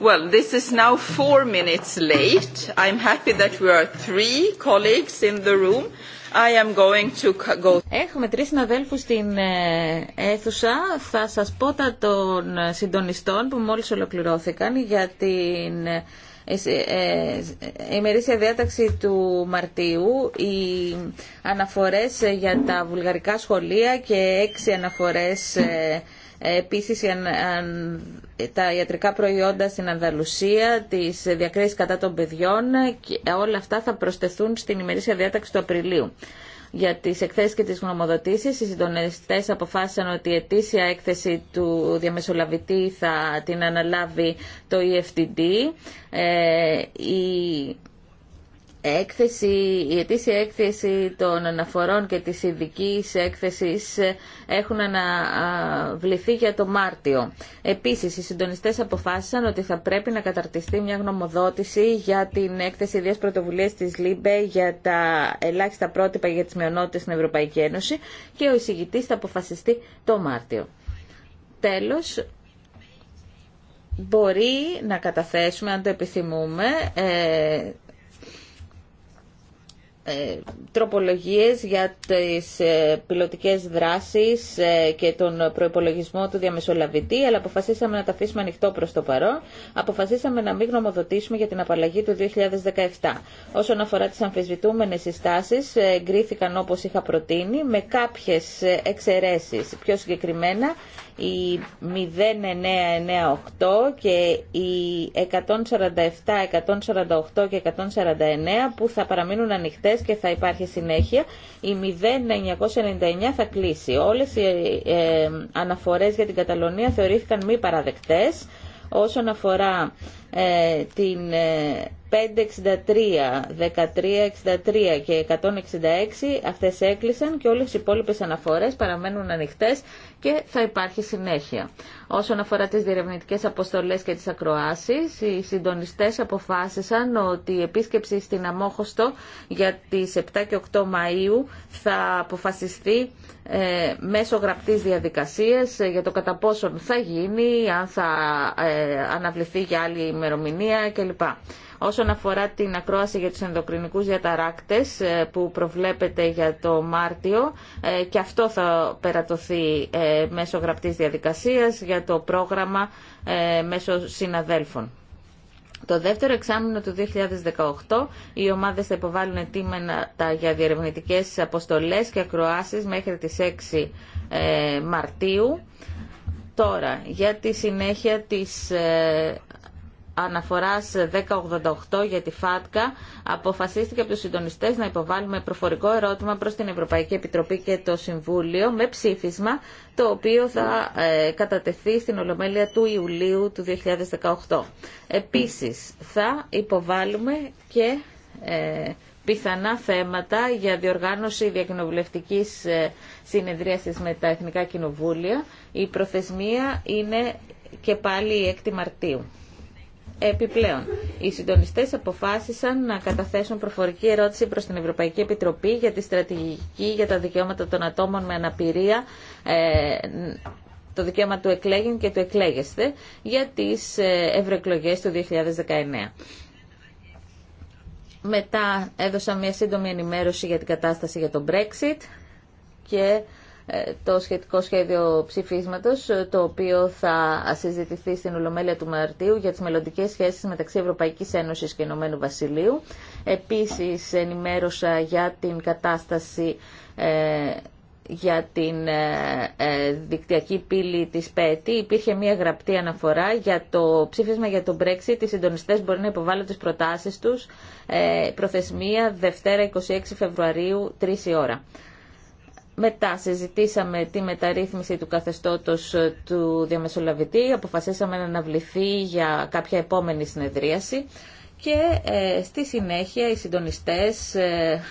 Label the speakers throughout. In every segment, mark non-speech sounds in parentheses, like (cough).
Speaker 1: Well, this is now four minutes late. I'm happy that we are three colleagues in the room. I am going to go. Έχουμε
Speaker 2: τρεις συναδέλφους στην ε, αίθουσα. Θα σας πω τα των συντονιστών που μόλις ολοκληρώθηκαν για την ε, ε, η μερίσια διάταξη του Μαρτίου, οι αναφορές για τα βουλγαρικά σχολεία και έξι αναφορές Επίσης τα ιατρικά προϊόντα στην Ανδαλουσία, τι διακρίσει κατά των παιδιών και όλα αυτά θα προσθεθούν στην ημερήσια διάταξη του Απριλίου. Για τις εκθέσει και τι γνωμοδοτήσει, οι συντονιστέ αποφάσισαν ότι η ετήσια έκθεση του διαμεσολαβητή θα την αναλάβει το EFTD. Ε, έκθεση, η ετήσια έκθεση των αναφορών και της ειδική έκθεσης έχουν αναβληθεί για το Μάρτιο. Επίσης, οι συντονιστές αποφάσισαν ότι θα πρέπει να καταρτιστεί μια γνωμοδότηση για την έκθεση ιδίας πρωτοβουλίας της ΛΥΜΠΕ για τα ελάχιστα πρότυπα για τις μειονότητες στην Ευρωπαϊκή Ένωση και ο εισηγητής θα αποφασιστεί το Μάρτιο. Τέλος, μπορεί να καταθέσουμε, αν το επιθυμούμε, ε, ε, τροπολογίες για τις ε, πιλωτικές δράσεις ε, και τον προϋπολογισμό του διαμεσολαβητή, αλλά αποφασίσαμε να τα αφήσουμε ανοιχτό προς το παρόν. Αποφασίσαμε να μην γνωμοδοτήσουμε για την απαλλαγή του 2017. Όσον αφορά τις αμφισβητούμενες συστάσεις, εγκρίθηκαν όπως είχα προτείνει, με κάποιες εξαιρέσεις πιο συγκεκριμένα η 0998 και η 147, 148 και 149 που θα παραμείνουν ανοιχτές και θα υπάρχει συνέχεια. Η 0999 θα κλείσει. Όλες οι ε, αναφορές για την Καταλωνία θεωρήθηκαν μη παραδεκτές. Όσον αφορά ε, την 563, ε, 1363 και 166, αυτές έκλεισαν και όλες οι υπόλοιπες αναφορές παραμένουν ανοιχτές και θα υπάρχει συνέχεια. Όσον αφορά τις διερευνητικές αποστολές και τις ακροάσεις, οι συντονιστές αποφάσισαν ότι η επίσκεψη στην Αμόχωστο για τις 7 και 8 Μαΐου θα αποφασιστεί ε, μέσω γραπτής διαδικασίας ε, για το κατά πόσον θα γίνει, αν θα ε, αναβληθεί για άλλη ημερομηνία κλπ. Όσον αφορά την ακρόαση για τους ενδοκρινικούς διαταράκτες ε, που προβλέπεται για το Μάρτιο ε, και αυτό θα περατωθεί ε, μέσω γραπτής διαδικασίας για το πρόγραμμα μέσω συναδέλφων. Το δεύτερο εξάμεινο του 2018 οι ομάδες θα υποβάλουν τα για διερευνητικές αποστολές και ακροάσεις μέχρι τις 6 Μαρτίου. Τώρα, για τη συνέχεια της αναφοράς 1088 για τη ΦΑΤΚΑ αποφασίστηκε από τους συντονιστές να υποβάλουμε προφορικό ερώτημα προς την Ευρωπαϊκή Επιτροπή και το Συμβούλιο με ψήφισμα το οποίο θα ε, κατατεθεί στην Ολομέλεια του Ιουλίου του 2018. Επίσης θα υποβάλουμε και ε, πιθανά θέματα για διοργάνωση διακοινοβουλευτικής ε, συνεδρίασης με τα Εθνικά Κοινοβούλια. Η προθεσμία είναι και πάλι η 6η Μαρτίου. Επιπλέον, οι συντονιστές αποφάσισαν να καταθέσουν προφορική ερώτηση προς την Ευρωπαϊκή Επιτροπή για τη στρατηγική για τα δικαιώματα των ατόμων με αναπηρία ε, το δικαίωμα του εκλέγην και του εκλέγεσθε για τις ε, ευρωεκλογέ του 2019. Μετά έδωσα μια σύντομη ενημέρωση για την κατάσταση για το Brexit και ε, το σχετικό σχέδιο ψηφίσματος, ε, το οποίο θα συζητηθεί στην Ολομέλεια του Μαρτίου για τι μελλοντικέ σχέσει μεταξύ Ευρωπαϊκή Ένωση και Ηνωμένου Βασιλείου. Επίση, ενημέρωσα για την κατάσταση ε, για την δικτυακή πύλη της ΠΕΤΗ υπήρχε μια γραπτή αναφορά για το ψήφισμα για τον Brexit. Οι συντονιστές μπορεί να υποβάλουν τις προτάσεις τους. Προθεσμία Δευτέρα 26 Φεβρουαρίου 3 η ώρα. Μετά συζητήσαμε τη μεταρρύθμιση του καθεστώτος ε, του διαμεσολαβητή, αποφασίσαμε να αναβληθεί για κάποια επόμενη συνεδρίαση και ε, στη συνέχεια οι συντονιστές ε,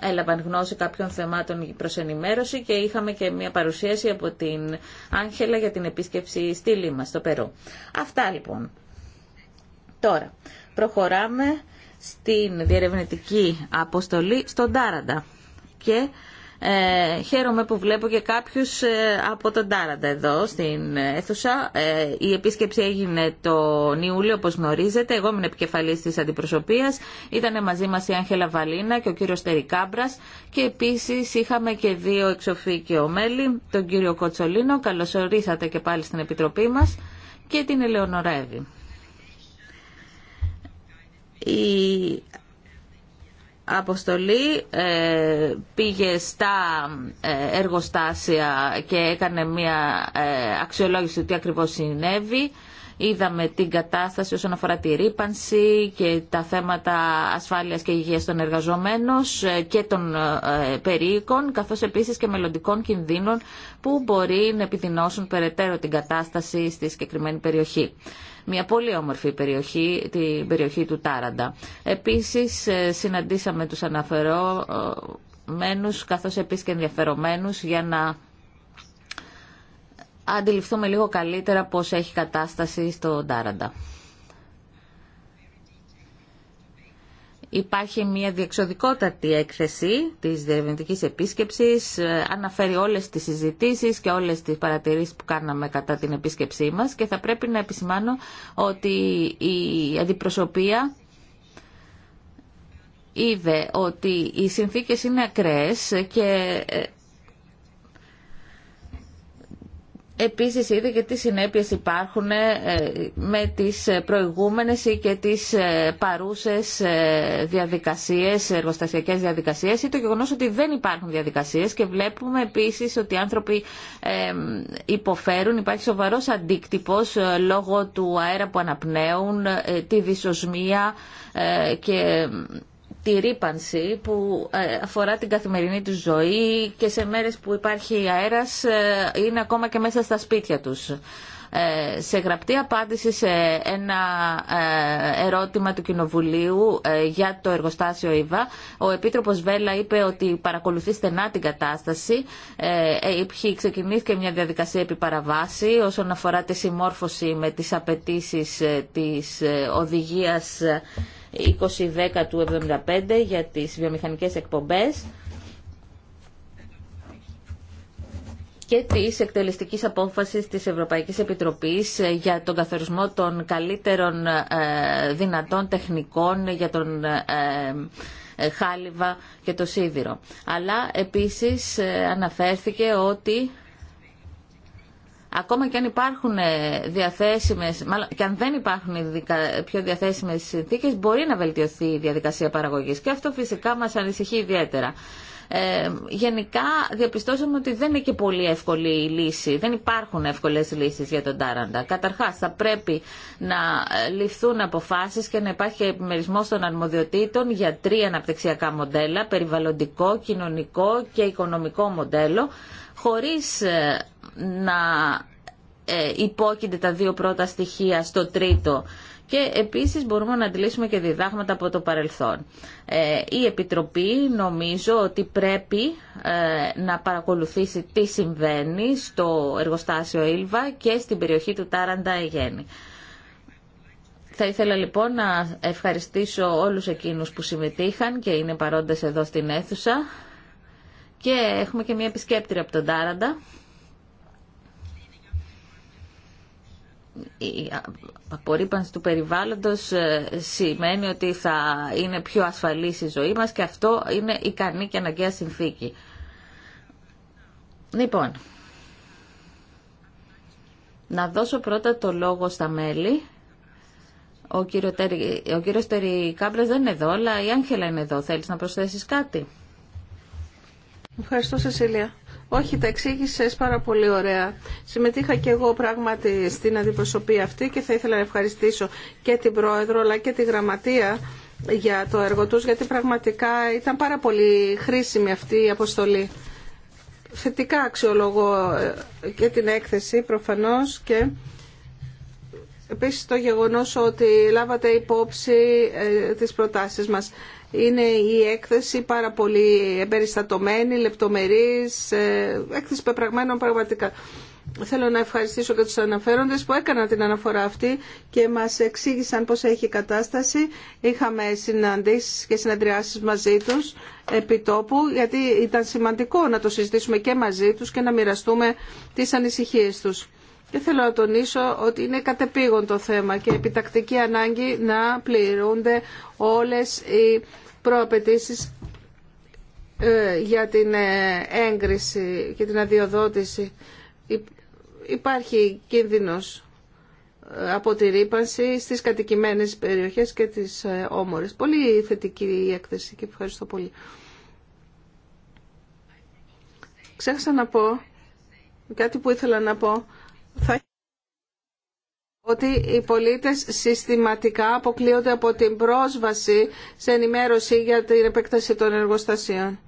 Speaker 2: έλαβαν γνώση κάποιων θεμάτων προς ενημέρωση και είχαμε και μια παρουσίαση από την Άγγελα για την επίσκεψη στη Λίμα, στο Περού. Αυτά λοιπόν. Τώρα, προχωράμε στην διερευνητική αποστολή στον Τάραντα και ε, χαίρομαι που βλέπω και κάποιους ε, από τον Τάραντα εδώ στην αίθουσα. Ε, η επίσκεψη έγινε τον Ιούλιο, όπως γνωρίζετε. Εγώ ήμουν επικεφαλής της αντιπροσωπείας. Ήταν μαζί μας η Άγχελα Βαλίνα και ο κύριος Τερικάμπρας. Και επίσης είχαμε και δύο εξοφίκιο μέλη, τον κύριο Κοτσολίνο. Καλωσορίσατε και πάλι στην Επιτροπή μας και την Ελεονορέβη. Η αποστολή ε, πήγε στα ε, εργοστάσια και έκανε μια ε, αξιολόγηση του τι ακριβώς συνέβη. Είδαμε την κατάσταση όσον αφορά τη ρήπανση και τα θέματα ασφάλειας και υγείας των εργαζομένων και των περίοικων, καθώς επίσης και μελλοντικών κινδύνων που μπορεί να επιδεινώσουν περαιτέρω την κατάσταση στη συγκεκριμένη περιοχή μια πολύ όμορφη περιοχή, την περιοχή του Τάραντα. Επίσης ε, συναντήσαμε τους αναφερόμενους καθώς επίσης και ενδιαφερομένους για να αντιληφθούμε λίγο καλύτερα πώς έχει κατάσταση στο Τάραντα. Υπάρχει μια διεξοδικότατη έκθεση της διερευνητικής επίσκεψης, ε, αναφέρει όλες τις συζητήσεις και όλες τις παρατηρήσεις που κάναμε κατά την επίσκεψή μας και θα πρέπει να επισημάνω ότι η αντιπροσωπεία είδε ότι οι συνθήκες είναι ακραίες και ε, Επίσης είδε και τι συνέπειες υπάρχουν ε, με τις προηγούμενες ή και τις ε, παρούσες ε, διαδικασίες, εργοστασιακές διαδικασίες ή το γεγονός ότι δεν υπάρχουν διαδικασίες και βλέπουμε επίσης ότι οι άνθρωποι υποφέρουν, υπάρχει σοβαρός αντίκτυπος λόγω του αέρα που αναπνέουν, τη δυσοσμία και τη ρήπανση που ε, αφορά την καθημερινή τους ζωή και σε μέρες που υπάρχει αέρας ε, είναι ακόμα και μέσα στα σπίτια τους. Ε, σε γραπτή απάντηση σε ένα ερώτημα του Κοινοβουλίου για το εργοστάσιο ΙΒΑ, ο Επίτροπος Βέλα είπε ότι παρακολουθεί στενά την κατάσταση. Ξεκινήθηκε μια διαδικασία παραβάση όσον αφορά τη συμμόρφωση με τις απαιτήσεις της οδηγίας 2010 του 75 για τις βιομηχανικές εκπομπές και της εκτελεστικής απόφασης της Ευρωπαϊκής Επιτροπής ε, για τον καθορισμό των καλύτερων ε, δυνατών τεχνικών για τον ε, χάλιβα και το σίδηρο. Αλλά επίσης αναφέρθηκε ότι Ακόμα και αν υπάρχουν ε, διαθέσιμες, μάλλον, και αν δεν υπάρχουν πιο διαθέσιμες συνθήκες, μπορεί να βελτιωθεί η διαδικασία παραγωγής. Και αυτό φυσικά μας ανησυχεί ιδιαίτερα. Ε, γενικά διαπιστώσαμε ότι δεν είναι και πολύ εύκολη η λύση. Δεν υπάρχουν εύκολες λύσεις για τον Τάραντα. Καταρχάς θα πρέπει να ε, ληφθούν αποφάσεις και να υπάρχει επιμερισμό των αρμοδιοτήτων για τρία αναπτυξιακά μοντέλα, περιβαλλοντικό, κοινωνικό και οικονομικό μοντέλο, χωρίς ε, να ε, υπόκεινται τα δύο πρώτα στοιχεία στο τρίτο και επίσης μπορούμε να αντιλήσουμε και διδάγματα από το παρελθόν. Ε, η Επιτροπή νομίζω ότι πρέπει ε, να παρακολουθήσει τι συμβαίνει στο εργοστάσιο Ήλβα και στην περιοχή του Τάραντα Αιγέννη. Θα ήθελα λοιπόν να ευχαριστήσω όλους εκείνους που συμμετείχαν και είναι παρόντες εδώ στην αίθουσα και έχουμε και μια επισκέπτηρα από τον Τάραντα. η απορρίπανση του περιβάλλοντος ε, σημαίνει ότι θα είναι πιο ασφαλής η ζωή μας και αυτό είναι ικανή και αναγκαία συνθήκη. Λοιπόν, να δώσω πρώτα το λόγο στα μέλη. Ο, κύριο Τερι, ο κύριος Τερι δεν είναι εδώ, αλλά η Άγχελα είναι εδώ. Θέλεις να προσθέσεις κάτι? Ευχαριστώ, Σεσίλια.
Speaker 3: Όχι, τα εξήγησε πάρα πολύ ωραία. Συμμετείχα και εγώ πράγματι στην αντιπροσωπή αυτή και θα ήθελα να ευχαριστήσω και την Πρόεδρο αλλά και τη Γραμματεία για το έργο τους γιατί πραγματικά ήταν πάρα πολύ χρήσιμη αυτή η αποστολή. Θετικά αξιολογώ ε, και την έκθεση προφανώς και επίσης το γεγονός ότι λάβατε υπόψη ε, τις προτάσεις μας είναι η έκθεση πάρα πολύ εμπεριστατωμένη, λεπτομερής, ε, έκθεση πεπραγμένων πραγματικά. Θέλω να ευχαριστήσω και τους αναφέροντες που έκαναν την αναφορά αυτή και μας εξήγησαν πώς έχει η κατάσταση. Είχαμε συναντήσεις και συναντριάσεις μαζί τους επί τόπου, γιατί ήταν σημαντικό να το συζητήσουμε και μαζί τους και να μοιραστούμε τις ανησυχίες τους. Και θέλω να τονίσω ότι είναι κατεπήγον το θέμα και επιτακτική ανάγκη να πληρούνται όλες οι προαπαιτήσεις ε, για την ε, έγκριση και την αδειοδότηση. Υπάρχει κίνδυνος ε, από τη ρήπανση στις κατοικημένες περιοχές και τις όμορες. Πολύ θετική η έκθεση και ευχαριστώ πολύ. Ξέχασα να πω κάτι που ήθελα να πω. Θα ότι οι πολίτες συστηματικά αποκλείονται από την πρόσβαση σε ενημέρωση για την επέκταση των εργοστασίων.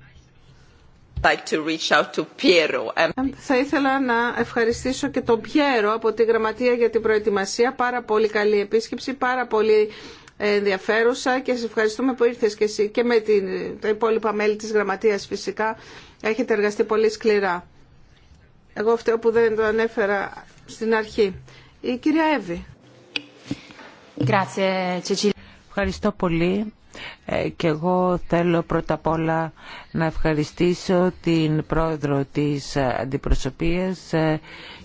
Speaker 3: Θα ήθελα να ευχαριστήσω και τον Πιέρο από τη Γραμματεία για την προετοιμασία. Πάρα πολύ καλή επίσκεψη, πάρα πολύ ενδιαφέρουσα και σε ευχαριστούμε που ήρθες και εσύ και με την, τα υπόλοιπα μέλη της Γραμματείας φυσικά. Έχετε εργαστεί πολύ σκληρά. Εγώ φταίω που δεν το ανέφερα στην αρχή. Η κυρία Εύη.
Speaker 4: Ευχαριστώ πολύ ε, και εγώ θέλω πρώτα απ' όλα να ευχαριστήσω την πρόεδρο της αντιπροσωπείας ε,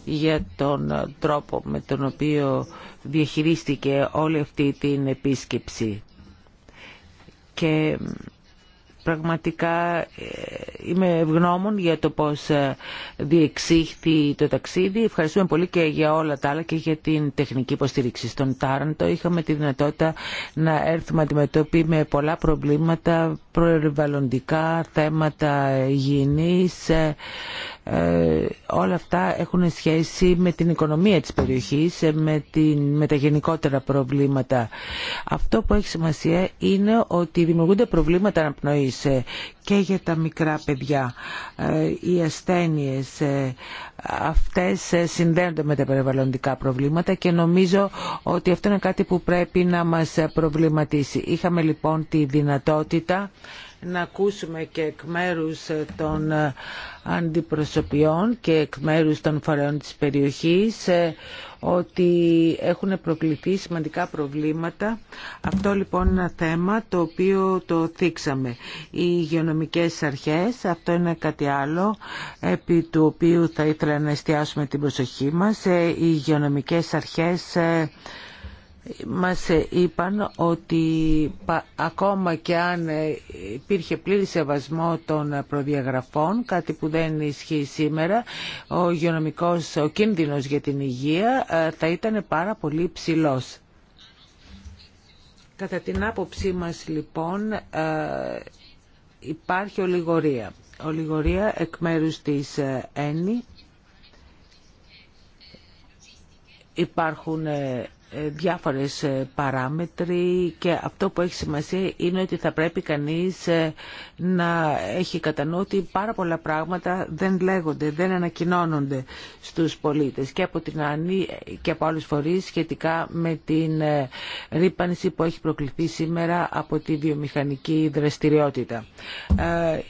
Speaker 4: για τον τρόπο με τον οποίο διαχειρίστηκε όλη αυτή την επίσκεψη. Και Πραγματικά ε, είμαι ευγνώμων για το πώς ε, διεξήχθη το ταξίδι. Ευχαριστούμε πολύ και για όλα τα άλλα και για την τεχνική υποστήριξη στον Τάραντο. Είχαμε τη δυνατότητα να έρθουμε αντιμετώπιοι με πολλά προβλήματα, προεριβαλλοντικά, θέματα υγιεινής, ε, ε, όλα αυτά έχουν σχέση με την οικονομία της περιοχής, ε, με, τα γενικότερα προβλήματα. Αυτό που έχει σημασία είναι ότι δημιουργούνται προβλήματα αναπνοής ε, και για τα μικρά παιδιά. Οι ασθένειες αυτές συνδέονται με τα περιβαλλοντικά προβλήματα και νομίζω ότι αυτό είναι κάτι που πρέπει να μας προβληματίσει. Είχαμε λοιπόν τη δυνατότητα να ακούσουμε και εκ μέρους ε, των ε, αντιπροσωπιών και εκ μέρους των φορέων της περιοχής ε, ότι έχουν προκληθεί σημαντικά προβλήματα. Αυτό λοιπόν είναι ένα θέμα το οποίο το θίξαμε. Οι υγειονομικές αρχές, αυτό είναι κάτι άλλο επί του οποίου θα ήθελα να εστιάσουμε την προσοχή μας. Οι υγειονομικές αρχές μας είπαν ότι ακόμα και αν υπήρχε πλήρη σεβασμό των προδιαγραφών, κάτι που δεν ισχύει σήμερα, ο υγειονομικός ο κίνδυνος για την υγεία ε, θα ήταν πάρα πολύ ψηλός. Κατά την άποψή μας λοιπόν ε, υπάρχει ολιγορία. Ολιγορία εκ μέρους της ε, ΕΝΗ. Υπάρχουν ε, διάφορες ε, παράμετροι και αυτό που έχει σημασία είναι ότι θα πρέπει κανείς ε, να έχει κατά ότι πάρα πολλά πράγματα δεν λέγονται, δεν ανακοινώνονται στους πολίτες και από την Άννη και από άλλους φορείς σχετικά με την ρήπανση που έχει προκληθεί σήμερα από τη βιομηχανική δραστηριότητα.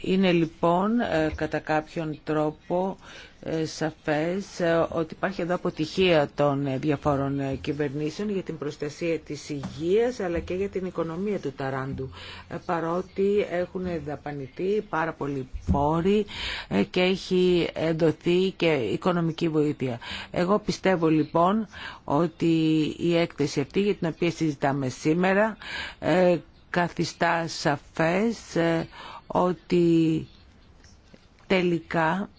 Speaker 4: Είναι λοιπόν κατά κάποιον τρόπο ε, σαφές ε, ότι υπάρχει εδώ αποτυχία των ε, διαφόρων κυβερνήσεων για την προστασία της υγείας αλλά και για την οικονομία του ταράντου παρότι έχουν δαπανηθεί πάρα πολλοί πόροι και έχει δοθεί και οικονομική βοήθεια. Εγώ πιστεύω λοιπόν ότι η έκθεση αυτή για την οποία συζητάμε σήμερα καθιστά σαφές ότι τελικά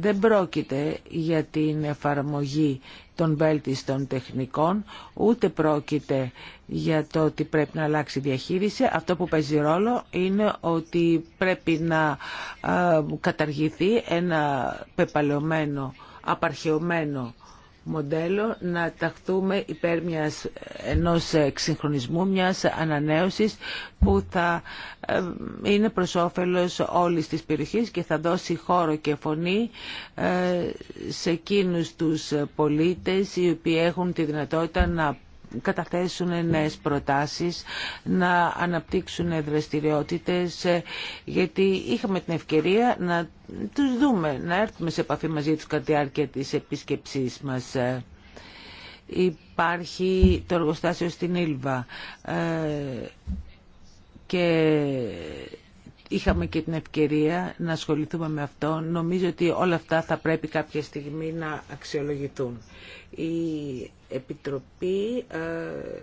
Speaker 4: δεν πρόκειται για την εφαρμογή των βέλτιστων τεχνικών, ούτε πρόκειται για το ότι πρέπει να αλλάξει η διαχείριση. Αυτό που παίζει ρόλο είναι ότι πρέπει να καταργηθεί ένα πεπαλαιωμένο, απαρχαιωμένο μοντέλο να ταχθούμε υπέρ μιας, ενός εξυγχρονισμού, μιας ανανέωσης που θα ε, είναι προς όφελος όλης της περιοχής και θα δώσει χώρο και φωνή ε, σε εκείνους τους πολίτες οι οποίοι έχουν τη δυνατότητα να καταθέσουν νέες προτάσεις, να αναπτύξουν δραστηριότητες, ε, γιατί είχαμε την ευκαιρία να τους δούμε, να έρθουμε σε επαφή μαζί τους κατά τη διάρκεια της επίσκεψής μας. Ε, υπάρχει το εργοστάσιο στην Ήλβα ε, και Είχαμε και την ευκαιρία να ασχοληθούμε με αυτό. Νομίζω ότι όλα αυτά θα πρέπει κάποια στιγμή να αξιολογηθούν. Η Επιτροπή ε,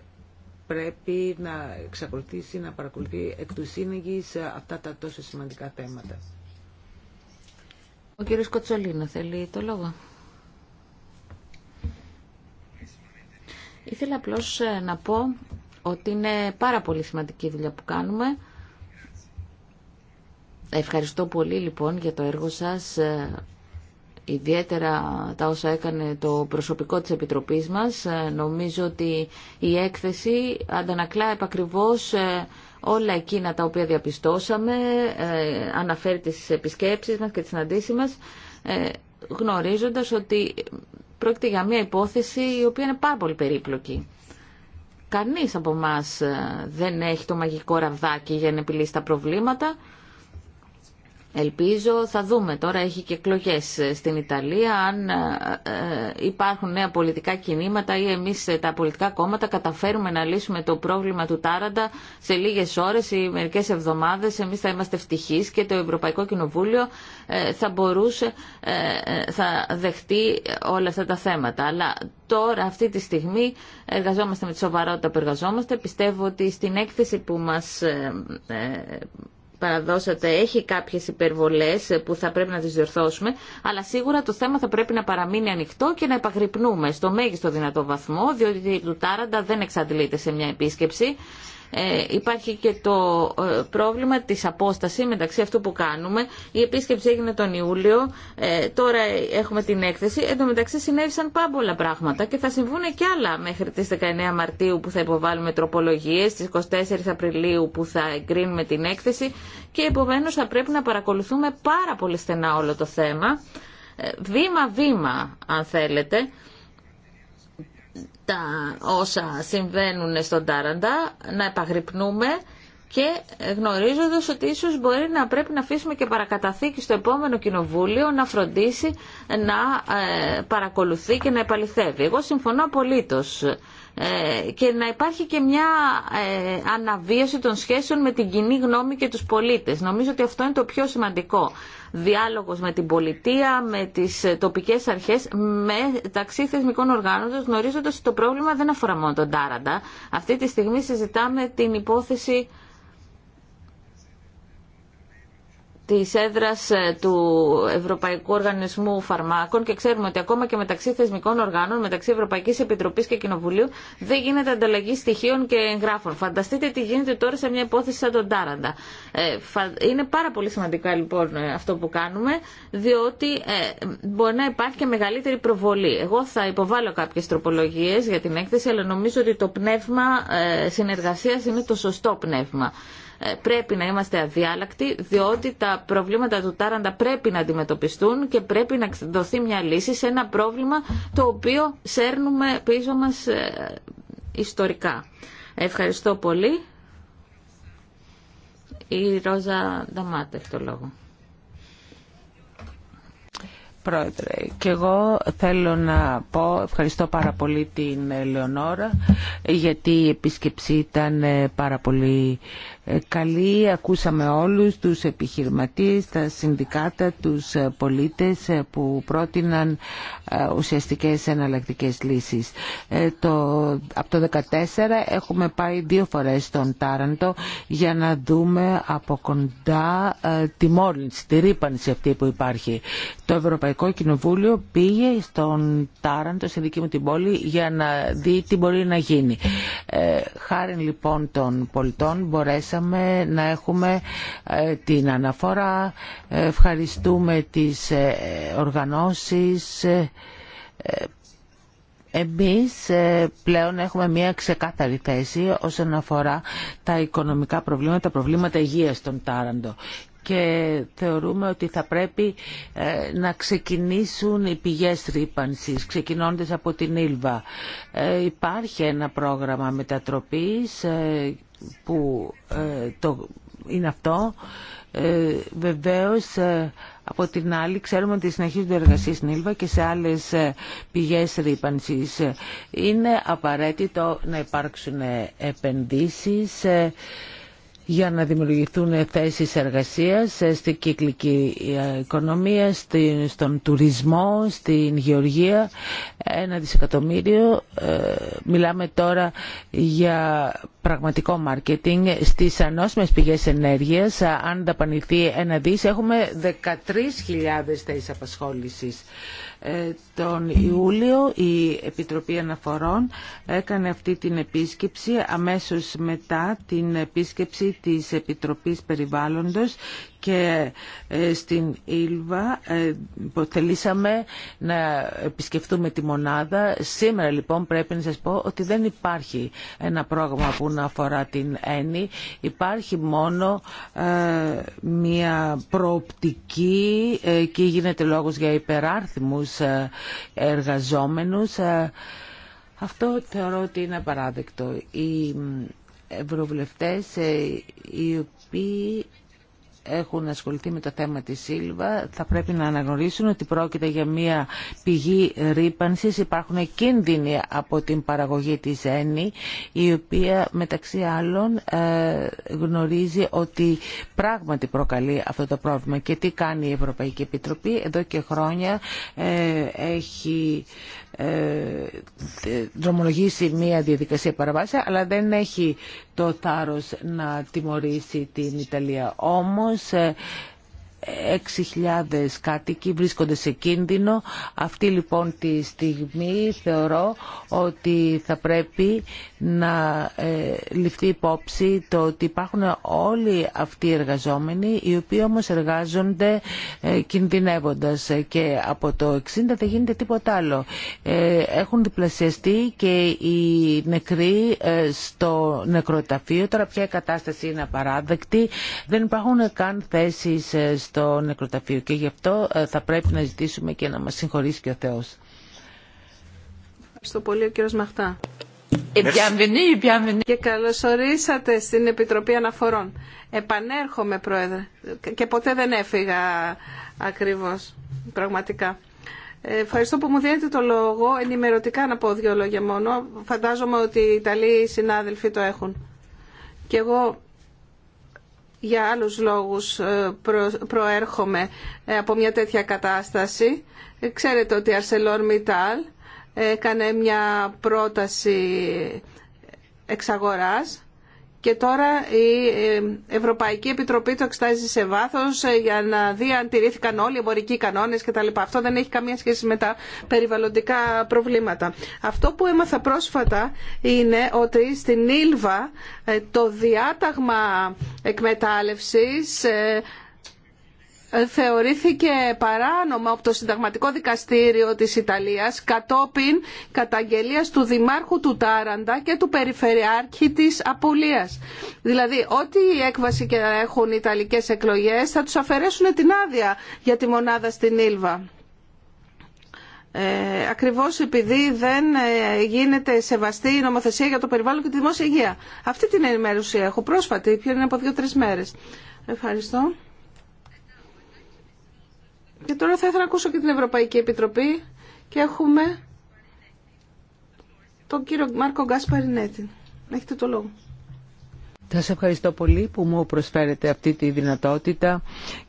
Speaker 4: πρέπει να εξακολουθήσει να παρακολουθεί εκ του ε, αυτά τα τόσο σημαντικά θέματα.
Speaker 2: Ο κύριος Κοτσολίνο θέλει το λόγο. Ήθελα απλώς ε, να πω ότι είναι πάρα πολύ σημαντική η δουλειά που κάνουμε Ευχαριστώ πολύ λοιπόν για το έργο σας, ε, ιδιαίτερα τα όσα έκανε το προσωπικό της Επιτροπής μας. Ε, νομίζω ότι η έκθεση αντανακλά επακριβώς ε, όλα εκείνα τα οποία διαπιστώσαμε, αναφέρει τις επισκέψεις μας και τις συναντήσεις μας, γνωρίζοντας ότι πρόκειται για μια υπόθεση η οποία είναι πάρα πολύ περίπλοκη. Κανείς από εμά δεν έχει το μαγικό ραβδάκι για να επιλύσει τα προβλήματα. Ελπίζω, θα δούμε τώρα, έχει και εκλογέ ε, στην Ιταλία, αν ε, ε, υπάρχουν νέα πολιτικά κινήματα ή εμείς τα πολιτικά κόμματα καταφέρουμε να λύσουμε το πρόβλημα του Τάραντα σε λίγες ώρες ή μερικές εβδομάδες, εμείς θα είμαστε ευτυχείς και το Ευρωπαϊκό Κοινοβούλιο θα μπορούσε, θα δεχτεί όλα αυτά τα θέματα. Αλλά τώρα αυτή τη στιγμή εργαζόμαστε με τη σοβαρότητα που εργαζόμαστε. Πιστεύω ότι στην έκθεση που μας παραδώσατε έχει κάποιες υπερβολές που θα πρέπει να τις διορθώσουμε, αλλά σίγουρα το θέμα θα πρέπει να παραμείνει ανοιχτό και να επαγρυπνούμε στο μέγιστο δυνατό βαθμό, διότι του τάραντα δεν εξαντλείται σε μια επίσκεψη. Ε, υπάρχει και το ε, πρόβλημα της απόσταση μεταξύ αυτού που κάνουμε. Η επίσκεψη έγινε τον Ιούλιο, ε, τώρα έχουμε την έκθεση. Εν τω μεταξύ συνέβησαν πάμπολα πράγματα και θα συμβούν και άλλα μέχρι τις 19 Μαρτίου που θα υποβάλουμε τροπολογίες, τις 24 Απριλίου που θα εγκρίνουμε την έκθεση και επομένως θα πρέπει να παρακολουθούμε πάρα πολύ στενά όλο το θέμα, ε, βήμα-βήμα αν θέλετε, τα όσα συμβαίνουν στον Τάραντα, να επαγρυπνούμε και γνωρίζοντας ότι ίσως μπορεί να πρέπει να αφήσουμε και παρακαταθήκη στο επόμενο κοινοβούλιο να φροντίσει να ε, παρακολουθεί και να επαληθεύει. Εγώ συμφωνώ απολύτως ε, και να υπάρχει και μια ε, αναβίωση των σχέσεων με την κοινή γνώμη και τους πολίτες. Νομίζω ότι αυτό είναι το πιο σημαντικό. Διάλογος με την πολιτεία, με τις ε, τοπικές αρχές, μεταξύ θεσμικών οργάνωτων, γνωρίζοντας ότι το πρόβλημα δεν αφορά μόνο τον Τάραντα. Αυτή τη στιγμή συζητάμε την υπόθεση της έδρας ε, του Ευρωπαϊκού Οργανισμού Φαρμάκων και ξέρουμε ότι ακόμα και μεταξύ θεσμικών οργάνων, μεταξύ Ευρωπαϊκής Επιτροπής και Κοινοβουλίου δεν γίνεται ανταλλαγή στοιχείων και εγγράφων. Φανταστείτε τι γίνεται τώρα σε μια υπόθεση σαν τον Τάραντα. Ε, είναι πάρα πολύ σημαντικά λοιπόν ε, αυτό που κάνουμε, διότι μπορεί να υπάρχει και μεγαλύτερη προβολή. Εγώ θα υποβάλω κάποιες τροπολογίες για την έκθεση, αλλά νομίζω ότι το πνεύμα συνεργασία είναι το σωστό πνεύμα πρέπει να είμαστε αδιάλακτοι, διότι τα προβλήματα του Τάραντα πρέπει να αντιμετωπιστούν και πρέπει να δοθεί μια λύση σε ένα πρόβλημα το οποίο σέρνουμε πίσω μας ε, ιστορικά. Ευχαριστώ πολύ. Η Ρόζα Νταμάτεχ, το λόγο.
Speaker 4: Πρόεδρε, και εγώ θέλω να πω, ευχαριστώ πάρα πολύ την Λεωνόρα, γιατί η επίσκεψη ήταν ε, πάρα πολύ ε, καλή. Ακούσαμε όλους τους επιχειρηματίες, τα συνδικάτα, τους ε, πολίτες ε, που πρότειναν ουσιαστικές εναλλακτικές λύσεις. Το, από το 2014 έχουμε πάει δύο φορές στον Τάραντο για να δούμε από κοντά τη μόλυνση, τη ρήπανση αυτή που υπάρχει. Το Ευρωπαϊκό Κοινοβούλιο πήγε στον Τάραντο, στην δική μου την πόλη, για να δει τι μπορεί να γίνει. Χάρη λοιπόν των πολιτών μπορέσαμε μπορέσαμε να έχουμε ε, την αναφορά. Ευχαριστούμε τις ε, οργανώσεις. Ε, εμείς πλέον έχουμε μια ξεκάθαρη θέση όσον αφορά τα οικονομικά προβλήματα, τα προβλήματα υγείας των Τάραντο και θεωρούμε ότι θα πρέπει να ξεκινήσουν οι πηγές ρήπανσης, ξεκινώντας από την Ήλβα. Υπάρχει ένα πρόγραμμα μετατροπής που ε, το είναι αυτό. Ε, βεβαίως, ε, από την άλλη, ξέρουμε ότι συνεχίζονται εργασίες στην Ήλβα και σε άλλες ε, πηγές ρήπανσης. Είναι απαραίτητο να υπάρξουν επενδύσεις για να δημιουργηθούν θέσεις εργασίας στην κυκλική οικονομία, στον τουρισμό, στην γεωργία. Ένα δισεκατομμύριο. Ε, μιλάμε τώρα για πραγματικό μάρκετινγκ στις ανώσιμες πηγές ενέργειας. Αν ταπανηθεί ένα δις έχουμε 13.000 θέσεις απασχόλησης. Ε, τον Ιούλιο η Επιτροπή Αναφορών έκανε αυτή την επίσκεψη αμέσως μετά την επίσκεψη της Επιτροπής Περιβάλλοντος και ε, στην Ήλβα θελήσαμε ε, να επισκεφτούμε τη μονάδα. Σήμερα λοιπόν πρέπει να σας πω ότι δεν υπάρχει ένα πρόγραμμα που να αφορά την ΕΝΗ. Υπάρχει μόνο ε, μια προοπτική και γίνεται λόγος για υπεράρθμους εργαζόμενους. Αυτό θεωρώ ότι είναι απαράδεκτο. Οι ευρωβουλευτές οι οποίοι έχουν ασχοληθεί με το θέμα της Σίλβα θα πρέπει να αναγνωρίσουν ότι πρόκειται για μια πηγή ρήπανσης. Υπάρχουν κίνδυνοι από την παραγωγή της Ένη η οποία μεταξύ άλλων ε, γνωρίζει ότι πράγματι προκαλεί αυτό το πρόβλημα και τι κάνει η Ευρωπαϊκή Επιτροπή εδώ και χρόνια ε, έχει ε, δρομολογήσει μία διαδικασία παραβάση αλλά δεν έχει το θάρρος να τιμωρήσει την Ιταλία. Όμως ε, 6.000 κάτοικοι βρίσκονται σε κίνδυνο. Αυτή λοιπόν τη στιγμή θεωρώ ότι θα πρέπει να ε, ληφθεί υπόψη το ότι υπάρχουν όλοι αυτοί οι εργαζόμενοι οι οποίοι όμως εργάζονται ε, κινδυνεύοντας και από το 60 δεν γίνεται τίποτα άλλο. Ε, έχουν διπλασιαστεί και οι νεκροί στο νεκροταφείο. Τώρα πια η κατάσταση είναι απαράδεκτη. Δεν υπάρχουν καν θέσεις στο νεκροταφείο και γι' αυτό ε, θα πρέπει να ζητήσουμε και να μας συγχωρήσει και ο Θεός.
Speaker 3: Ευχαριστώ πολύ ο κύριος Μαχτά. Ε, και καλωσορίσατε στην Επιτροπή Αναφορών. Επανέρχομαι, Πρόεδρε. Και ποτέ δεν έφυγα ακριβώς, πραγματικά. Ε, ευχαριστώ που μου δίνετε το λόγο. Ενημερωτικά να πω δύο λόγια μόνο. Φαντάζομαι ότι οι Ιταλοί συνάδελφοι το έχουν. Και εγώ για άλλους λόγους ε, προέρχομαι ε, από μια τέτοια κατάσταση. Ε, ξέρετε ότι η ArcelorMittal έκανε μια πρόταση εξαγοράς και τώρα η ε, Ευρωπαϊκή Επιτροπή το εξετάζει σε βάθο ε, για να δει αν τηρήθηκαν όλοι οι εμπορικοί κανόνες κτλ. Αυτό δεν έχει καμία σχέση με τα περιβαλλοντικά προβλήματα. Αυτό που έμαθα πρόσφατα είναι ότι στην Ήλβα ε, το διάταγμα εκμετάλλευση θεωρήθηκε παράνομο από το Συνταγματικό Δικαστήριο της Ιταλίας κατόπιν καταγγελίας του Δημάρχου του Τάραντα και του Περιφερειάρχη της Απολίας. Δηλαδή, ό,τι η έκβαση και να έχουν οι Ιταλικές εκλογές θα τους αφαιρέσουν την άδεια για τη μονάδα στην Ήλβα. Ε, ακριβώς επειδή δεν ε, γίνεται σεβαστή η νομοθεσία για το περιβάλλον και τη δημόσια υγεία. Αυτή την ενημέρωση έχω πρόσφατη, πιο απο από δύο-τρεις μέρες. Ευχαριστώ. Και τώρα θα ήθελα να ακούσω και την Ευρωπαϊκή Επιτροπή και έχουμε τον κύριο Μάρκο Γκάσπαρινέτη. Έχετε το λόγο.
Speaker 4: Θα σας ευχαριστώ πολύ που μου προσφέρετε αυτή τη δυνατότητα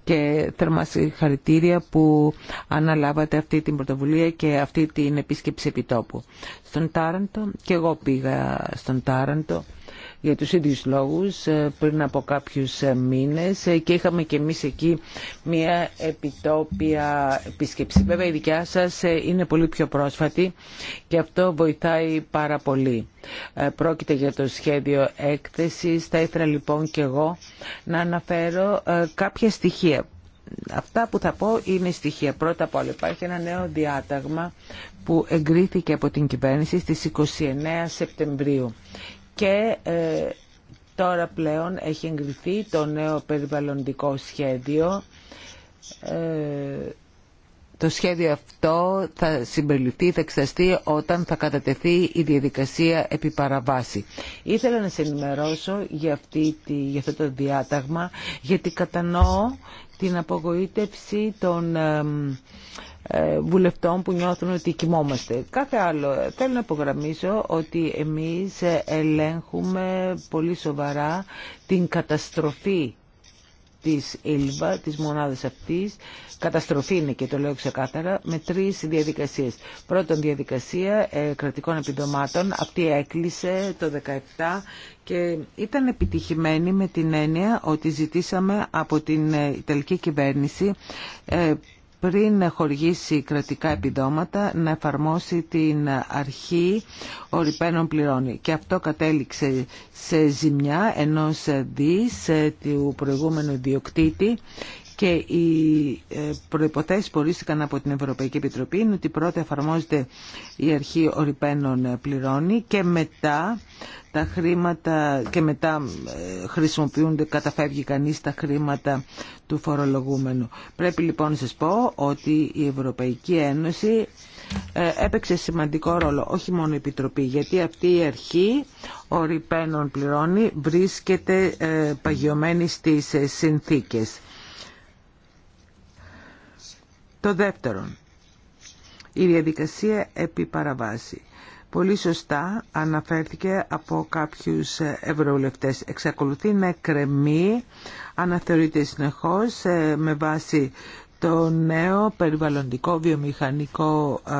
Speaker 4: και θερμά συγχαρητήρια που αναλάβατε αυτή την πρωτοβουλία και αυτή την επίσκεψη επιτόπου. Στον Τάραντο, και εγώ πήγα στον Τάραντο, για τους ίδιους λόγους ε, πριν από κάποιους ε, μήνες ε, και είχαμε και εμείς εκεί μια επιτόπια επίσκεψη. Βέβαια η δικιά σας είναι πολύ πιο πρόσφατη και αυτό βοηθάει πάρα πολύ. Πρόκειται για το σχέδιο έκθεσης. Θα ήθελα λοιπόν και εγώ να αναφέρω κάποια στοιχεία αυτά που θα πω είναι στοιχεία. Πρώτα απ' όλα υπάρχει ένα νέο διάταγμα που εγκρίθηκε από την κυβέρνηση στις 29 Σεπτεμβρίου και ε, τώρα πλέον έχει εγκριθεί το νέο περιβαλλοντικό σχέδιο. Ε, το σχέδιο αυτό θα συμπεριληφθεί, θα εξαστεί όταν θα κατατεθεί η διαδικασία επί παραβάση. Ήθελα να σε ενημερώσω για, αυτή, για αυτό το διάταγμα, γιατί κατανοώ την απογοήτευση των ε, βουλευτών που νιώθουν ότι κοιμόμαστε. Κάθε άλλο, θέλω να απογραμμίσω ότι εμείς ελέγχουμε πολύ σοβαρά την καταστροφή της ΕΛΒΑ, της μονάδας αυτής, καταστροφή είναι και το λέω ξεκάθαρα, με τρεις διαδικασίες. Πρώτον διαδικασία ε, κρατικών επιδομάτων, αυτή έκλεισε το 2017 και ήταν επιτυχημένη με την έννοια ότι ζητήσαμε από την ε, Ιταλική κυβέρνηση ε, πριν χορηγήσει κρατικά επιδόματα να εφαρμόσει την αρχή ορυπαίνων πληρώνει. Και αυτό κατέληξε σε ζημιά ενός δις ε, του προηγούμενου διοκτήτη και οι ε, προϋποθέσεις που ορίστηκαν από την Ευρωπαϊκή Επιτροπή είναι ότι πρώτα εφαρμόζεται η αρχή ορυπαίνων ε, πληρώνει και μετά τα χρήματα και μετά ε, χρησιμοποιούνται, καταφεύγει κανείς τα χρήματα του φορολογούμενου. Πρέπει λοιπόν να σας πω ότι η Ευρωπαϊκή Ένωση έπαιξε σημαντικό ρόλο, όχι μόνο η Επιτροπή, γιατί αυτή η αρχή ορυπαίνων πληρώνει βρίσκεται παγιωμένη στις συνθήκες. Το δεύτερον, η διαδικασία επί παραβάση. Πολύ σωστά αναφέρθηκε από κάποιους ευρωβουλευτές. Εξακολουθεί να κρεμεί, αναθεωρείται συνεχώς ε, με βάση το νέο περιβαλλοντικό βιομηχανικό ε,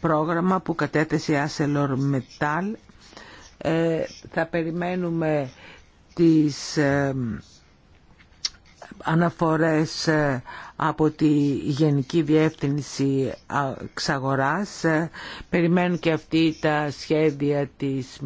Speaker 4: πρόγραμμα που κατέθεσε Άσελορ Μετάλ. Θα περιμένουμε τις ε, αναφορές από τη Γενική Διεύθυνση Ξαγοράς. Ε, περιμένουν και αυτοί τα σχέδια της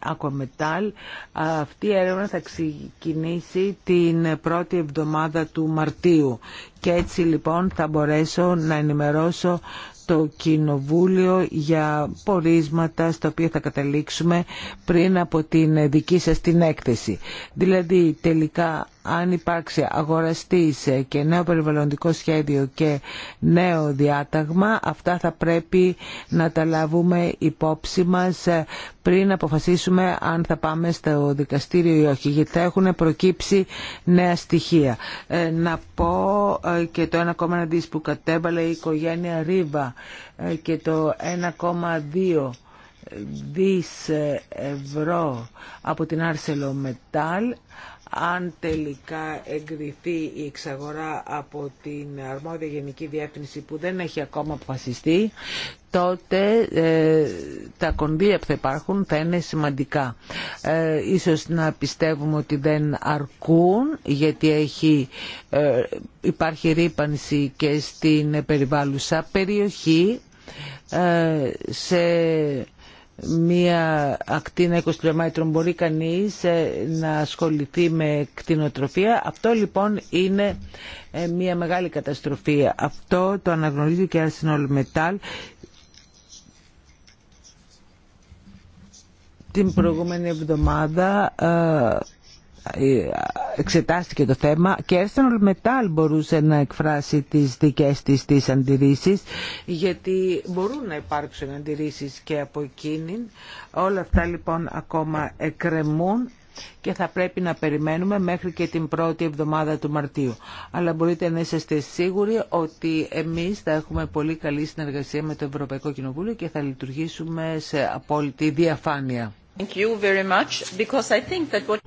Speaker 4: Ακομετάλ. Ε, αυτή η έρευνα θα ξεκινήσει την πρώτη εβδομάδα του Μαρτίου. Και έτσι λοιπόν θα μπορέσω να ενημερώσω το Κοινοβούλιο για πορίσματα στα οποία θα καταλήξουμε πριν από την δική σας την έκθεση. Δηλαδή τελικά αν υπάρξει αγοραστής και νέο περιβαλλοντικό σχέδιο και νέο διάταγμα, αυτά θα πρέπει να τα λάβουμε υπόψη μας πριν αποφασίσουμε αν θα πάμε στο δικαστήριο ή όχι, γιατί θα έχουν προκύψει νέα στοιχεία. Ε, να πω ε, και το 1,1 που κατέβαλε η οικογένεια Ρίβα ε, και το 1,2 δις ευρώ από την Άρσελο Μετάλ αν τελικά εγκριθεί η εξαγορά από την αρμόδια γενική διεύθυνση που δεν έχει ακόμα αποφασιστεί, τότε ε, τα κονδύλια που θα υπάρχουν θα είναι σημαντικά. Ε, ίσως να πιστεύουμε ότι δεν αρκούν γιατί έχει, ε, υπάρχει ρήπανση και στην περιβάλλουσα περιοχή σε μία ακτίνα 20 χιλιόμετρων μπορεί κανείς ε, να ασχοληθεί με κτηνοτροφία. Αυτό λοιπόν είναι ε, μία μεγάλη καταστροφή. Αυτό το αναγνωρίζει και Arsenal Metal την προηγούμενη εβδομάδα ε, ε, εξετάστηκε το θέμα και Arsenal μετά μπορούσε να εκφράσει τις δικές της τις αντιρρήσεις γιατί μπορούν να υπάρξουν αντιρρήσεις και από εκείνη. Όλα αυτά λοιπόν ακόμα εκκρεμούν και θα πρέπει να περιμένουμε μέχρι και την πρώτη εβδομάδα του Μαρτίου. Αλλά μπορείτε να είσαστε σίγουροι ότι εμείς θα έχουμε πολύ καλή συνεργασία με το Ευρωπαϊκό Κοινοβούλιο και θα λειτουργήσουμε σε απόλυτη διαφάνεια.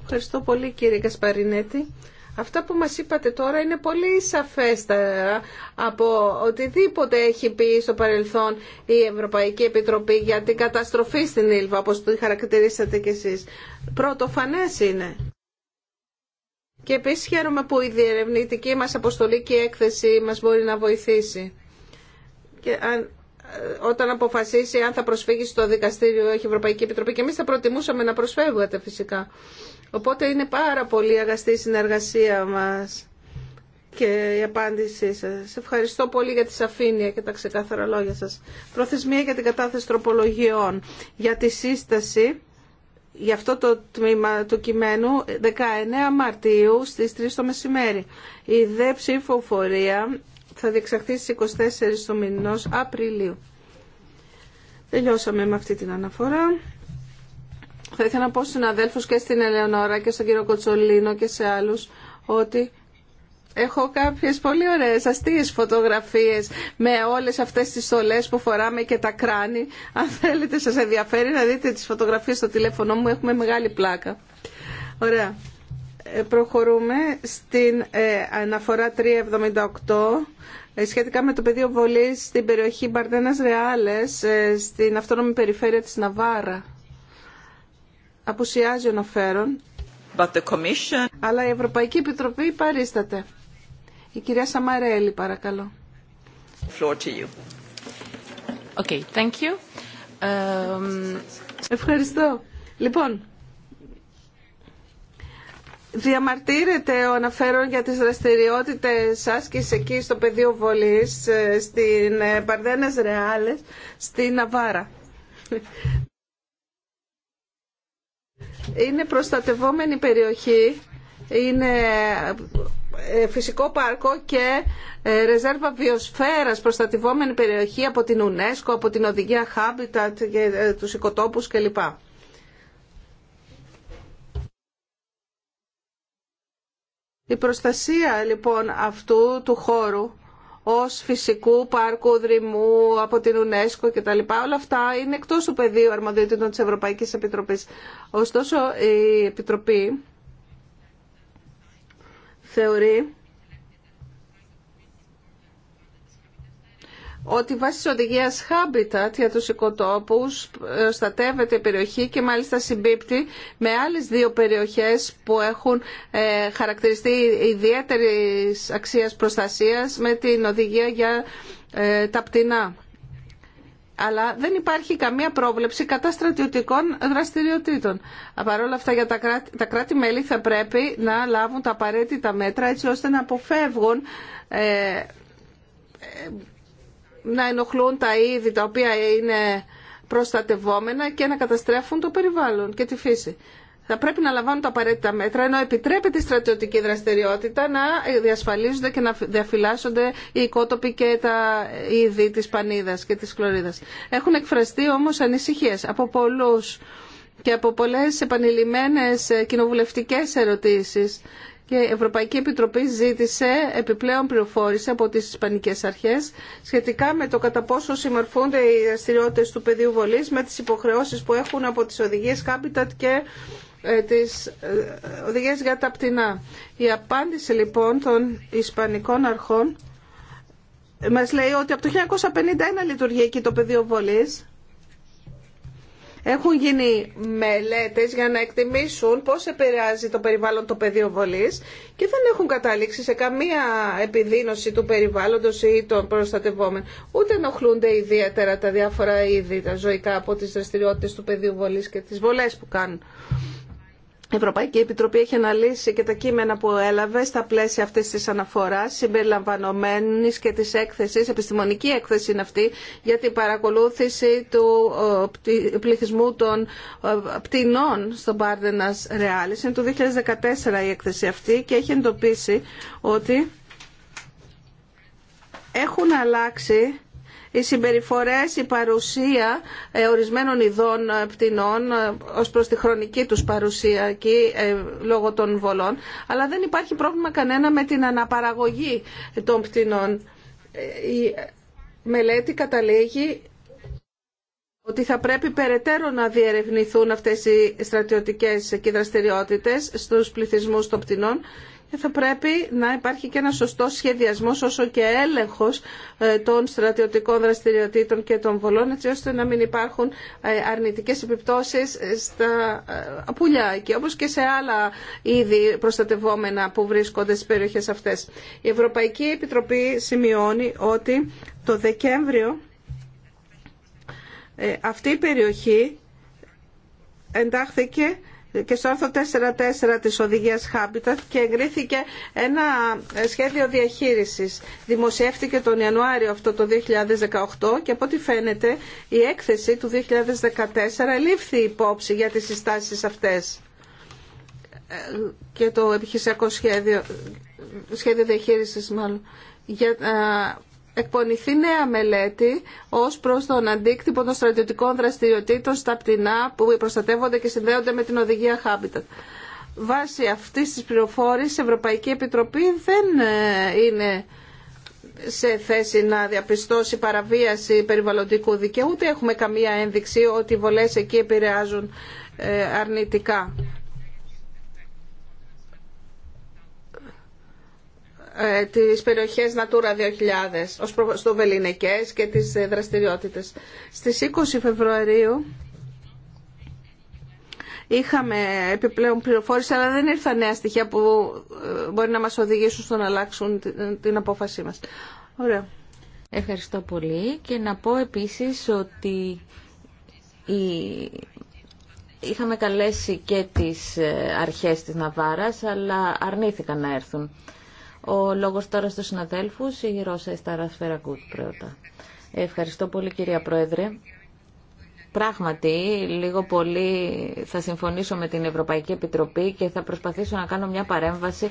Speaker 3: Ευχαριστώ πολύ κύριε Κασπαρινέτη. Αυτά που μας είπατε τώρα είναι πολύ σαφέστερα από οτιδήποτε έχει πει στο παρελθόν η Ευρωπαϊκή Επιτροπή για την καταστροφή στην Ήλβα, όπως το χαρακτηρίσατε κι εσείς. Πρωτοφανές είναι. Και επίσης χαίρομαι που η διερευνητική μας αποστολή και η έκθεση μας μπορεί να βοηθήσει. Και αν όταν αποφασίσει αν θα προσφύγει στο δικαστήριο έχει η Ευρωπαϊκή Επιτροπή και εμείς θα προτιμούσαμε να προσφεύγατε φυσικά. Οπότε είναι πάρα πολύ αγαστή η συνεργασία μας και η απάντησή σας. Σε ευχαριστώ πολύ για τη σαφήνεια και τα ξεκάθαρα λόγια σας. Προθεσμία για την κατάθεση τροπολογιών. Για τη σύσταση, για αυτό το τμήμα του κειμένου, 19 Μαρτίου στις 3 το μεσημέρι. Η δε ψηφοφορία θα διεξαχθεί στις 24 του μηνός Απριλίου. Τελειώσαμε με αυτή την αναφορά. Θα ήθελα να πω στους αδέλφους και στην Ελεονόρα και στον κύριο Κοτσολίνο και σε άλλους ότι έχω κάποιες πολύ ωραίες αστείες φωτογραφίες με όλες αυτές τις στολές που φοράμε και τα κράνη. Αν θέλετε σας ενδιαφέρει να δείτε τις φωτογραφίες στο τηλέφωνο μου, έχουμε μεγάλη πλάκα. Ωραία προχωρούμε στην ε, αναφορά 378 ε, σχετικά με το πεδίο βολής στην περιοχή Μπαρδένας Ρεάλες ε, στην αυτόνομη περιφέρεια της Ναβάρα. Απουσιάζει ο Νοφέρον, αλλά η Ευρωπαϊκή Επιτροπή παρίσταται. Η κυρία Σαμαρέλη, παρακαλώ. Floor to you. Okay, thank you. Um, Ευχαριστώ. Λοιπόν, Διαμαρτύρεται ο αναφέρον για τις δραστηριότητες άσκηση εκεί στο πεδίο βολής, ε, στην ε, Παρδένες Ρεάλες, στην Ναβάρα. Είναι προστατευόμενη περιοχή, είναι ε, φυσικό πάρκο και ρεζέρβα βιοσφαίρας προστατευόμενη περιοχή από την UNESCO, από την Οδηγία Habitat και τους οικοτόπους κλπ. Η προστασία λοιπόν αυτού του χώρου ως φυσικού πάρκου, δρυμού, από την UNESCO κτλ. Όλα αυτά είναι εκτός του πεδίου αρμοδιότητων της Ευρωπαϊκής Επιτροπής. Ωστόσο η Επιτροπή θεωρεί ότι βάσει της οδηγίας Habitat για τους οικοτόπους ε, στατεύεται η περιοχή και μάλιστα συμπίπτει με άλλες δύο περιοχές που έχουν ε, χαρακτηριστεί ιδιαίτερη αξίας προστασίας με την οδηγία για ε, τα πτηνά. Αλλά δεν υπάρχει καμία πρόβλεψη κατά στρατιωτικών δραστηριοτήτων. Παρ' όλα αυτά, για τα, κράτη, τα κράτη-μέλη θα πρέπει να λάβουν τα απαραίτητα μέτρα έτσι ώστε να αποφεύγουν να ενοχλούν τα είδη τα οποία είναι προστατευόμενα και να καταστρέφουν το περιβάλλον και τη φύση. Θα πρέπει να λαμβάνουν τα απαραίτητα μέτρα, ενώ επιτρέπεται η στρατιωτική δραστηριότητα να διασφαλίζονται και να διαφυλάσσονται οι οικότοποι και τα είδη της πανίδας και της χλωρίδας. Έχουν εκφραστεί όμως ανησυχίες από πολλούς και από πολλές επανειλημμένες κοινοβουλευτικές ερωτήσεις και η Ευρωπαϊκή Επιτροπή ζήτησε επιπλέον πληροφόρηση από τις Ισπανικές Αρχές σχετικά με το κατά πόσο συμμορφούνται οι δραστηριότητε του πεδίου βολής με τις υποχρεώσεις που έχουν από τις οδηγίες Habitat και ε, τις ε, οδηγίες για τα πτηνά. Η απάντηση λοιπόν των Ισπανικών Αρχών ε, μας λέει ότι από το 1951 λειτουργεί εκεί το πεδίο βολής έχουν γίνει μελέτες για να εκτιμήσουν πώς επηρεάζει το περιβάλλον το πεδίο βολή και δεν έχουν καταλήξει σε καμία επιδείνωση του περιβάλλοντος ή των προστατευόμενων. Ούτε ενοχλούνται ιδιαίτερα τα διάφορα είδη, τα ζωικά από τι δραστηριότητε του πεδίου βολή και τις βολές που κάνουν. Η Ευρωπαϊκή Επιτροπή έχει αναλύσει και τα κείμενα που έλαβε στα πλαίσια αυτή τη αναφορά, συμπεριλαμβανόμένη και τη έκθεση. επιστημονική έκθεση είναι αυτή, για την παρακολούθηση του ε, πληθυσμού των ε, πτηνών στον Πάρδενας ρεάλισ. Είναι το 2014 η έκθεση αυτή και έχει εντοπίσει ότι έχουν αλλάξει οι συμπεριφορές, η παρουσία ε, ορισμένων ειδών ε, πτηνών ε, ως προς τη χρονική τους παρουσία εκεί λόγω των βολών. Αλλά δεν υπάρχει πρόβλημα κανένα με την αναπαραγωγή των πτηνών. Η μελέτη καταλήγει ότι θα πρέπει περαιτέρω να διερευνηθούν αυτές οι στρατιωτικές και δραστηριότητες στους πληθυσμούς των πτηνών ε, θα πρέπει να υπάρχει και ένα σωστό σχεδιασμό όσο και έλεγχος ε, των στρατιωτικών δραστηριοτήτων και των βολών έτσι ώστε να μην υπάρχουν ε, αρνητικές επιπτώσει στα πουλιά και όπως και σε άλλα είδη προστατευόμενα που βρίσκονται στι περιοχές αυτές. Η Ευρωπαϊκή Επιτροπή σημειώνει ότι το Δεκέμβριο αυτή η περιοχή εντάχθηκε και στο άρθρο 4.4 της οδηγίας Habitat και εγκρίθηκε ένα σχέδιο διαχείρισης. Δημοσιεύτηκε τον Ιανουάριο αυτό το 2018 και από ό,τι φαίνεται η έκθεση του 2014 λήφθη υπόψη για τις συστάσεις αυτές και το επιχειρησιακό σχέδιο, σχέδιο διαχείρισης μάλλον για εκπονηθεί νέα μελέτη ως προς τον αντίκτυπο των στρατιωτικών δραστηριοτήτων στα πτηνά που προστατεύονται και συνδέονται με την οδηγία Habitat. Βάσει αυτής της πληροφόρηση, η Ευρωπαϊκή Επιτροπή δεν ε, είναι σε θέση να διαπιστώσει παραβίαση περιβαλλοντικού δικαίου, ούτε έχουμε καμία ένδειξη ότι οι βολές εκεί επηρεάζουν ε, αρνητικά Ε, τις περιοχές Natura 2000 ως προς Βελινεκές και τις ε, δραστηριότητες. Στις 20 Φεβρουαρίου είχαμε επιπλέον πληροφόρηση αλλά δεν ήρθαν νέα στοιχεία που ε, μπορεί να μας οδηγήσουν στο να αλλάξουν την απόφασή μας. Ωραία. Ευχαριστώ πολύ
Speaker 2: και να πω επίσης ότι είχαμε καλέσει και τις αρχές της Ναβάρας αλλά αρνήθηκαν να έρθουν. Ο λόγος τώρα στους συναδέλφους, η Ρώσα Ισταρά κούτ. πρώτα. Ευχαριστώ πολύ κυρία Πρόεδρε. Πράγματι, λίγο πολύ θα συμφωνήσω με την Ευρωπαϊκή Επιτροπή και θα προσπαθήσω να κάνω μια παρέμβαση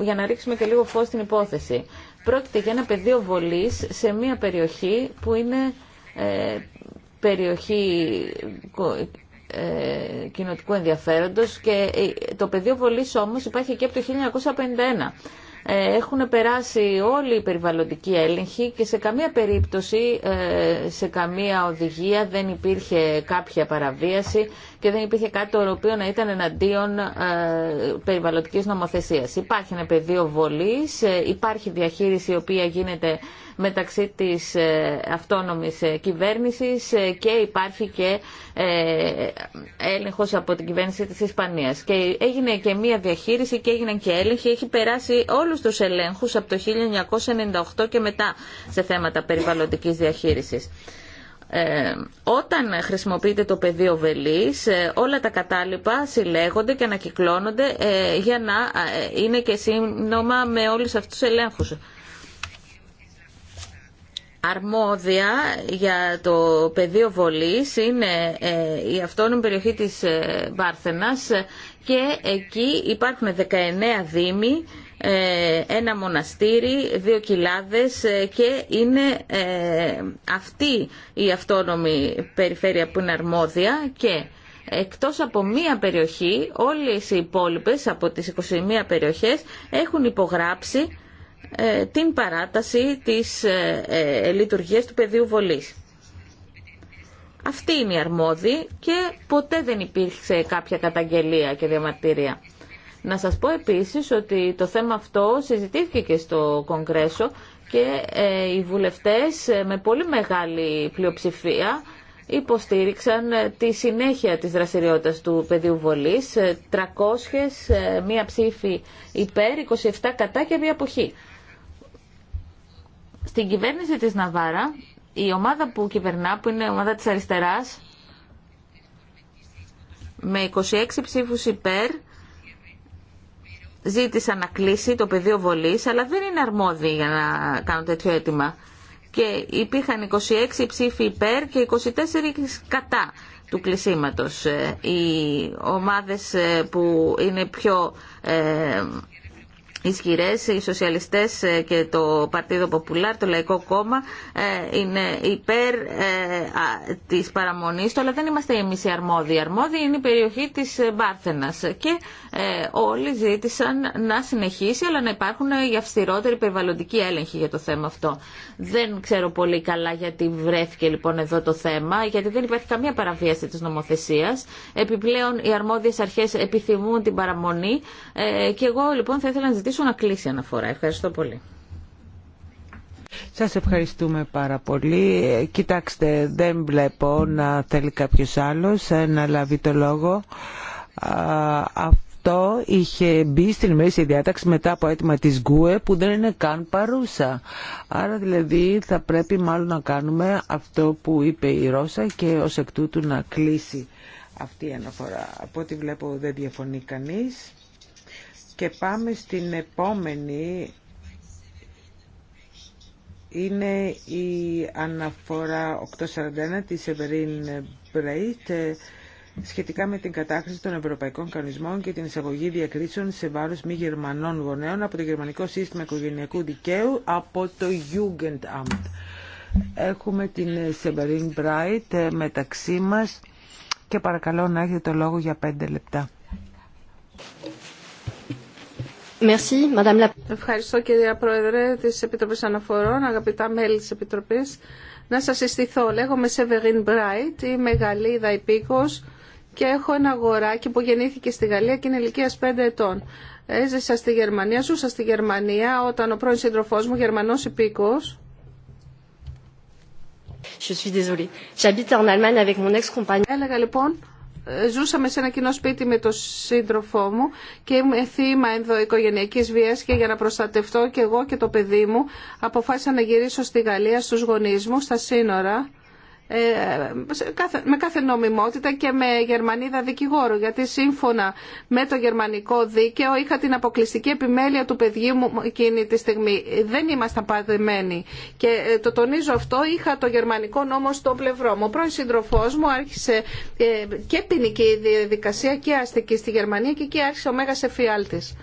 Speaker 2: για να ρίξουμε και λίγο φως στην υπόθεση. Πρόκειται για ένα πεδίο βολής σε μια περιοχή που είναι ε, περιοχή ε, κοινοτικού ενδιαφέροντος και ε, το πεδίο βολής όμως υπάρχει και από το 1951. Ε, έχουν περάσει όλοι οι περιβαλλοντικοί έλεγχοι και σε καμία περίπτωση, ε, σε καμία οδηγία δεν υπήρχε κάποια παραβίαση και δεν υπήρχε κάτι το οποίο να ήταν εναντίον ε, περιβαλλοντικής νομοθεσίας. Υπάρχει ένα πεδίο βολής, υπάρχει διαχείριση η οποία γίνεται μεταξύ της ε, αυτόνομης ε, κυβέρνησης ε, και υπάρχει και έλεγχος από την κυβέρνηση της Ισπανίας. Και έγινε και μία διαχείριση και έγιναν και έλεγχοι. Έχει περάσει όλους τους ελέγχους από το 1998 και μετά σε θέματα περιβαλλοντικής διαχείρισης. όταν χρησιμοποιείται το πεδίο βελής όλα τα κατάλοιπα συλλέγονται και ανακυκλώνονται για να είναι και σύνομα με όλους αυτούς τους ελέγχους αρμόδια για το πεδίο βολής είναι ε, η αυτόνομη περιοχή της ε, Βάρθενας και εκεί υπάρχουν 19 δήμοι, ε, ένα μοναστήρι, δύο κοιλάδες και είναι αυτή η αυτόνομη περιφέρεια που είναι αρμόδια και εκτός από μία περιοχή όλες οι υπόλοιπες από τις 21 περιοχές έχουν υπογράψει ε, την παράταση της ε, ε, λειτουργίας του πεδίου βολής. Αυτή είναι η αρμόδη και ποτέ δεν υπήρξε κάποια καταγγελία και διαμαρτυρία. Να σας πω επίσης ότι το θέμα αυτό συζητήθηκε και στο Κογκρέσο και οι βουλευτές με πολύ μεγάλη πλειοψηφία υποστήριξαν τη συνέχεια της δραστηριότητας του πεδίου βολής, 300, μία ψήφη υπέρ, 27 κατά και μία αποχή. Στην κυβέρνηση της Ναβάρα, η ομάδα που κυβερνά, που είναι η ομάδα της αριστεράς, με 26 ψήφους υπέρ, ζήτησαν να κλείσει το πεδίο βολής, αλλά δεν είναι αρμόδιοι για να κάνουν τέτοιο αίτημα. Και υπήρχαν 26 ψήφοι υπέρ και 24 κατά του κλεισίματος. Ε, οι ομάδες ε, που είναι πιο ε, ισχυρέ, Οι σοσιαλιστέ ε, και το Παρτίδο Ποπουλάρ, το Λαϊκό Κόμμα, ε, είναι υπέρ ε, τη παραμονή, του, αλλά δεν είμαστε εμεί οι αρμόδιοι. Οι αρμόδιοι είναι η περιοχή τη Μπάρθενα. και όλοι ζήτησαν να συνεχίσει, αλλά να υπάρχουν οι αυστηρότεροι περιβαλλοντικοί έλεγχοι για το θέμα αυτό. Δεν ξέρω πολύ καλά γιατί βρέθηκε λοιπόν εδώ το θέμα, γιατί δεν υπάρχει καμία παραβίαση τη νομοθεσία. Επιπλέον οι αρμόδιε αρχέ επιθυμούν την παραμονή και εγώ λοιπόν θα ήθελα να ζητήσω Σα να κλείσει αναφορά. Ευχαριστώ πολύ.
Speaker 4: Σας ευχαριστούμε πάρα πολύ. Κοιτάξτε, δεν βλέπω να θέλει κάποιος άλλος ε, να λάβει το λόγο. Αυτό είχε μπει στην μέση διάταξη μετά από αίτημα της ΓΚΟΕ που δεν είναι καν παρούσα. Άρα δηλαδή θα πρέπει μάλλον να κάνουμε αυτό που είπε η Ρώσα και ως εκ τούτου να κλείσει αυτή η αναφορά. Από ό,τι βλέπω δεν διαφωνεί κανείς. Και πάμε στην επόμενη. Είναι η αναφορά 841 της Εβερίν Μπρέιτ ε, σχετικά με την κατάχρηση των ευρωπαϊκών κανονισμών και την εισαγωγή διακρίσεων σε βάρος μη γερμανών γονέων από το γερμανικό σύστημα οικογενειακού δικαίου από το Jugendamt. Έχουμε την Σεμπερίν Μπράιτ ε, μεταξύ μας και παρακαλώ να έχετε το λόγο για πέντε λεπτά.
Speaker 3: Ευχαριστώ κυρία Πρόεδρε της Επιτροπής Αναφορών, αγαπητά μέλη της Επιτροπής. Να σας συστηθώ. Λέγομαι Σεβερίν Μπράιτ, είμαι Γαλλίδα υπήκος και έχω ένα αγοράκι που γεννήθηκε στη Γαλλία και είναι ηλικία 5 ετών. Έζησα στη Γερμανία, ζούσα στη Γερμανία όταν ο πρώην σύντροφό μου, Γερμανό υπήκο. Έλεγα λοιπόν ζούσαμε σε ένα κοινό σπίτι με τον σύντροφό μου και είμαι θύμα ενδοοικογενειακής βίας και για να προστατευτώ και εγώ και το παιδί μου αποφάσισα να γυρίσω στη Γαλλία στους γονείς μου στα σύνορα ε, με κάθε νομιμότητα και με Γερμανίδα δικηγόρο γιατί σύμφωνα με το γερμανικό δίκαιο είχα την αποκλειστική επιμέλεια του παιδιού μου εκείνη τη στιγμή δεν ήμασταν παδεμένοι. και ε, το τονίζω αυτό είχα το γερμανικό νόμο στο πλευρό μου ο πρώην σύντροφός μου άρχισε ε, και ποινική διαδικασία και αστική στη Γερμανία και εκεί άρχισε ο μέγας εφιάλτης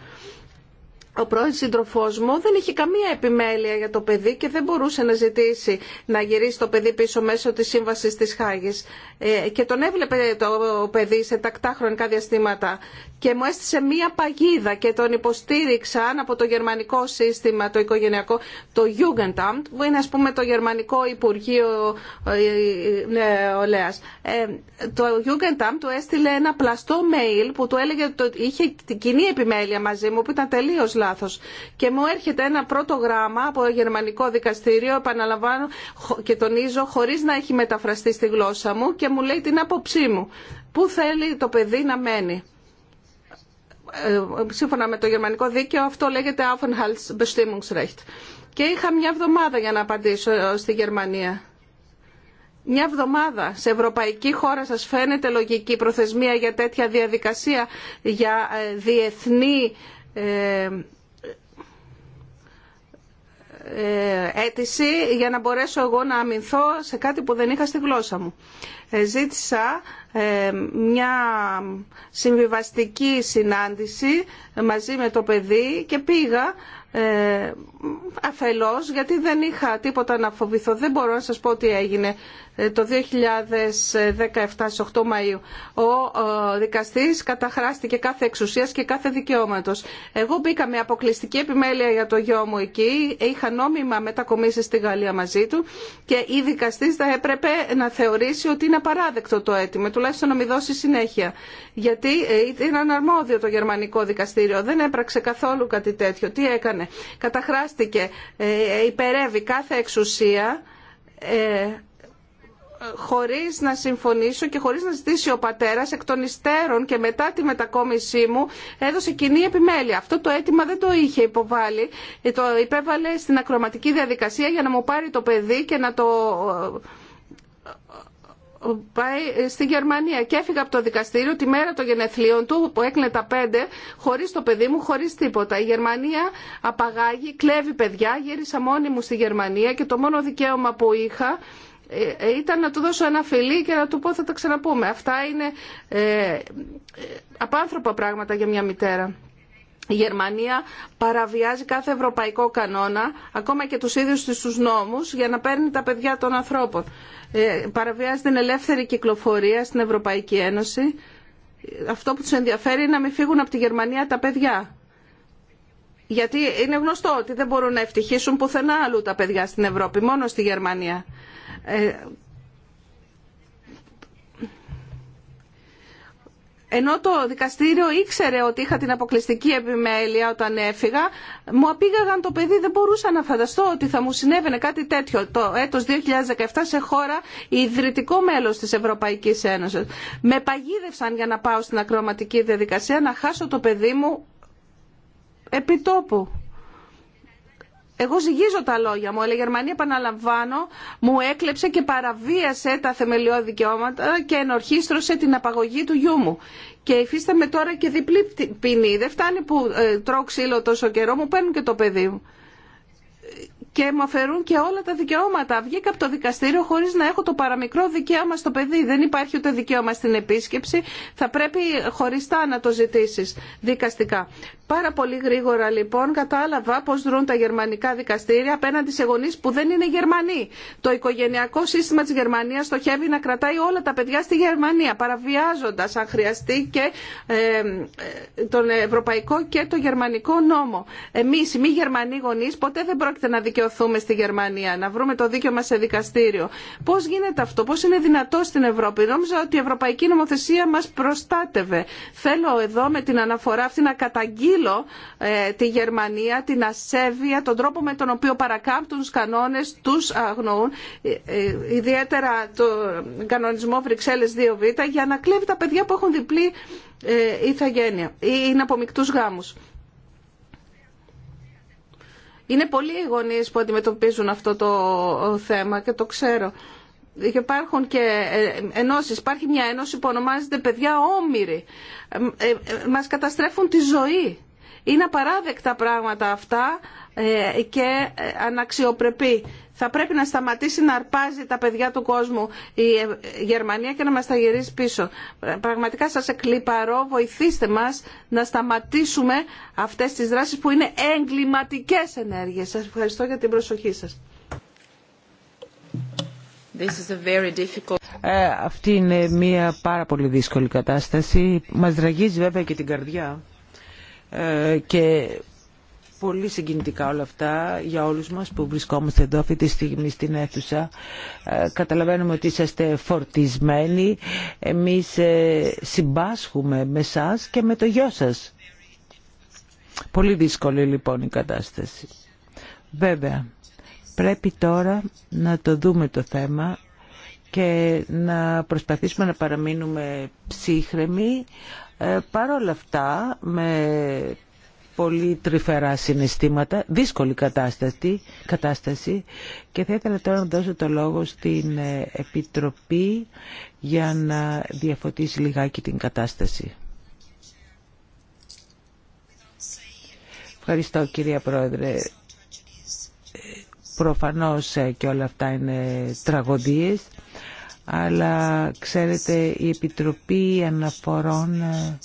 Speaker 3: ο πρώην σύντροφό μου δεν είχε καμία επιμέλεια για το παιδί και δεν μπορούσε να ζητήσει να γυρίσει το παιδί πίσω μέσω της σύμβασης της Χάγης. Ε, και τον έβλεπε το παιδί σε τακτά χρονικά διαστήματα και μου έστησε μία παγίδα και τον υποστήριξαν από το γερμανικό σύστημα, το οικογενειακό, το Jugendamt, που είναι ας πούμε το γερμανικό Υπουργείο ε, ε, Νεολαίας. το Jugendamt του έστειλε ένα πλαστό mail που του έλεγε ότι είχε την κοινή επιμέλεια μαζί μου, που ήταν τελείως και μου έρχεται ένα πρώτο γράμμα από γερμανικό δικαστήριο, επαναλαμβάνω και τονίζω, χωρί να έχει μεταφραστεί στη γλώσσα μου και μου λέει την άποψή μου. Πού θέλει το παιδί να μένει. Ε, σύμφωνα με το γερμανικό δίκαιο αυτό λέγεται Aufenthaltsbestimmungsrecht. Και είχα μια εβδομάδα για να απαντήσω ε, στη Γερμανία. Μια εβδομάδα σε ευρωπαϊκή χώρα σας φαίνεται λογική προθεσμία για τέτοια διαδικασία, για ε, διεθνή ε, ε, αίτηση για να μπορέσω εγώ να αμυνθώ σε κάτι που δεν είχα στη γλώσσα μου. Ε, ζήτησα μια συμβιβαστική συνάντηση μαζί με το παιδί και πήγα αφελώς γιατί δεν είχα τίποτα να φοβηθώ. Δεν μπορώ να σας πω τι έγινε ε, το 2017 8 Μαΐου. Ο δικαστής καταχράστηκε κάθε εξουσίας και κάθε δικαιώματος. Εγώ μπήκα με αποκλειστική επιμέλεια για το γιο μου εκεί, είχα νόμιμα μετακομίσει στη Γαλλία μαζί του και η δικαστής θα έπρεπε να θεωρήσει ότι είναι απαράδεκτο το αίτημα, τουλάχιστον να μην δώσει συνέχεια. Γιατί ε, ήταν αναρμόδιο το γερμανικό δικαστήριο, δεν έπραξε καθόλου κάτι τέτοιο. Τι έκανε, καταχράστηκε, ε, υπερεύει κάθε εξουσία χωρίς να συμφωνήσω και χωρίς να ζητήσει ο πατέρας εκ των υστέρων και μετά τη μετακόμισή μου έδωσε κοινή επιμέλεια. Αυτό το αίτημα δεν το είχε υποβάλει. Ε, το υπέβαλε στην ακροματική διαδικασία για να μου πάρει το παιδί και να το ε, πάει στη Γερμανία και έφυγα από το δικαστήριο τη μέρα των γενεθλίων του που έκλαινε τα πέντε χωρίς το παιδί μου, χωρίς τίποτα. Η Γερμανία απαγάγει, κλέβει παιδιά, γύρισα μόνη μου στη Γερμανία και το μόνο δικαίωμα που είχα ε, ήταν να του δώσω ένα φιλί και να του πω θα τα ξαναπούμε. Αυτά είναι ε, απάνθρωπα πράγματα για μια μητέρα. Η Γερμανία παραβιάζει κάθε ευρωπαϊκό κανόνα, ακόμα και τους ίδιους τους νόμους, για να παίρνει τα παιδιά των ανθρώπων. Ε, παραβιάζει την ελεύθερη κυκλοφορία στην Ευρωπαϊκή Ένωση. Αυτό που τους ενδιαφέρει είναι να μην φύγουν από τη Γερμανία τα παιδιά. Γιατί είναι γνωστό ότι δεν μπορούν να ευτυχήσουν πουθενά αλλού τα παιδιά στην Ευρώπη, μόνο στη Γερμανία. Ε, ενώ το δικαστήριο ήξερε ότι είχα την αποκλειστική επιμέλεια όταν έφυγα, μου απήγαγαν το παιδί, δεν μπορούσα να φανταστώ ότι θα μου συνέβαινε κάτι τέτοιο το έτος 2017 σε χώρα ιδρυτικό μέλος της Ευρωπαϊκής Ένωσης. Με παγίδευσαν για να πάω στην ακροματική διαδικασία να χάσω το παιδί μου επιτόπου εγώ ζυγίζω τα λόγια μου, αλλά η Γερμανία, επαναλαμβάνω, μου έκλεψε και παραβίασε τα θεμελιώδη δικαιώματα και ενορχίστρωσε την απαγωγή του γιού μου. Και υφίσταμε τώρα και διπλή ποινή. Δεν φτάνει που ε, τρώω ξύλο τόσο καιρό, μου παίρνουν και το παιδί μου. Και μου αφαιρούν και όλα τα δικαιώματα. Βγήκα από το δικαστήριο χωρί να έχω το παραμικρό δικαίωμα στο παιδί. Δεν υπάρχει ούτε δικαίωμα στην επίσκεψη. Θα πρέπει χωριστά να το ζητήσει δικαστικά. Πάρα πολύ γρήγορα λοιπόν κατάλαβα πώς δρούν τα γερμανικά δικαστήρια απέναντι σε γονείς που δεν είναι Γερμανοί. Το οικογενειακό σύστημα της Γερμανίας στοχεύει να κρατάει όλα τα παιδιά στη Γερμανία, παραβιάζοντας αν χρειαστεί και ε, ε, τον ευρωπαϊκό και το γερμανικό νόμο. Εμείς οι μη Γερμανοί γονείς ποτέ δεν πρόκειται να δικαιωθούμε στη Γερμανία, να βρούμε το δίκαιο μας σε δικαστήριο. Πώς γίνεται αυτό, πώς είναι δυνατό στην Ευρώπη. Νόμιζα ότι η ευρωπαϊκή νομοθεσία μας προστάτευε. Θέλω εδώ με την αναφορά αυτή να καταγγείλω ε, τη Γερμανία, την ασέβεια, τον τρόπο με τον οποίο παρακάμπτουν τους κανόνες, τους αγνοούν, ε, ε, ιδιαίτερα τον κανονισμό Βρυξέλλες 2Β, για να κλέβει τα παιδιά που έχουν διπλή ηθαγένεια ή είναι από γάμους. Είναι πολλοί οι γονείς που αντιμετωπίζουν αυτό το θέμα και το ξέρω υπάρχουν και ε, ενώσεις. Υπάρχει μια ένωση που ονομάζεται παιδιά όμοιροι. Ε, ε, μας καταστρέφουν τη ζωή. Είναι απαράδεκτα πράγματα αυτά και αναξιοπρεπή. Θα πρέπει να σταματήσει να αρπάζει τα παιδιά του κόσμου η Γερμανία και να μας τα γυρίσει πίσω. Πραγματικά σας εκλυπαρώ, βοηθήστε μας να σταματήσουμε αυτές τις δράσεις που είναι εγκληματικές ενέργειες. Σας ευχαριστώ για την προσοχή σας.
Speaker 4: Ε, αυτή είναι μια πάρα πολύ δύσκολη κατάσταση. Μας δραγίζει βέβαια και την καρδιά ε, και πολύ συγκινητικά όλα αυτά για όλους μας που βρισκόμαστε εδώ αυτή τη στιγμή στην αίθουσα. Ε, καταλαβαίνουμε ότι είσαστε φορτισμένοι. Εμείς συμπάσχουμε με σας και με το γιο σας. Πολύ δύσκολη λοιπόν η κατάσταση. Βέβαια. Πρέπει τώρα να το δούμε το θέμα και να προσπαθήσουμε να παραμείνουμε ψύχρεμοι ε, παρόλα αυτά με πολύ τρυφερά συναισθήματα, δύσκολη κατάσταση, κατάσταση και θα ήθελα τώρα να δώσω το λόγο στην ε, Επιτροπή για να διαφωτίσει λιγάκι την κατάσταση. Ευχαριστώ κυρία Πρόεδρε. Ε, Προφανώς ε, και όλα αυτά είναι τραγωδίες, αλλά ξέρετε η Επιτροπή Αναφορών ε,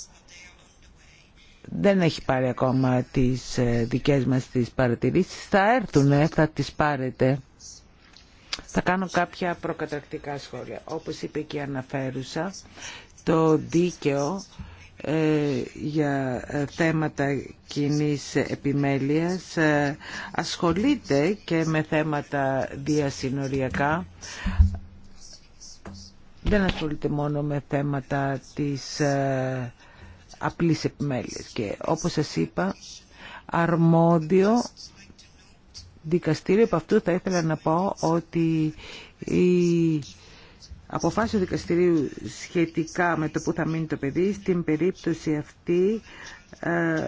Speaker 4: δεν έχει πάρει ακόμα τις ε, δικές μας τις παρατηρήσεις. Θα έρθουν, θα τις πάρετε. Θα κάνω κάποια προκατακτικά σχόλια. Όπως είπε και αναφέρουσα, το δίκαιο ε, για ε, θέματα κοινής επιμέλειας ε, ασχολείται και με θέματα διασυνοριακά δεν ασχολείται μόνο με θέματα της απλής επιμέλειας και όπως σας είπα αρμόδιο δικαστήριο από αυτού θα ήθελα να πω ότι η Αποφάσισε του δικαστηρίου σχετικά με το που θα μείνει το παιδί, στην περίπτωση αυτή ε,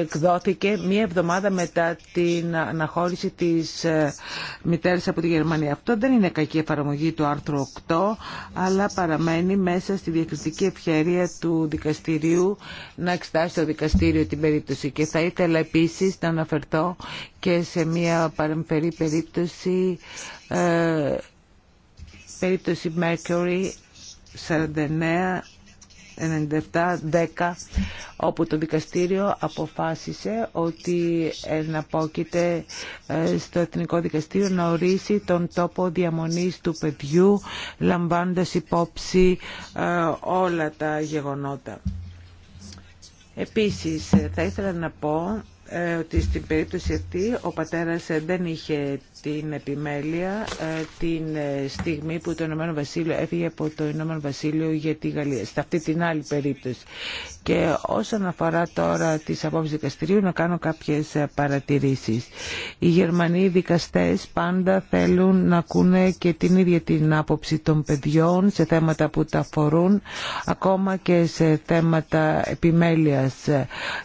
Speaker 4: εκδόθηκε μία εβδομάδα μετά την αναχώρηση της ε, μητέρας από τη Γερμανία. Αυτό δεν είναι κακή εφαρμογή του άρθρου 8, αλλά παραμένει μέσα στη διακριτική ευχαίρεια του δικαστηρίου να εξετάσει το δικαστήριο την περίπτωση. Και θα ήθελα επίσης να αναφερθώ και σε μία παρεμφερή περίπτωση ε, περίπτωση Mercury 49 97-10 όπου το δικαστήριο αποφάσισε ότι εναπόκειται ε, στο Εθνικό Δικαστήριο να ορίσει τον τόπο διαμονής του παιδιού λαμβάνοντας υπόψη ε, όλα τα γεγονότα. Επίσης ε, θα ήθελα να πω ε, ότι στην περίπτωση αυτή ο πατέρας ε, δεν είχε την επιμέλεια ε, την στιγμή που το Ηνωμένο Βασίλειο έφυγε από το Ηνωμένο Βασίλειο για τη Γαλλία. Σε αυτή την άλλη περίπτωση. Και όσον αφορά τώρα τις απόψεις δικαστηρίου να κάνω κάποιες παρατηρήσεις. Οι Γερμανοί δικαστές πάντα θέλουν να ακούνε και την ίδια την άποψη των παιδιών σε θέματα που τα αφορούν, ακόμα και σε θέματα επιμέλειας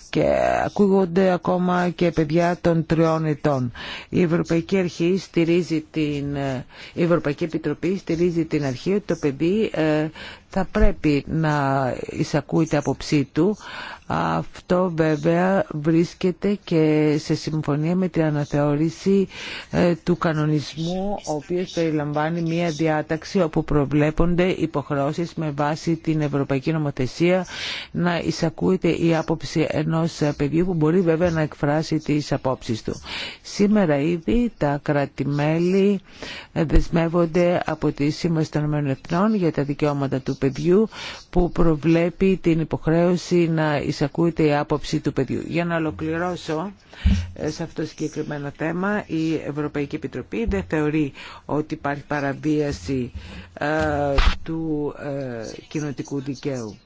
Speaker 4: και ακούγονται ακόμα και παιδιά των τριών ετών. Η Ευρωπαϊκή, Αρχή στηρίζει την... Η Ευρωπαϊκή Επιτροπή στηρίζει την αρχή ότι το παιδί ε, θα πρέπει να εισακούει τα απόψή του αυτό βέβαια βρίσκεται και σε συμφωνία με την αναθεώρηση ε, του κανονισμού, ο οποίος περιλαμβάνει μία διάταξη όπου προβλέπονται υποχρεώσεις με βάση την Ευρωπαϊκή Νομοθεσία να εισακούεται η άποψη ενός ε, παιδιού που μπορεί βέβαια να εκφράσει τις απόψεις του. Σήμερα ήδη τα κρατημέλη ε, δεσμεύονται από τη Σύμβαση των ΗΠΑ για τα δικαιώματα του παιδιού που προβλέπει την υποχρέωση να εισακούεται εισακούεται η άποψη του παιδιού. Για να ολοκληρώσω ε, σε αυτό το συγκεκριμένο θέμα, η Ευρωπαϊκή Επιτροπή δεν θεωρεί ότι υπάρχει παραβίαση ε, του ε, κοινοτικού δικαίου.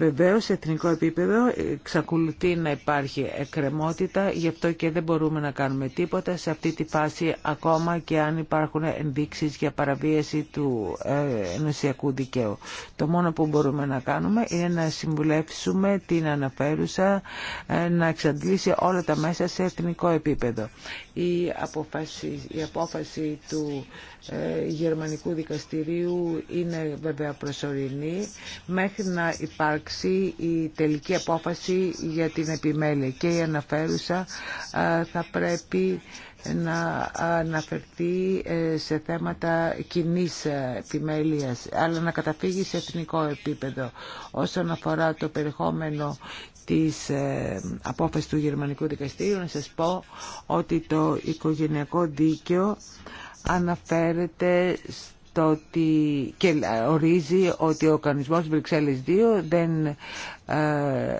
Speaker 4: Βεβαίω, σε εθνικό επίπεδο εξακολουθεί να υπάρχει εκκρεμότητα, γι' αυτό και δεν μπορούμε να κάνουμε τίποτα σε αυτή τη φάση, ακόμα και αν υπάρχουν ενδείξεις για παραβίαση του ε, ενωσιακού δικαίου. Το μόνο που μπορούμε να κάνουμε είναι να συμβουλεύσουμε την αναφέρουσα ε, να εξαντλήσει όλα τα μέσα σε εθνικό επίπεδο. Η απόφαση, η του ε, γερμανικού δικαστηρίου είναι βέβαια προσωρινή μέχρι να υπάρξει η τελική απόφαση για την επιμέλεια και η αναφέρουσα θα πρέπει να αναφερθεί ε, σε θέματα κοινή ε, επιμέλειας αλλά να καταφύγει σε εθνικό επίπεδο όσον αφορά το περιεχόμενο της ε, απόφασης του Γερμανικού Δικαστήριου να σας πω ότι το οικογενειακό δίκαιο αναφέρεται το ότι και ορίζει ότι ο κανονισμός Βρυξέλλες 2 δεν ε,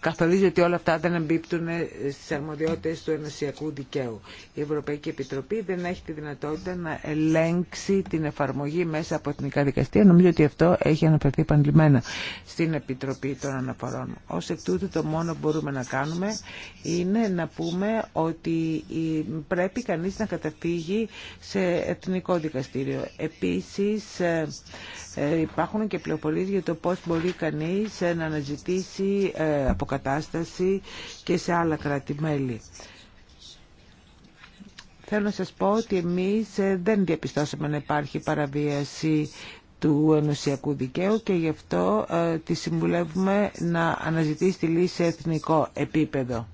Speaker 4: καθορίζει ότι όλα αυτά δεν εμπίπτουν στι αρμοδιότητε του ενωσιακού δικαίου. Η Ευρωπαϊκή Επιτροπή δεν έχει τη δυνατότητα να ελέγξει την εφαρμογή μέσα από εθνικά δικαστήρια. Νομίζω ότι αυτό έχει αναφερθεί επανειλημμένα στην Επιτροπή των Αναφορών. Ω εκ τούτου το μόνο που μπορούμε να κάνουμε είναι να πούμε ότι πρέπει κανεί να καταφύγει σε εθνικό δικαστήριο. Ε, ε, υπάρχουν και πληροφορίε για το πώς μπορεί κανείς ε, να αναζητήσει ε, αποκατάσταση και σε άλλα κράτη-μέλη. Θέλω να σας πω ότι εμείς δεν διαπιστώσαμε να υπάρχει παραβίαση του ενωσιακού δικαίου και γι' αυτό τη συμβουλεύουμε να αναζητήσει τη λύση σε εθνικό επίπεδο.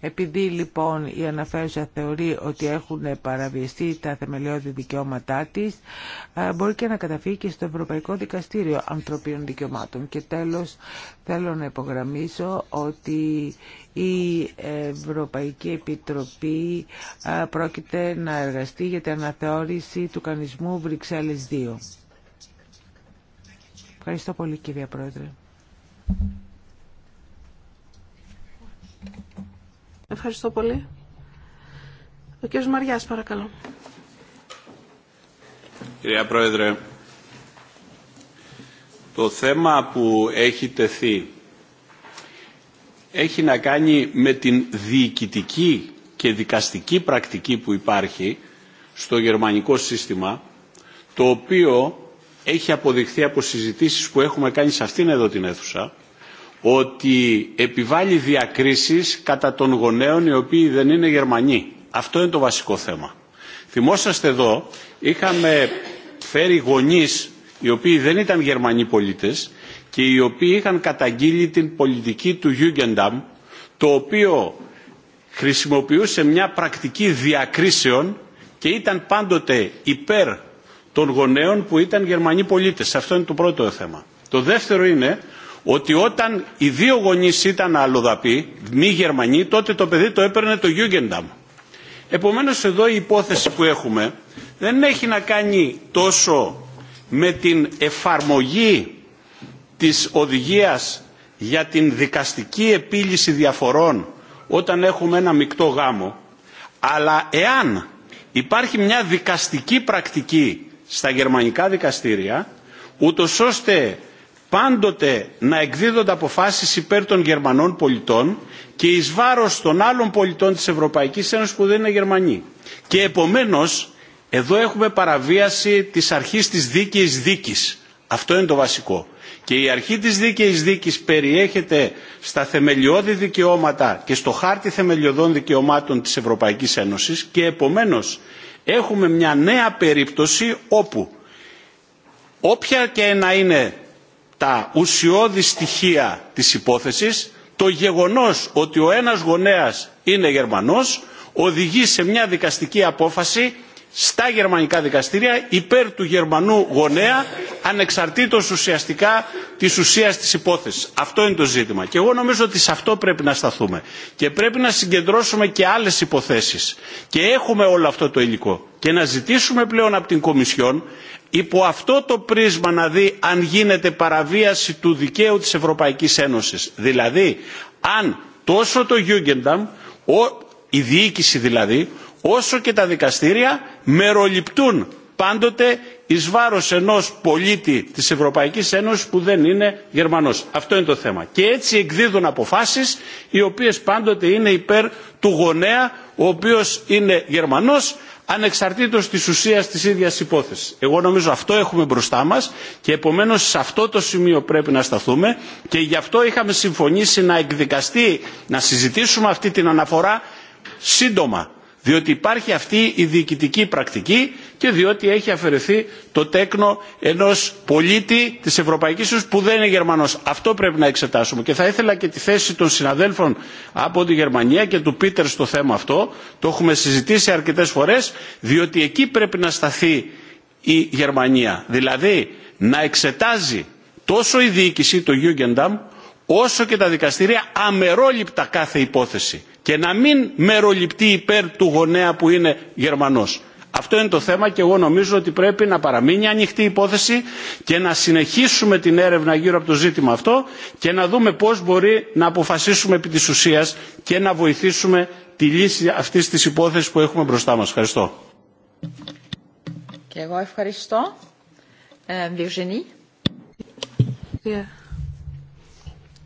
Speaker 4: Επειδή λοιπόν η αναφέρουσα θεωρεί ότι έχουν παραβιαστεί τα θεμελιώδη δικαιώματά της, ε, μπορεί και να καταφύγει και στο Ευρωπαϊκό Δικαστήριο Ανθρωπίνων Δικαιωμάτων. Και τέλος θέλω να υπογραμμίσω ότι η Ευρωπαϊκή Επιτροπή ε, πρόκειται να εργαστεί για την αναθεώρηση του κανισμού Βρυξέλλες 2. Ευχαριστώ πολύ κυρία Πρόεδρε.
Speaker 3: Ευχαριστώ πολύ. Ο κ. Μαριάς, παρακαλώ.
Speaker 5: Κυρία Πρόεδρε, το θέμα που έχει τεθεί έχει να κάνει με την διοικητική και δικαστική πρακτική που υπάρχει στο γερμανικό σύστημα, το οποίο έχει αποδειχθεί από συζητήσεις που έχουμε κάνει σε αυτήν εδώ την αίθουσα, ότι επιβάλλει διακρίσεις κατά των γονέων οι οποίοι δεν είναι Γερμανοί. Αυτό είναι το βασικό θέμα. Θυμόσαστε εδώ, είχαμε φέρει γονείς οι οποίοι δεν ήταν Γερμανοί πολίτες και οι οποίοι είχαν καταγγείλει την πολιτική του Jugendamt, το οποίο χρησιμοποιούσε μια πρακτική διακρίσεων και ήταν πάντοτε υπέρ των γονέων που ήταν Γερμανοί πολίτες. Αυτό είναι το πρώτο θέμα. Το δεύτερο είναι ότι όταν οι δύο γονείς ήταν αλλοδαποί, μη Γερμανοί, τότε το παιδί το έπαιρνε το Γιούγκενταμ. Επομένως εδώ η υπόθεση που έχουμε δεν έχει να κάνει τόσο με την εφαρμογή της οδηγίας για την δικαστική επίλυση διαφορών όταν έχουμε ένα μεικτό γάμο, αλλά εάν υπάρχει μια δικαστική πρακτική στα γερμανικά δικαστήρια, ούτως ώστε πάντοτε να εκδίδονται αποφάσεις υπέρ των Γερμανών πολιτών και εις βάρος των άλλων πολιτών της Ευρωπαϊκής Ένωσης που δεν είναι Γερμανοί. Και επομένως εδώ έχουμε παραβίαση της αρχής της δίκαιης δίκης. Αυτό είναι το βασικό. Και η αρχή της δίκαιης δίκης περιέχεται στα θεμελιώδη δικαιώματα και στο χάρτη θεμελιωδών δικαιωμάτων της Ευρωπαϊκής Ένωσης και επομένως έχουμε μια νέα περίπτωση όπου όποια και να είναι τα ουσιώδη στοιχεία της υπόθεσης, το γεγονός ότι ο ένας γονέας είναι Γερμανός οδηγεί σε μια δικαστική απόφαση στα γερμανικά δικαστήρια υπέρ του γερμανού γονέα ανεξαρτήτως ουσιαστικά της ουσίας της υπόθεσης. Αυτό είναι το ζήτημα. Και εγώ νομίζω ότι σε αυτό πρέπει να σταθούμε. Και πρέπει να συγκεντρώσουμε και άλλες υποθέσεις. Και έχουμε όλο αυτό το υλικό. Και να ζητήσουμε πλέον από την Κομισιόν υπό αυτό το πρίσμα να δει αν γίνεται παραβίαση του δικαίου της Ευρωπαϊκής Ένωσης. Δηλαδή, αν τόσο το Jugendamt, η διοίκηση δηλαδή, όσο και τα δικαστήρια μεροληπτούν πάντοτε εις βάρος ενός πολίτη της Ευρωπαϊκής Ένωσης που δεν είναι Γερμανός. Αυτό είναι το θέμα. Και έτσι εκδίδουν αποφάσεις οι οποίες πάντοτε είναι υπέρ του γονέα ο οποίος είναι Γερμανός ανεξαρτήτως της ουσίας της ίδιας υπόθεσης. Εγώ νομίζω αυτό έχουμε μπροστά μας και επομένως σε αυτό το σημείο πρέπει να σταθούμε και γι' αυτό είχαμε συμφωνήσει να εκδικαστεί, να συζητήσουμε αυτή την αναφορά σύντομα διότι υπάρχει αυτή η διοικητική πρακτική και διότι έχει αφαιρεθεί το τέκνο ενός πολίτη της Ευρωπαϊκής Ένωσης που δεν είναι Γερμανός. Αυτό πρέπει να εξετάσουμε και θα ήθελα και τη θέση των συναδέλφων από τη Γερμανία και του Πίτερ στο θέμα αυτό. Το έχουμε συζητήσει αρκετές φορές διότι εκεί πρέπει να σταθεί η Γερμανία. Δηλαδή να εξετάζει τόσο η διοίκηση, το Jugendamt, όσο και τα δικαστήρια αμερόληπτα κάθε υπόθεση και να μην μεροληπτεί υπέρ του γονέα που είναι Γερμανός. Αυτό είναι το θέμα και εγώ νομίζω ότι πρέπει να παραμείνει ανοιχτή υπόθεση και να συνεχίσουμε την έρευνα γύρω από το ζήτημα αυτό και να δούμε πώς μπορεί να αποφασίσουμε επί της ουσίας και να βοηθήσουμε τη λύση αυτής της υπόθεσης που έχουμε μπροστά μας. Ευχαριστώ.
Speaker 1: Και εγώ ευχαριστώ. Ε,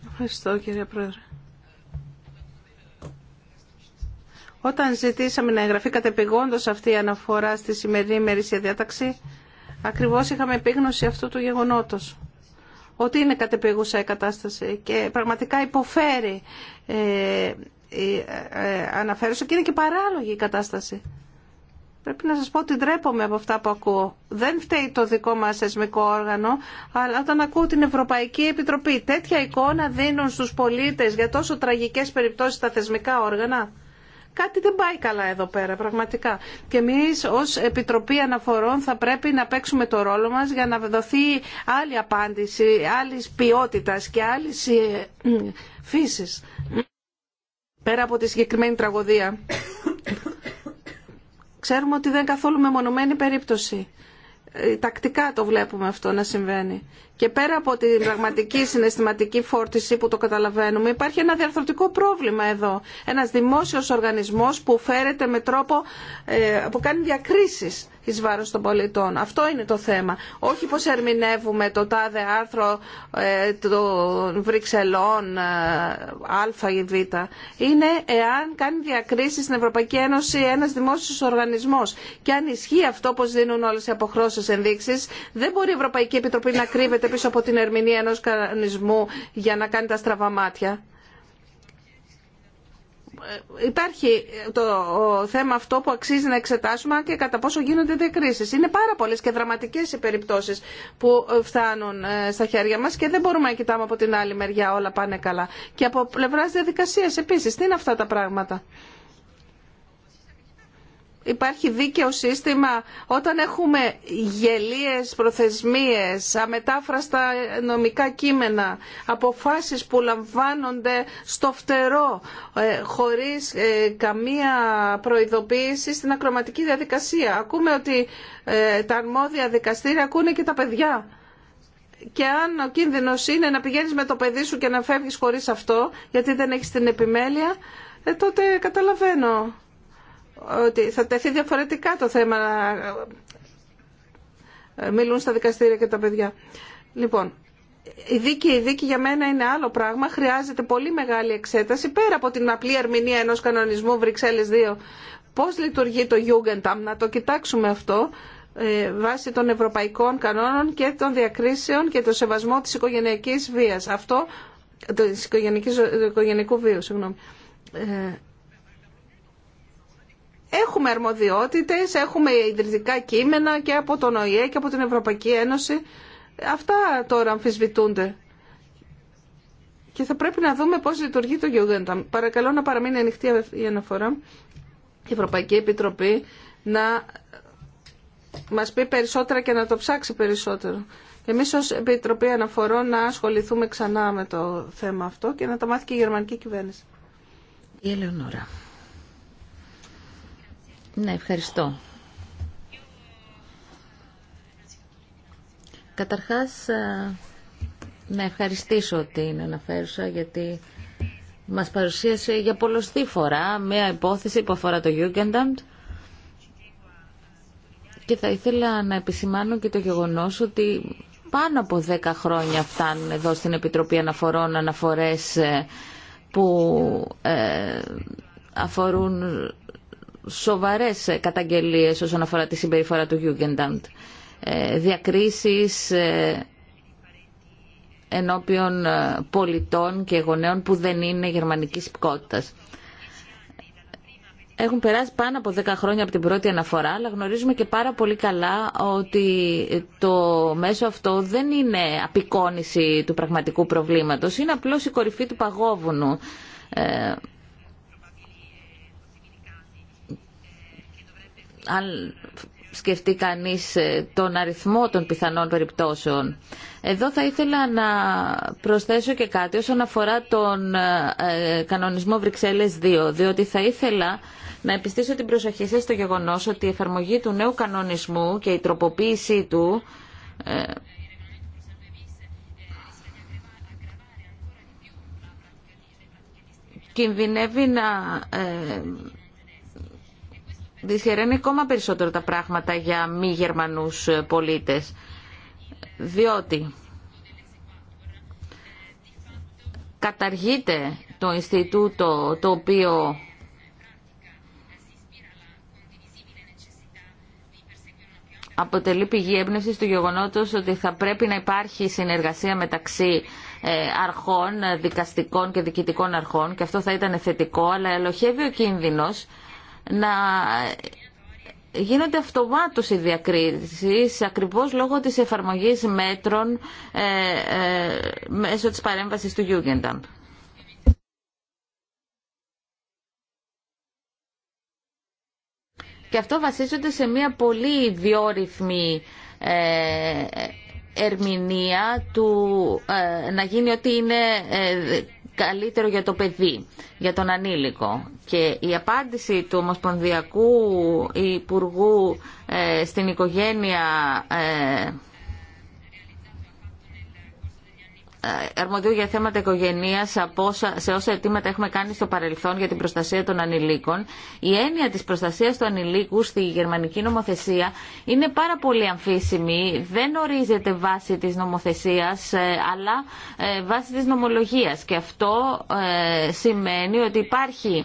Speaker 1: Ευχαριστώ κύριε
Speaker 3: Πρόεδρε. Όταν ζητήσαμε να εγγραφεί κατεπηγόντω αυτή η αναφορά στη σημερινή ημερήσια διάταξη, ακριβώ είχαμε επίγνωση αυτού του γεγονότο. ότι είναι κατεπηγούσα η κατάσταση και πραγματικά υποφέρει ε, ε, ε, αναφέρουσα και είναι και παράλογη η κατάσταση. Πρέπει να σας πω ότι ντρέπομαι από αυτά που ακούω. Δεν φταίει το δικό μας θεσμικό όργανο, αλλά όταν ακούω την Ευρωπαϊκή Επιτροπή τέτοια εικόνα δίνουν στους πολίτες για τόσο τραγικές περιπτώσεις τα θεσμικά όργανα. Κάτι δεν πάει καλά εδώ πέρα, πραγματικά. Και εμεί ως Επιτροπή Αναφορών θα πρέπει να παίξουμε το ρόλο μας για να δοθεί άλλη απάντηση, άλλης ποιότητα και άλλης ε, φύση. Πέρα από τη συγκεκριμένη τραγωδία. (coughs) Ξέρουμε ότι δεν καθόλου καθόλου μεμονωμένη περίπτωση. Ε, τακτικά το βλέπουμε αυτό να συμβαίνει. Και πέρα από την πραγματική συναισθηματική φόρτιση που το καταλαβαίνουμε, υπάρχει ένα διαρθρωτικό πρόβλημα εδώ. Ένας δημόσιος οργανισμός που φέρεται με τρόπο ε, που κάνει διακρίσεις εις βάρος των πολιτών. Αυτό είναι το θέμα. Όχι πως ερμηνεύουμε το τάδε άρθρο ε, των Βρυξελών ε, α ή β. Είναι εάν κάνει διακρίσεις στην Ευρωπαϊκή Ένωση ένας δημόσιος οργανισμός. Και αν ισχύει αυτό πως δίνουν όλες οι αποχρώσεις ενδείξεις, δεν μπορεί η Ευρωπαϊκή Επιτροπή να κρύβεται πίσω από την ερμηνεία ενός κανονισμού για να κάνει τα στραβά μάτια. Ε, υπάρχει το θέμα αυτό που αξίζει να εξετάσουμε και κατά πόσο γίνονται διακρίσεις. Είναι πάρα πολλές και δραματικές οι περιπτώσεις που ε, φτάνουν ε, στα χέρια μας και δεν μπορούμε να κοιτάμε από την άλλη μεριά όλα πάνε καλά. Και από πλευράς διαδικασίας επίσης, τι είναι αυτά τα πράγματα υπάρχει δίκαιο σύστημα όταν έχουμε γελίες προθεσμίες, αμετάφραστα νομικά κείμενα, αποφάσεις που λαμβάνονται στο φτερό ε, χωρίς ε, καμία προειδοποίηση στην ακροματική διαδικασία. Ακούμε ότι ε, τα αρμόδια δικαστήρια ακούνε και τα παιδιά. Και αν ο κίνδυνο είναι να πηγαίνει με το παιδί σου και να φεύγει χωρί αυτό, γιατί δεν έχει την επιμέλεια, τότε καταλαβαίνω ότι θα τεθεί διαφορετικά το θέμα να ε, μιλούν στα δικαστήρια και τα παιδιά. Λοιπόν, η δίκη, η δίκη για μένα είναι άλλο πράγμα. Χρειάζεται πολύ μεγάλη εξέταση πέρα από την απλή ερμηνεία ενός κανονισμού Βρυξέλλες 2. Πώς λειτουργεί το Jugendamt, να το κοιτάξουμε αυτό ε, βάσει των ευρωπαϊκών κανόνων και των διακρίσεων και το σεβασμό της οικογενειακής βίας. Αυτό, ε, του οικογενικού βίου, συγγνώμη. Έχουμε αρμοδιότητες, έχουμε ιδρυτικά κείμενα και από τον ΟΗΕ και από την Ευρωπαϊκή Ένωση. Αυτά τώρα αμφισβητούνται. Και θα πρέπει να δούμε πώς λειτουργεί το Γιουγέντα. Παρακαλώ να παραμείνει ανοιχτή η αναφορά. Η Ευρωπαϊκή Επιτροπή να μας πει περισσότερα και να το ψάξει περισσότερο. Εμείς ως Επιτροπή Αναφορών να ασχοληθούμε ξανά με το θέμα αυτό και να το μάθει και η γερμανική κυβέρνηση.
Speaker 2: Ναι, ευχαριστώ. Καταρχάς, να ευχαριστήσω την αναφέρουσα γιατί μας παρουσίασε για πολλωστή φορά μια υπόθεση που αφορά το Jugendamt και θα ήθελα να επισημάνω και το γεγονός ότι πάνω από 10 χρόνια φτάνουν εδώ στην Επιτροπή Αναφορών αναφορές ε, που ε, αφορούν σοβαρές καταγγελίες όσον αφορά τη συμπεριφορά του Jugendamt. Ε, διακρίσεις ε, ενώπιον ε, πολιτών και γονέων που δεν είναι γερμανικής υπηκότητας. Έχουν περάσει πάνω από 10 χρόνια από την πρώτη αναφορά, αλλά γνωρίζουμε και πάρα πολύ καλά ότι το μέσο αυτό δεν είναι απεικόνηση του πραγματικού προβλήματος, είναι απλώς η κορυφή του παγόβουνου. αν σκεφτεί κανείς ε, τον αριθμό των πιθανών περιπτώσεων. Εδώ θα ήθελα να προσθέσω και κάτι όσον αφορά τον ε, ε, κανονισμό Βρυξέλλες 2, διότι θα ήθελα να επιστήσω την προσοχή σας στο γεγονός ότι η εφαρμογή του νέου κανονισμού και η τροποποίησή του κινδυνεύει να δυσχεραίνει ακόμα περισσότερο τα πράγματα για μη Γερμανούς πολίτες. Διότι καταργείται το Ινστιτούτο το οποίο αποτελεί πηγή έμπνευσης του γεγονότος ότι θα πρέπει να υπάρχει συνεργασία μεταξύ ε, αρχών, δικαστικών και διοικητικών αρχών και αυτό θα ήταν θετικό, αλλά ελοχεύει ο κίνδυνος να γίνονται αυτομάτως οι διακρίσεις ακριβώς λόγω της εφαρμογής μέτρων ε, ε, μέσω της παρέμβασης του Jugendamt. Και αυτό βασίζονται σε μια πολύ διόρυθμη ε, ερμηνεία του ε, να γίνει ότι είναι ε, καλύτερο για το παιδί, για τον ανήλικο. Και η απάντηση του Ομοσπονδιακού Υπουργού ε, στην οικογένεια ε, αρμοδίου για θέματα οικογενεία σε όσα αιτήματα έχουμε κάνει στο παρελθόν για την προστασία των ανηλίκων. Η έννοια τη προστασία του ανηλίκου στη γερμανική νομοθεσία είναι πάρα πολύ αμφίσιμη. Δεν ορίζεται βάση τη νομοθεσία, ε, αλλά ε, βάση τη νομολογία. Και αυτό ε, σημαίνει ότι υπάρχει,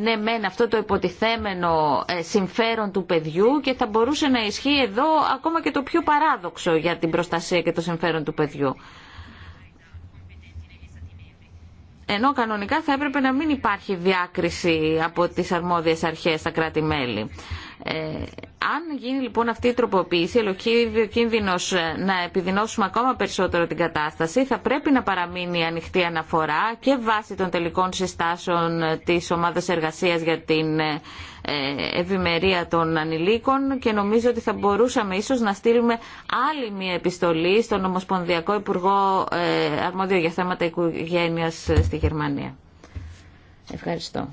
Speaker 2: ναι, μεν αυτό το υποτιθέμενο συμφέρον του παιδιού και θα μπορούσε να ισχύει εδώ ακόμα και το πιο παράδοξο για την προστασία και το συμφέρον του παιδιού. ενώ κανονικά θα έπρεπε να μην υπάρχει διάκριση από τις αρμόδιες αρχές στα κράτη-μέλη. Ε, αν γίνει λοιπόν αυτή η τροποποίηση, ο κίνδυνο ε, να επιδεινώσουμε ακόμα περισσότερο την κατάσταση, θα πρέπει να παραμείνει ανοιχτή αναφορά και βάσει των τελικών συστάσεων ε, της ομάδας εργασίας για την ευημερία των ανηλίκων και νομίζω ότι θα μπορούσαμε ίσως να στείλουμε άλλη μία επιστολή στον Ομοσπονδιακό Υπουργό Αρμόδιο για θέματα οικογένειας στη Γερμανία. Ευχαριστώ.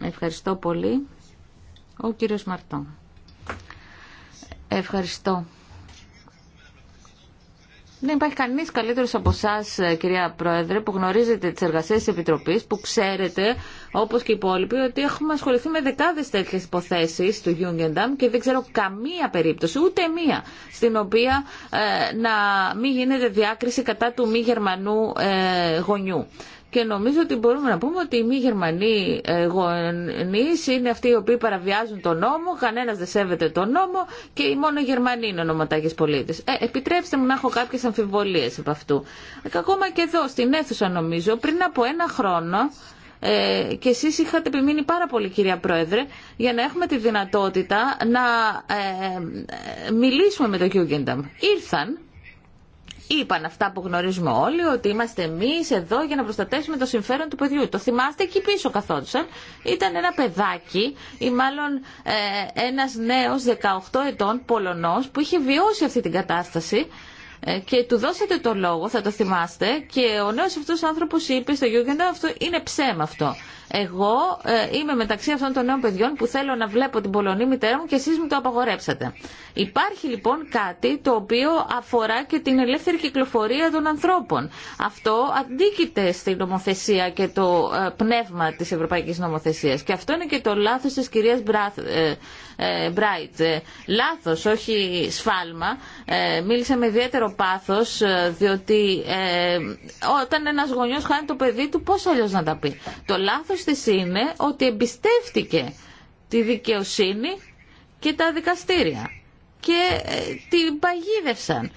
Speaker 2: Ευχαριστώ πολύ. Ο κύριος Μαρτών. Ευχαριστώ. Δεν ναι, υπάρχει κανείς καλύτερος από εσά, ε, κυρία Πρόεδρε, που γνωρίζετε τις εργασίες της Επιτροπής, που ξέρετε, όπως και οι υπόλοιποι, ότι έχουμε ασχοληθεί με δεκάδες τέτοιες υποθέσεις του Γιούγκενταμ και δεν ξέρω καμία περίπτωση, ούτε μία, στην οποία ε, να μην γίνεται διάκριση κατά του μη Γερμανού ε, γονιού και νομίζω ότι μπορούμε να πούμε ότι οι μη Γερμανοί ε, γονεί είναι αυτοί οι οποίοι παραβιάζουν τον νόμο, κανένα δεν σέβεται τον νόμο και οι μόνο Γερμανοί είναι ονοματάκε πολίτε. Ε, επιτρέψτε μου να έχω κάποιε αμφιβολίε από αυτού. Ε, ακόμα και εδώ στην αίθουσα νομίζω πριν από ένα χρόνο ε, και εσείς είχατε επιμείνει πάρα πολύ κυρία Πρόεδρε για να έχουμε τη δυνατότητα να ε, μιλήσουμε με το Γιούγκενταμ. Ήρθαν Είπαν αυτά που γνωρίζουμε όλοι, ότι είμαστε εμεί εδώ για να προστατεύσουμε το συμφέρον του παιδιού. Το θυμάστε, εκεί πίσω καθόντουσαν. Ήταν ένα παιδάκι, ή μάλλον ε, ένα νέο 18 ετών Πολωνό, που είχε βιώσει αυτή την κατάσταση ε, και του δώσατε το λόγο, θα το θυμάστε, και ο νέος αυτό άνθρωπος είπε στο Γιούγκεντα αυτό είναι ψέμα αυτό. Εγώ ε, είμαι μεταξύ αυτών των νέων παιδιών που θέλω να βλέπω την Πολωνή μητέρα μου και εσείς μου το απαγορέψατε. Υπάρχει λοιπόν κάτι το οποίο αφορά και την ελεύθερη κυκλοφορία των ανθρώπων. Αυτό αντίκειται στην νομοθεσία και το ε, πνεύμα τη Ευρωπαϊκή Νομοθεσία. Και αυτό είναι και το λάθο τη κυρία Μπράθ, Bright. Ε, ε, λάθος, όχι σφάλμα. Ε, μίλησε με ιδιαίτερο πάθος, διότι όταν ένας γονιός χάνει το παιδί του, πώς αλλιώς να τα πει. Το λάθος της είναι ότι εμπιστεύτηκε τη δικαιοσύνη και τα δικαστήρια και την παγίδευσαν.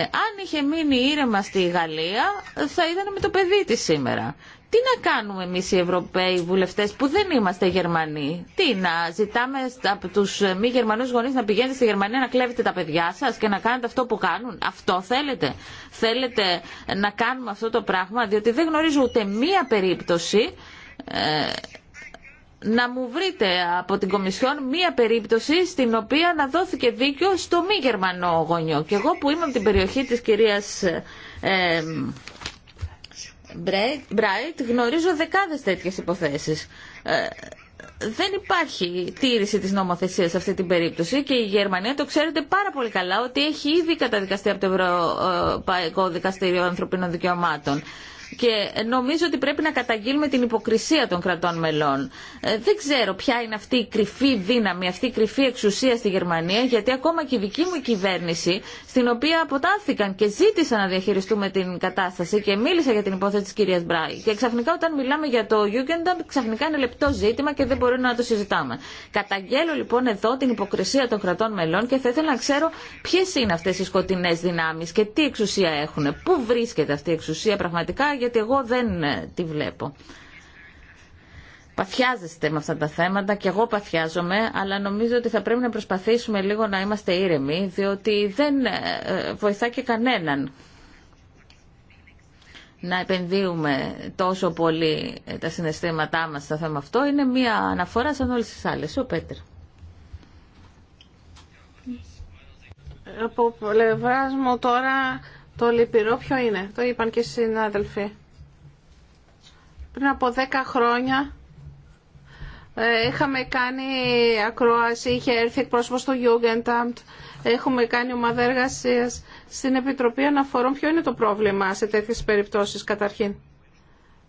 Speaker 2: αν είχε μείνει ήρεμα στη Γαλλία θα ήταν με το παιδί της σήμερα τι να κάνουμε εμείς οι Ευρωπαίοι βουλευτές που δεν είμαστε Γερμανοί. Τι να ζητάμε από τους μη Γερμανούς γονείς να πηγαίνετε στη Γερμανία να κλέβετε τα παιδιά σας και να κάνετε αυτό που κάνουν. Αυτό θέλετε. Θέλετε να κάνουμε αυτό το πράγμα διότι δεν γνωρίζω ούτε μία περίπτωση ε, να μου βρείτε από την Κομισιόν μία περίπτωση στην οποία να δόθηκε δίκιο στο μη Γερμανό γονιό. Και εγώ που είμαι από την περιοχή της κυρίας ε, Μπράιτ γνωρίζω δεκάδες τέτοιε υποθέσεις. Ε, δεν υπάρχει τήρηση τη νομοθεσία σε αυτή την περίπτωση και η Γερμανία το ξέρετε πάρα πολύ καλά ότι έχει ήδη καταδικαστεί από το Ευρωπαϊκό Δικαστήριο Ανθρωπίνων Δικαιωμάτων. Και νομίζω ότι πρέπει να καταγγείλουμε την υποκρισία των κρατών μελών. Ε, δεν ξέρω ποια είναι αυτή η κρυφή δύναμη, αυτή η κρυφή εξουσία στη Γερμανία, γιατί ακόμα και η δική μου κυβέρνηση, στην οποία αποτάθηκαν και ζήτησαν να διαχειριστούμε την κατάσταση και μίλησα για την υπόθεση τη κυρία Μπράι. Και ξαφνικά όταν μιλάμε για το Jugendamt, ξαφνικά είναι λεπτό ζήτημα και δεν μπορούμε να το συζητάμε. Καταγγέλω λοιπόν εδώ την υποκρισία των κρατών μελών και θα ήθελα να ξέρω ποιε είναι αυτέ οι σκοτεινέ δυνάμει και τι εξουσία έχουν. Πού βρίσκεται αυτή η εξουσία πραγματικά γιατί εγώ δεν ε, τη βλέπω. Παθιάζεστε με αυτά τα θέματα και εγώ παθιάζομαι, αλλά νομίζω ότι θα πρέπει να προσπαθήσουμε λίγο να είμαστε ήρεμοι, διότι δεν ε, ε, βοηθά και κανέναν να επενδύουμε τόσο πολύ τα συναισθήματά μας στο θέμα αυτό. Είναι μία αναφορά σαν όλες τις άλλες. Ο Πέτερ.
Speaker 3: Από μου τώρα το λυπηρό ποιο είναι, το είπαν και οι συνάδελφοι. Πριν από 10 χρόνια ε, είχαμε κάνει ακρόαση, είχε έρθει εκπρόσωπο στο Jugendamt, έχουμε κάνει ομάδα εργασία στην Επιτροπή Αναφορών. Ποιο είναι το πρόβλημα σε τέτοιε περιπτώσει, καταρχήν.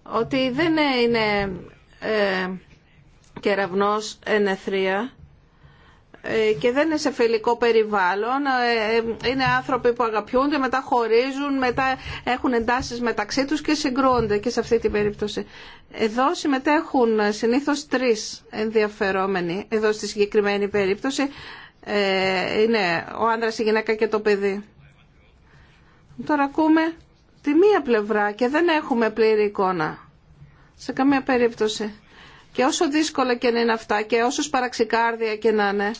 Speaker 3: Ότι δεν είναι ε, κεραυνός ενεθρία ε, και δεν είναι σε φιλικό περιβάλλον. Ε, ε, είναι άνθρωποι που αγαπιούνται, μετά χωρίζουν, μετά έχουν εντάσεις μεταξύ τους και συγκρούονται και σε αυτή την περίπτωση. Εδώ συμμετέχουν συνήθως τρεις ενδιαφερόμενοι. Εδώ στη συγκεκριμένη περίπτωση είναι ο άντρας, η γυναίκα και το παιδί. Τώρα ακούμε τη μία πλευρά και δεν έχουμε πλήρη εικόνα. Σε καμία περίπτωση. Και όσο δύσκολα και να είναι αυτά και όσο παραξικάρδια και να είναι,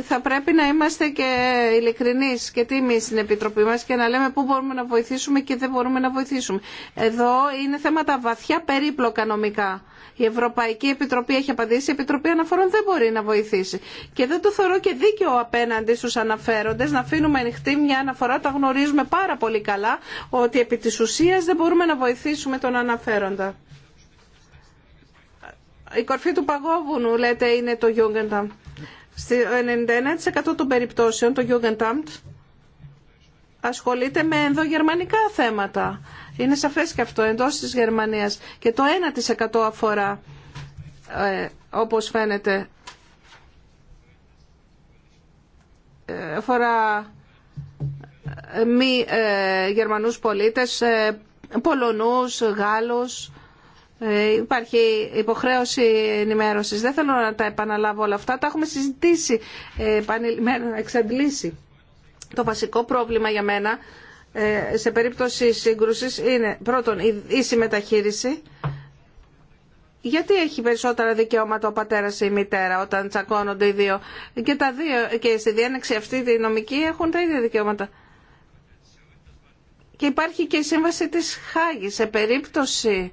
Speaker 3: θα πρέπει να είμαστε και ειλικρινεί και τίμοι στην Επιτροπή μα και να λέμε πού μπορούμε να βοηθήσουμε και δεν μπορούμε να βοηθήσουμε. Εδώ είναι θέματα βαθιά περίπλοκα νομικά. Η Ευρωπαϊκή Επιτροπή έχει απαντήσει, η Επιτροπή Αναφορών δεν μπορεί να βοηθήσει. Και δεν το θεωρώ και δίκαιο απέναντι στου αναφέροντε να αφήνουμε ανοιχτή μια αναφορά. Τα γνωρίζουμε πάρα πολύ καλά ότι επί τη ουσία δεν μπορούμε να βοηθήσουμε τον αναφέροντα. Η κορφή του παγόβουνου, λέτε, είναι το Γιούγκενταμ. Στο 99% των περιπτώσεων το Jugendamt ασχολείται με ενδογερμανικά θέματα. Είναι σαφές και αυτό εντός της Γερμανίας. Και το 1% αφορά, ε, όπως φαίνεται, ε, αφορά ε, μη ε, Γερμανούς πολίτες, ε, Πολωνούς, Γάλλους, ε, υπάρχει υποχρέωση ενημέρωσης. Δεν θέλω να τα επαναλάβω όλα αυτά. Τα έχουμε συζητήσει, ε, επανειλημμένα, εξαντλήσει. Το βασικό πρόβλημα για μένα ε, σε περίπτωση σύγκρουσης είναι πρώτον η ίση Γιατί έχει περισσότερα δικαιώματα ο πατέρα ή η μητέρα όταν τσακώνονται οι δύο. Και, τα δύο, και στη διένεξη αυτή οι νομικοί έχουν τα ίδια δικαιώματα. Και υπάρχει και η σύμβαση της Χάγης σε περίπτωση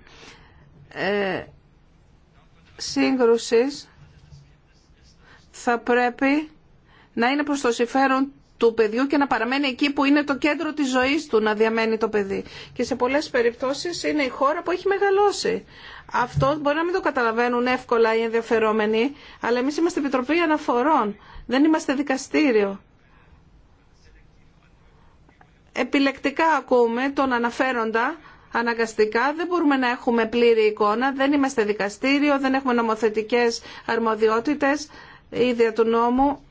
Speaker 3: ε, σύγκρουσης θα πρέπει να είναι προς το συμφέρον του παιδιού και να παραμένει εκεί που είναι το κέντρο της ζωής του να διαμένει το παιδί. Και σε πολλές περιπτώσεις είναι η χώρα που έχει μεγαλώσει. Αυτό μπορεί να μην το καταλαβαίνουν εύκολα οι ενδιαφερόμενοι, αλλά εμείς είμαστε Επιτροπή Αναφορών, δεν είμαστε δικαστήριο. Επιλεκτικά ακούμε τον αναφέροντα αναγκαστικά δεν μπορούμε να έχουμε πλήρη εικόνα, δεν είμαστε δικαστήριο, δεν έχουμε νομοθετικές αρμοδιότητες ίδια του νόμου.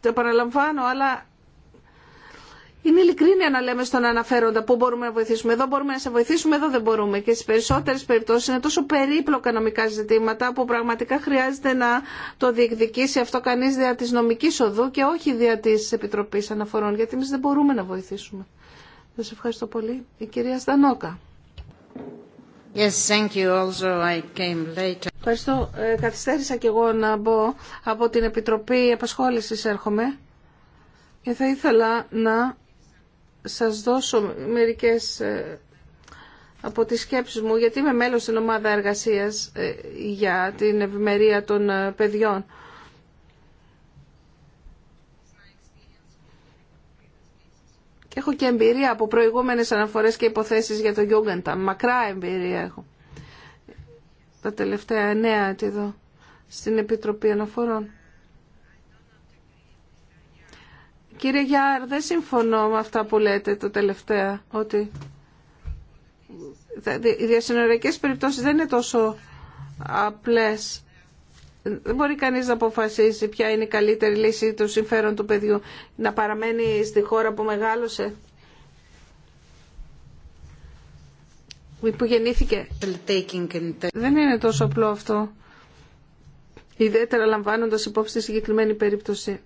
Speaker 3: Το παραλαμβάνω, αλλά είναι ειλικρίνεια να λέμε στον αναφέροντα πού μπορούμε να βοηθήσουμε. Εδώ μπορούμε να σε βοηθήσουμε, εδώ δεν μπορούμε. Και στι περισσότερε περιπτώσει είναι τόσο περίπλοκα νομικά ζητήματα που πραγματικά χρειάζεται να το διεκδικήσει αυτό κανεί δια τη νομική οδού και όχι δια τη Επιτροπή Αναφορών. Γιατί εμεί δεν μπορούμε να βοηθήσουμε. Σας ευχαριστώ πολύ. Η κυρία Στανόκα. Yes, thank you. Also, I came later. Ευχαριστώ. Ε, καθυστέρησα κι εγώ να μπω από την Επιτροπή Επασχόλησης έρχομαι και θα ήθελα να σας δώσω μερικές ε, από τις σκέψεις μου γιατί είμαι μέλος στην ομάδα εργασίας ε, για την ευημερία των ε, παιδιών. έχω και εμπειρία από προηγούμενες αναφορές και υποθέσεις για το Γιούγκεντα. Μακρά εμπειρία έχω. Τα τελευταία εννέα έτσι εδώ στην Επιτροπή Αναφορών. Κύριε Γιάρ, δεν συμφωνώ με αυτά που λέτε το τελευταία, ότι οι διασυνοριακές περιπτώσεις δεν είναι τόσο απλές δεν μπορεί κανείς να αποφασίσει ποια είναι η καλύτερη λύση του συμφέρον του παιδιού να παραμένει στη χώρα που μεγάλωσε που γεννήθηκε δεν είναι τόσο απλό αυτό ιδιαίτερα λαμβάνοντας υπόψη τη συγκεκριμένη περίπτωση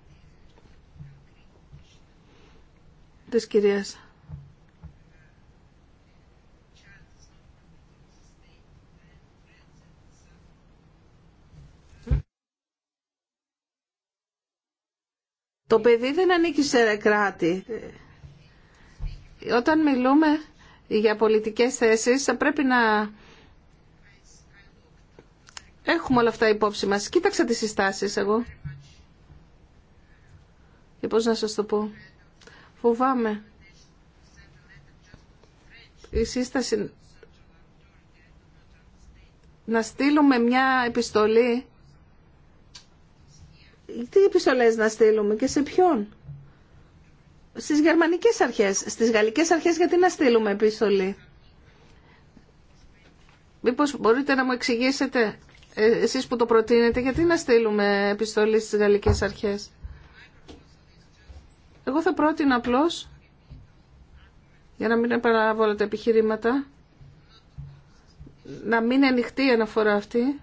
Speaker 3: της κυρίας Το παιδί δεν ανήκει σε κράτη. Όταν μιλούμε για πολιτικές θέσεις θα πρέπει να έχουμε όλα αυτά υπόψη μας. Κοίταξα τις συστάσεις εγώ. Και πώς να σας το πω. Φοβάμαι. Η σύσταση να στείλουμε μια επιστολή τι επιστολές να στείλουμε και σε ποιον. Στις γερμανικές αρχές, στις γαλλικές αρχές γιατί να στείλουμε επιστολή. Μήπως μπορείτε να μου εξηγήσετε ε, εσείς που το προτείνετε γιατί να στείλουμε επιστολή στις γαλλικές αρχές. Εγώ θα πρότεινα απλώς για να μην επαναβάλλω τα επιχειρήματα να μην ανοιχτεί η αναφορά αυτή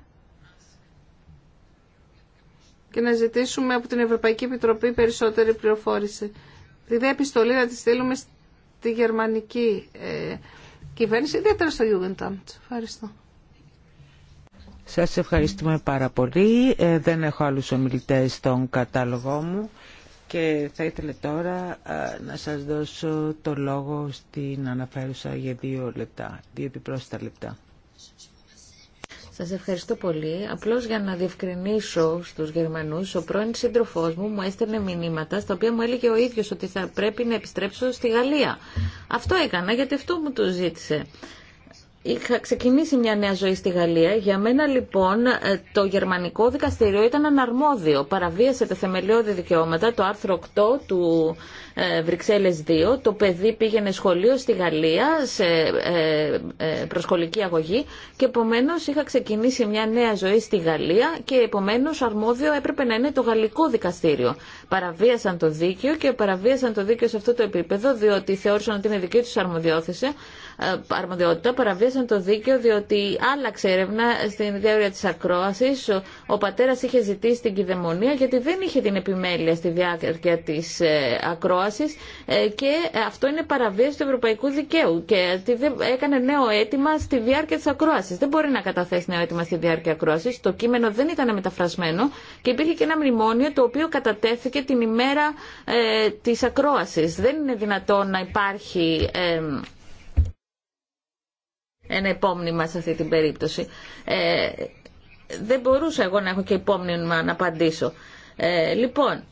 Speaker 3: και να ζητήσουμε από την Ευρωπαϊκή Επιτροπή περισσότερη πληροφόρηση. Τη επιστολή να τη στείλουμε στη γερμανική ε, κυβέρνηση, ιδιαίτερα στο Jugendamt.
Speaker 4: Ευχαριστώ. Σας ευχαριστούμε πάρα πολύ. Ε, δεν έχω άλλους ομιλητές στον κατάλογό μου και θα ήθελα τώρα να σας δώσω το λόγο στην αναφέρουσα για δύο λεπτά, δύο επιπρόσθετα λεπτά.
Speaker 2: Σας ευχαριστώ πολύ. Απλώς για να διευκρινίσω στους Γερμανούς, ο πρώην σύντροφό μου μου έστελνε μηνύματα στα οποία μου έλεγε ο ίδιος ότι θα πρέπει να επιστρέψω στη Γαλλία. Αυτό έκανα γιατί αυτό μου το ζήτησε είχα ξεκινήσει μια νέα ζωή στη Γαλλία. Για μένα λοιπόν το γερμανικό δικαστήριο ήταν αναρμόδιο. Παραβίασε τα θεμελιώδη δικαιώματα, το άρθρο 8 του ε, Βρυξέλλες 2. Το παιδί πήγαινε σχολείο στη Γαλλία σε ε, ε, προσχολική αγωγή και επομένως είχα ξεκινήσει μια νέα ζωή στη Γαλλία και επομένως αρμόδιο έπρεπε να είναι το γαλλικό δικαστήριο. Παραβίασαν το δίκαιο και παραβίασαν το δίκαιο σε αυτό το επίπεδο διότι θεώρησαν ότι είναι δική του αρμοδιόθεση ε, αρμοδιότητα παραβίασαν το δίκαιο διότι άλλαξε έρευνα στην διάρκεια της ακρόασης. Ο, πατέρας είχε ζητήσει την κυδαιμονία γιατί δεν είχε την επιμέλεια στη διάρκεια της ε, ακρόασης ε, και αυτό είναι παραβίαση του ευρωπαϊκού δικαίου και έκανε νέο αίτημα στη διάρκεια της ακρόασης. Δεν μπορεί να καταθέσει νέο αίτημα στη διάρκεια ακρόασης. Το κείμενο δεν ήταν μεταφρασμένο και υπήρχε και ένα μνημόνιο το οποίο κατατέθηκε την ημέρα της ακρόασης. Δεν είναι δυνατόν να υπάρχει ένα υπόμνημα σε αυτή την περίπτωση. Ε, δεν μπορούσα εγώ να έχω και υπόμνημα να απαντήσω. Ε, λοιπόν,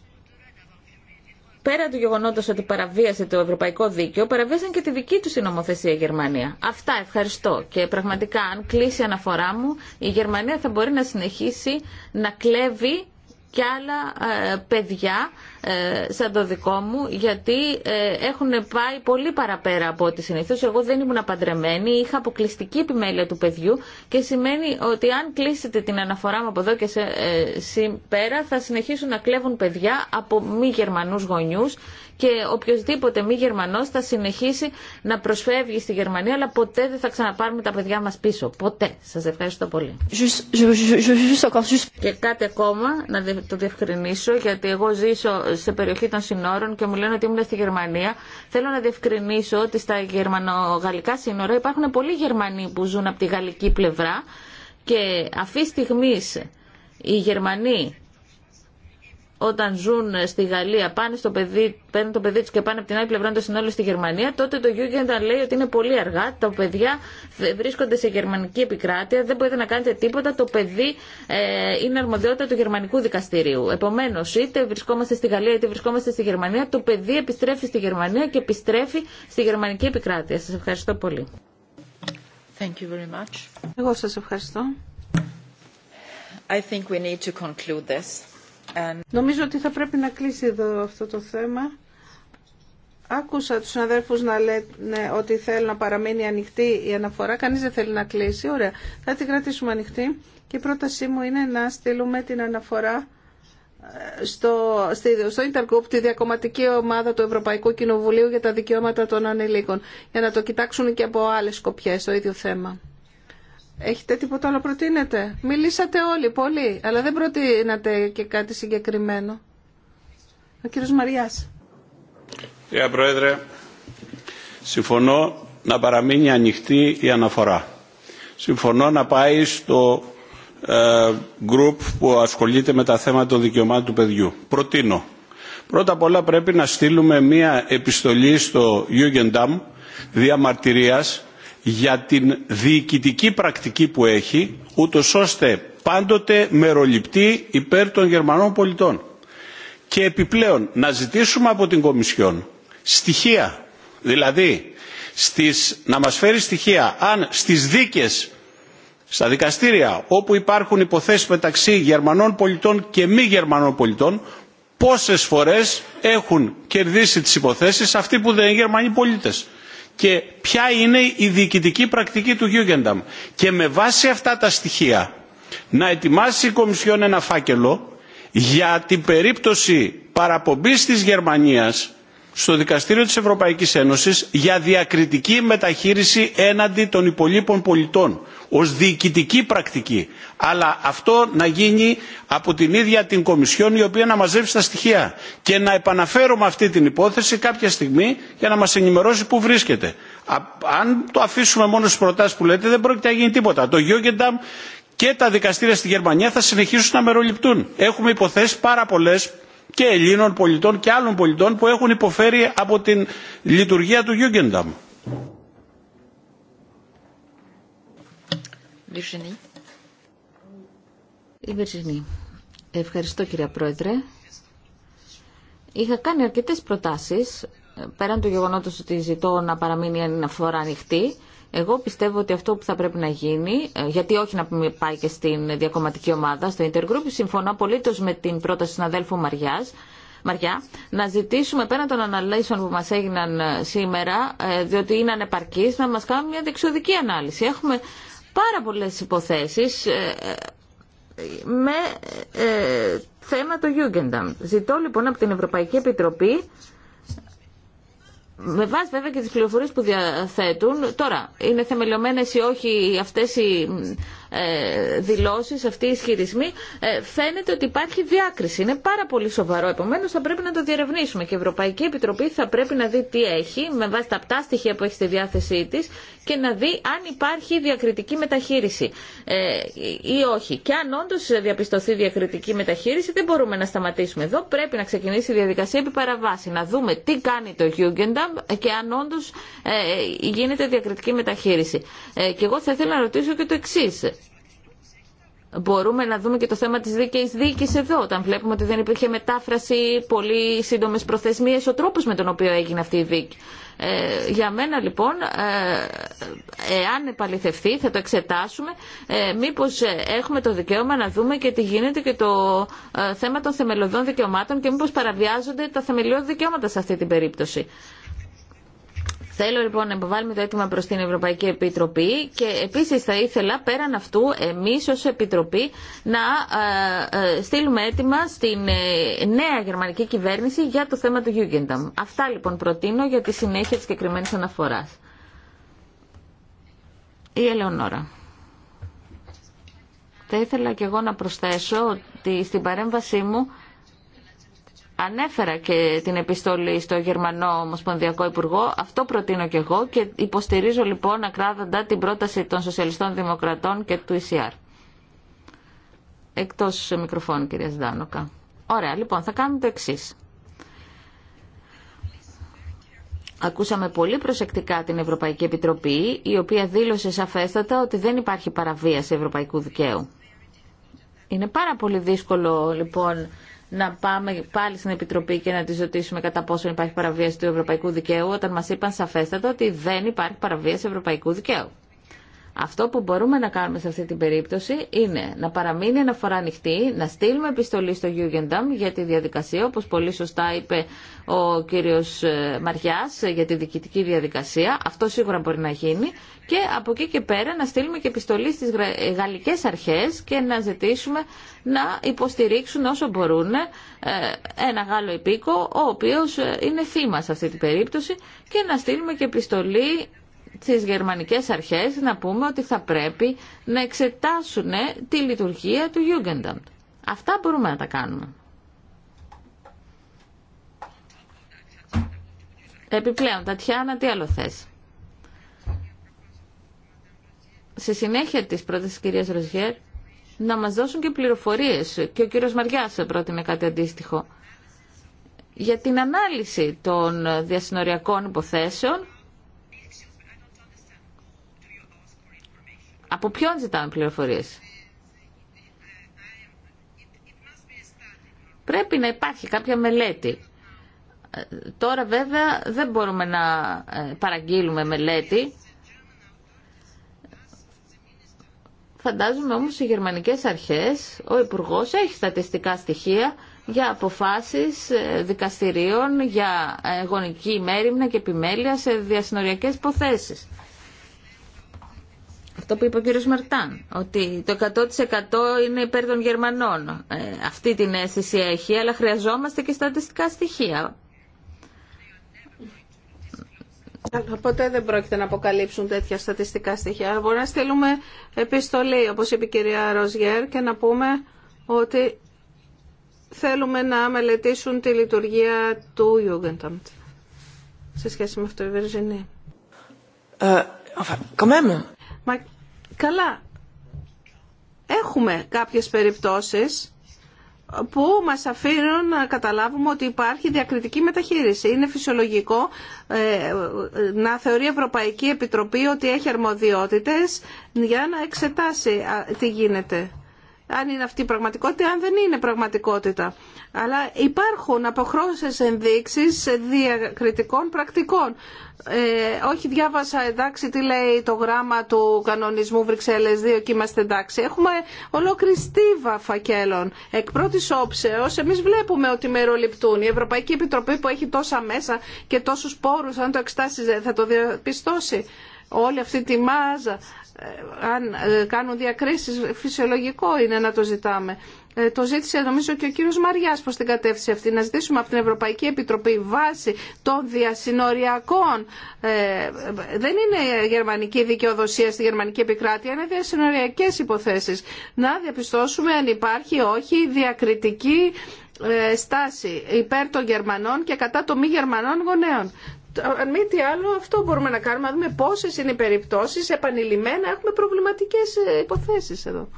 Speaker 2: πέρα του γεγονότο ότι παραβίασε το ευρωπαϊκό δίκαιο, παραβίασαν και τη δική του νομοθεσία η Γερμανία. Αυτά ευχαριστώ. Και πραγματικά, αν κλείσει η αναφορά μου, η Γερμανία θα μπορεί να συνεχίσει να κλέβει και άλλα ε, παιδιά σαν το δικό μου, γιατί έχουν πάει πολύ παραπέρα από ό,τι συνήθω. Εγώ δεν ήμουν απαντρεμένη, είχα αποκλειστική επιμέλεια του παιδιού και σημαίνει ότι αν κλείσετε την αναφορά μου από εδώ και σε, πέρα θα συνεχίσουν να κλέβουν παιδιά από μη γερμανού γονιού και οποιοδήποτε μη γερμανό θα συνεχίσει να προσφεύγει στη Γερμανία, αλλά ποτέ δεν θα ξαναπάρουμε τα παιδιά μα πίσω. Ποτέ. Σα ευχαριστώ πολύ. Και κάτι ακόμα να το διευκρινίσω, γιατί εγώ ζήσω, σε περιοχή των συνόρων και μου λένε ότι ήμουν στη Γερμανία, θέλω να διευκρινίσω ότι στα γερμανογαλλικά σύνορα υπάρχουν πολλοί Γερμανοί που ζουν από τη γαλλική πλευρά και αυτή τη στιγμή οι Γερμανοί όταν ζουν στη Γαλλία πάνε στο παιδί, παίρνουν το παιδί του και πάνε από την άλλη πλευρά του συνόλου στη Γερμανία, τότε το Γιούγκεντα λέει ότι είναι πολύ αργά, τα παιδιά βρίσκονται σε γερμανική επικράτεια, δεν μπορείτε να κάνετε τίποτα, το παιδί ε, είναι αρμοδιότητα του γερμανικού δικαστηρίου. Επομένω, είτε βρισκόμαστε στη Γαλλία είτε βρισκόμαστε στη Γερμανία, το παιδί επιστρέφει στη Γερμανία και επιστρέφει στη γερμανική επικράτεια. Σα ευχαριστώ πολύ.
Speaker 1: Thank you very much. Εγώ σας ευχαριστώ. I think we need to conclude this. Νομίζω ότι θα πρέπει να κλείσει εδώ αυτό το θέμα.
Speaker 3: Άκουσα τους συναδέλφους να λένε ότι θέλουν να παραμείνει ανοιχτή η αναφορά. Κανείς δεν θέλει να κλείσει. Ωραία. Θα την κρατήσουμε ανοιχτή. Και η πρότασή μου είναι να στείλουμε την αναφορά ε, στο, στο Intergroup, τη διακομματική ομάδα του Ευρωπαϊκού Κοινοβουλίου για τα δικαιώματα των ανηλίκων, για να το κοιτάξουν και από άλλες σκοπιές το ίδιο θέμα. Έχετε τίποτα άλλο προτείνετε. Μιλήσατε όλοι πολύ, αλλά δεν προτείνατε και κάτι συγκεκριμένο. Ο κύριος Μαριάς.
Speaker 5: Κύριε Πρόεδρε, συμφωνώ να παραμείνει ανοιχτή η αναφορά. Συμφωνώ να πάει στο γκρουπ ε, που ασχολείται με τα θέματα των δικαιωμάτων του παιδιού. Προτείνω. Πρώτα απ' όλα πρέπει να στείλουμε μία επιστολή στο Jugendamt διαμαρτυρίας για την διοικητική πρακτική που έχει, ούτω ώστε πάντοτε μεροληπτεί υπέρ των Γερμανών πολιτών. Και επιπλέον να ζητήσουμε από την Κομισιόν στοιχεία, δηλαδή στις, να μας φέρει στοιχεία αν στις δίκες στα δικαστήρια όπου υπάρχουν υποθέσεις μεταξύ Γερμανών πολιτών και μη Γερμανών πολιτών πόσες φορές έχουν κερδίσει τις υποθέσεις αυτοί που δεν είναι Γερμανοί πολίτες και ποια είναι η διοικητική πρακτική του Γιούγκενταμ. Και με βάση αυτά τα στοιχεία να ετοιμάσει η Κομισιόν ένα φάκελο για την περίπτωση παραπομπής της Γερμανίας στο δικαστήριο της Ευρωπαϊκής Ένωσης για διακριτική μεταχείριση έναντι των υπολείπων πολιτών ως διοικητική πρακτική. Αλλά αυτό να γίνει από την ίδια την Κομισιόν η οποία να μαζεύσει τα στοιχεία και να επαναφέρουμε αυτή την υπόθεση κάποια στιγμή για να μας ενημερώσει που βρίσκεται. Αν το αφήσουμε μόνο στις προτάσεις που λέτε δεν πρόκειται να γίνει τίποτα. Το Γιωγενταμ και τα δικαστήρια στη Γερμανία θα συνεχίσουν να μεροληπτούν. Έχουμε υποθέσεις πάρα πολλές και Ελλήνων πολιτών και άλλων πολιτών που έχουν υποφέρει από την λειτουργία του Γιούγκενταμ.
Speaker 2: Η Ευχαριστώ κυρία Πρόεδρε. Είχα κάνει αρκετές προτάσεις, ε, πέραν του γεγονότος ότι ζητώ να παραμείνει η αναφορά ανοιχτή, εγώ πιστεύω ότι αυτό που θα πρέπει να γίνει, ε, γιατί όχι να πάει και στην διακομματική ομάδα, στο Intergroup, συμφωνώ απολύτω με την πρόταση του συναδέλφου Μαριάς, Μαριά, να ζητήσουμε πέραν των αναλύσεων που μας έγιναν ε, σήμερα, ε, διότι είναι ανεπαρκής, να μα κάνουν μια δεξιοδική ανάλυση. Έχουμε πάρα πολλές υποθέσει με θέμα το Jugendamt. Ζητώ λοιπόν από την Ευρωπαϊκή Επιτροπή με βάση βέβαια και τις πληροφορίες που διαθέτουν, τώρα είναι θεμελιωμένες ή όχι αυτές οι ε, δηλώσεις, αυτοί οι ισχυρισμοί, ε, φαίνεται ότι υπάρχει διάκριση. Είναι πάρα πολύ σοβαρό, επομένως θα πρέπει να το διερευνήσουμε και η Ευρωπαϊκή Επιτροπή θα πρέπει να δει τι έχει με βάση τα πτά στοιχεία που έχει στη διάθεσή της και να δει αν υπάρχει διακριτική μεταχείριση ε, ή όχι. Και αν όντω διαπιστωθεί διακριτική μεταχείριση δεν μπορούμε να σταματήσουμε εδώ. Πρέπει να ξεκινήσει η διαδικασία επί παραβάση, να δούμε τι κάνει το Jugendamt και αν όντω γίνεται διακριτική μεταχείριση. Και εγώ θα ήθελα να ρωτήσω και το εξή μπορούμε να δούμε και το θέμα της δίκαιης δίκης εδώ, όταν βλέπουμε ότι δεν υπήρχε μετάφραση, πολύ σύντομες προθεσμίες, ο τρόπος με τον οποίο έγινε αυτή η δίκη. Ε, για μένα λοιπόν, ε, ε εάν επαληθευτεί, θα το εξετάσουμε, ε, μήπως ε, έχουμε το δικαίωμα να δούμε και τι γίνεται και το ε, θέμα των θεμελιωδών δικαιωμάτων και μήπως παραβιάζονται τα θεμελιώδη δικαιώματα σε αυτή την περίπτωση. Θέλω λοιπόν να υποβάλουμε το αίτημα προς την Ευρωπαϊκή Επιτροπή και επίσης θα ήθελα πέραν αυτού εμεί ω Επιτροπή να ε, ε, στείλουμε αίτημα στην ε, νέα γερμανική κυβέρνηση για το θέμα του Γιούγκενταμ. Αυτά λοιπόν προτείνω για τη συνέχεια τη συγκεκριμένη αναφορά. Η Ελεονόρα. Θα ήθελα και εγώ να προσθέσω ότι στην παρέμβασή μου Ανέφερα και την επιστολή στο Γερμανό Ομοσπονδιακό Υπουργό. Αυτό προτείνω και εγώ και υποστηρίζω λοιπόν ακράδαντα την πρόταση των Σοσιαλιστών Δημοκρατών και του ECR. Εκτός μικροφώνου κυρία Ζδάνοκα. Ωραία, λοιπόν, θα κάνουμε το εξή. Ακούσαμε πολύ προσεκτικά την Ευρωπαϊκή Επιτροπή, η οποία δήλωσε σαφέστατα ότι δεν υπάρχει παραβίαση ευρωπαϊκού δικαίου. Είναι πάρα πολύ δύσκολο, λοιπόν, να πάμε πάλι στην Επιτροπή και να τη ρωτήσουμε κατά πόσο υπάρχει παραβίαση του ευρωπαϊκού δικαίου, όταν μα είπαν σαφέστατα ότι δεν υπάρχει παραβίαση ευρωπαϊκού δικαίου. Αυτό που μπορούμε να κάνουμε σε αυτή την περίπτωση είναι να παραμείνει αναφορά ανοιχτή, να στείλουμε επιστολή στο Jugendamt για τη διαδικασία, όπως πολύ σωστά είπε ο κύριος ε, Μαριάς για τη διοικητική διαδικασία. Αυτό σίγουρα μπορεί να γίνει. Και από εκεί και πέρα να στείλουμε και επιστολή στις γαλλικές αρχές και να ζητήσουμε να υποστηρίξουν όσο μπορούν ε, ένα Γάλλο υπήκο, ο οποίος ε, είναι θύμα σε αυτή την περίπτωση και να στείλουμε και επιστολή τις γερμανικές αρχές να πούμε ότι θα πρέπει να εξετάσουν τη λειτουργία του Jugendamt. Αυτά μπορούμε να τα κάνουμε. Επιπλέον, Τατιάνα, τι άλλο θες. Σε συνέχεια της πρότασης της κυρίας Ροζιέρ, να μας δώσουν και πληροφορίες. Και ο κύριος Μαριάς πρότεινε κάτι αντίστοιχο για την ανάλυση των διασυνοριακών υποθέσεων Από ποιον ζητάμε πληροφορίες. Πρέπει να υπάρχει κάποια μελέτη. Ε, τώρα βέβαια δεν μπορούμε να ε, παραγγείλουμε μελέτη. Φαντάζομαι όμως οι γερμανικές αρχές, ο Υπουργός έχει στατιστικά στοιχεία για αποφάσεις ε, δικαστηρίων για γονική μέρημνα και επιμέλεια σε διασυνοριακές υποθέσεις αυτό που είπε ο κύριος Μαρτάν, ότι το 100% είναι υπέρ των Γερμανών. Ε, αυτή την αίσθηση έχει, αλλά χρειαζόμαστε και στατιστικά στοιχεία.
Speaker 3: ποτέ δεν πρόκειται να αποκαλύψουν τέτοια στατιστικά στοιχεία. Μπορεί να στείλουμε επιστολή, όπως είπε η κυρία Ροζιέρ, και να πούμε ότι θέλουμε να μελετήσουν τη λειτουργία του Jugendamt σε σχέση με αυτό η Βερζινή. Ε, Καλά, έχουμε κάποιες περιπτώσεις που μας αφήνουν να καταλάβουμε ότι υπάρχει διακριτική μεταχείριση. Είναι φυσιολογικό ε, να θεωρεί η Ευρωπαϊκή Επιτροπή ότι έχει αρμοδιότητες για να εξετάσει τι γίνεται αν είναι αυτή η πραγματικότητα, αν δεν είναι πραγματικότητα. Αλλά υπάρχουν αποχρώσεις ενδείξεις διακριτικών πρακτικών. Ε, όχι διάβασα εντάξει τι λέει το γράμμα του κανονισμού Βρυξέλλες 2 και είμαστε εντάξει. Έχουμε ολόκληρη στίβα φακέλων. Εκ πρώτη όψεω, εμείς βλέπουμε ότι μεροληπτούν. Η Ευρωπαϊκή Επιτροπή που έχει τόσα μέσα και τόσου πόρου αν το εξτάσει ε, θα το διαπιστώσει όλη αυτή τη μάζα αν ε, κάνουν διακρίσεις, φυσιολογικό είναι να το ζητάμε. Ε, το ζήτησε νομίζω και ο κύριος Μαριάς προς την κατεύθυνση αυτή, να ζητήσουμε από την Ευρωπαϊκή Επιτροπή βάση των διασυνοριακών, ε, δεν είναι γερμανική δικαιοδοσία στη γερμανική επικράτεια, είναι διασυνοριακές υποθέσεις, να διαπιστώσουμε αν υπάρχει όχι διακριτική στάση υπέρ των Γερμανών και κατά των μη Γερμανών γονέων αν μη τι άλλο, αυτό μπορούμε να κάνουμε. Να δούμε πόσε είναι οι περιπτώσει. Επανειλημμένα έχουμε προβληματικέ
Speaker 1: ε, υποθέσει εδώ.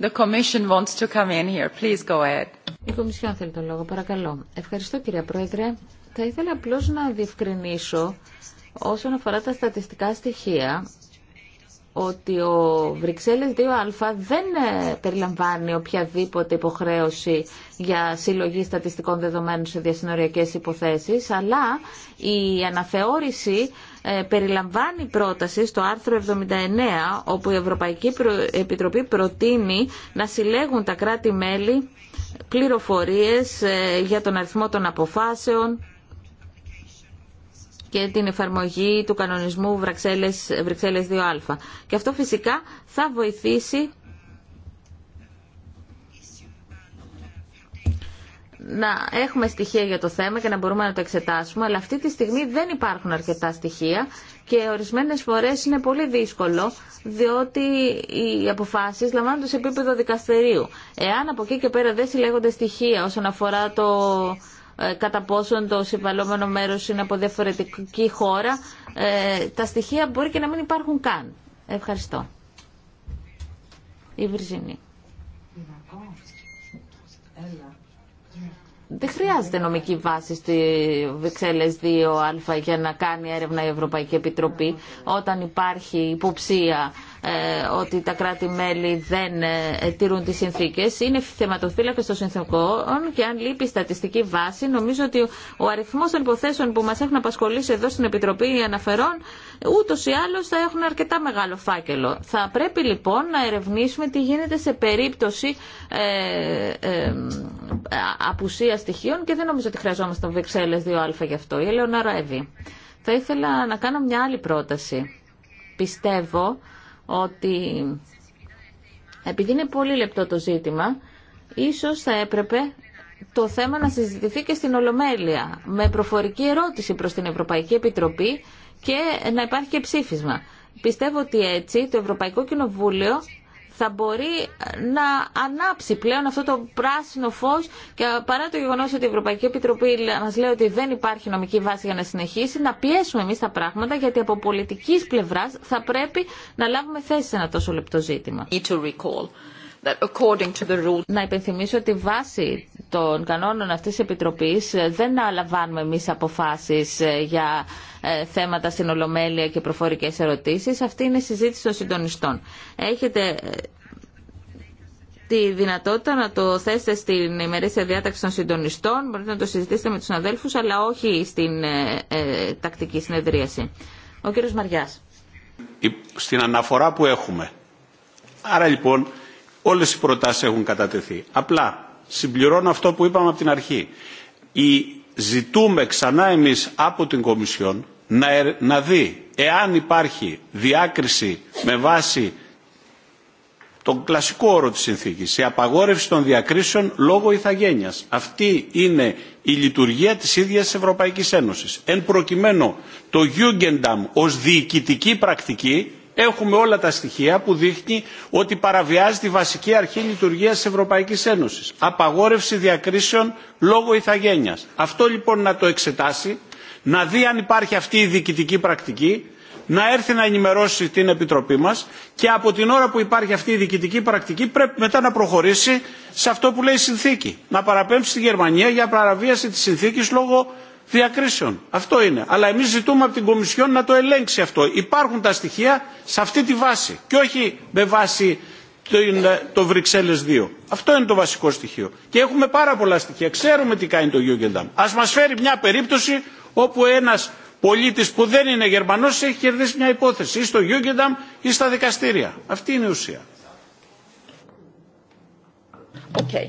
Speaker 1: The Commission wants to come in here. Please go ahead.
Speaker 2: Η Κομισιόν θέλει τον λόγο, παρακαλώ. Ευχαριστώ κυρία Πρόεδρε. Θα ήθελα απλώς να διευκρινίσω όσον αφορά τα στατιστικά στοιχεία ότι ο Βρυξέλλες 2α δεν ε, περιλαμβάνει οποιαδήποτε υποχρέωση για συλλογή στατιστικών δεδομένων σε διασυνοριακές υποθέσεις, αλλά η αναθεώρηση ε, περιλαμβάνει πρόταση στο άρθρο 79, όπου η Ευρωπαϊκή Επιτροπή προτείνει να συλλέγουν τα κράτη-μέλη πληροφορίες ε, για τον αριθμό των αποφάσεων, και την εφαρμογή του κανονισμού Βρυξέλλες, Βρυξέλλες 2α. Και αυτό φυσικά θα βοηθήσει να έχουμε στοιχεία για το θέμα και να μπορούμε να το εξετάσουμε, αλλά αυτή τη στιγμή δεν υπάρχουν αρκετά στοιχεία και ορισμένες φορές είναι πολύ δύσκολο, διότι οι αποφάσεις λαμβάνονται σε επίπεδο δικαστηρίου. Εάν από εκεί και πέρα δεν συλλέγονται στοιχεία όσον αφορά το ε, κατά πόσον το συμβαλόμενο μέρος είναι από διαφορετική χώρα, ε, τα στοιχεία μπορεί και να μην υπάρχουν καν. Ευχαριστώ. Η Έλα. Δεν χρειάζεται νομική βάση στη Βεξέλλες 2α για να κάνει έρευνα η Ευρωπαϊκή Επιτροπή όταν υπάρχει υποψία ε, ότι τα κράτη-μέλη δεν ε, τηρούν τις συνθήκες. Είναι θεματοφύλακες των συνθήκων και αν λείπει στατιστική βάση, νομίζω ότι ο αριθμός των υποθέσεων που μας έχουν απασχολήσει εδώ στην Επιτροπή Αναφερών ούτως ή άλλως θα έχουν αρκετά μεγάλο φάκελο. Θα πρέπει λοιπόν να ερευνήσουμε τι γίνεται σε περίπτωση ε, ε απουσία στοιχείων και δεν νομίζω ότι χρειαζόμαστε τον Βεξέλλες 2α γι' αυτό. Η Ελεονάρα Εύη. Θα ήθελα να κάνω μια άλλη πρόταση. Πιστεύω ότι επειδή είναι πολύ λεπτό το ζήτημα, ίσως θα έπρεπε το θέμα να συζητηθεί και στην Ολομέλεια με προφορική ερώτηση προς την Ευρωπαϊκή Επιτροπή και να υπάρχει και ψήφισμα. Πιστεύω ότι έτσι το Ευρωπαϊκό Κοινοβούλιο θα μπορεί να ανάψει πλέον αυτό το πράσινο φως και παρά το γεγονός ότι η Ευρωπαϊκή Επιτροπή μας λέει ότι δεν υπάρχει νομική βάση για να συνεχίσει, να πιέσουμε εμείς τα πράγματα γιατί από πολιτικής πλευράς θα πρέπει να λάβουμε θέση σε ένα τόσο λεπτό ζήτημα. Να υπενθυμίσω ότι βάσει των κανόνων αυτής της Επιτροπής ε, δεν αλαμβάνουμε εμεί αποφάσεις ε, για ε, θέματα στην Ολομέλεια και προφορικές ερωτήσεις. Αυτή είναι η συζήτηση των συντονιστών. Έχετε τη δυνατότητα να το θέσετε στην ημερήσια διάταξη των συντονιστών, μπορείτε να το συζητήσετε με τους αδέλφους, αλλά όχι στην τακτική συνεδρίαση. Ο κύριος Μαριάς.
Speaker 5: Στην αναφορά που έχουμε. Άρα λοιπόν Όλες οι προτάσεις έχουν κατατεθεί. Απλά συμπληρώνω αυτό που είπαμε από την αρχή. Η, ζητούμε ξανά εμείς από την Κομισιόν να, να δει εάν υπάρχει διάκριση με βάση τον κλασικό όρο της συνθήκης, η απαγόρευση των διακρίσεων λόγω ηθαγένειας. Αυτή είναι η λειτουργία της ίδιας της Ευρωπαϊκής Ένωσης. Εν προκειμένου το Jugendamt ως διοικητική πρακτική Έχουμε όλα τα στοιχεία που δείχνει ότι παραβιάζει τη βασική αρχή λειτουργίας της Ευρωπαϊκής Ένωσης. Απαγόρευση διακρίσεων λόγω ηθαγένειας. Αυτό λοιπόν να το εξετάσει, να δει αν υπάρχει αυτή η διοικητική πρακτική, να έρθει να ενημερώσει την Επιτροπή μας και από την ώρα που υπάρχει αυτή η διοικητική πρακτική πρέπει μετά να προχωρήσει σε αυτό που λέει η συνθήκη. Να παραπέμψει στη Γερμανία για παραβίαση της συνθήκης λόγω διακρίσεων. Αυτό είναι. Αλλά εμείς ζητούμε από την Κομισιόν να το ελέγξει αυτό. Υπάρχουν τα στοιχεία σε αυτή τη βάση και όχι με βάση ε, το Βρυξέλλες 2. Αυτό είναι το βασικό στοιχείο. Και έχουμε πάρα πολλά στοιχεία. Ξέρουμε τι κάνει το Γιούγκενταμ. Ας μας φέρει μια περίπτωση όπου ένας πολίτης που δεν είναι Γερμανός έχει κερδίσει μια υπόθεση ή στο Γιούγκενταμ ή στα δικαστήρια. Αυτή είναι η ουσία.
Speaker 1: Okay.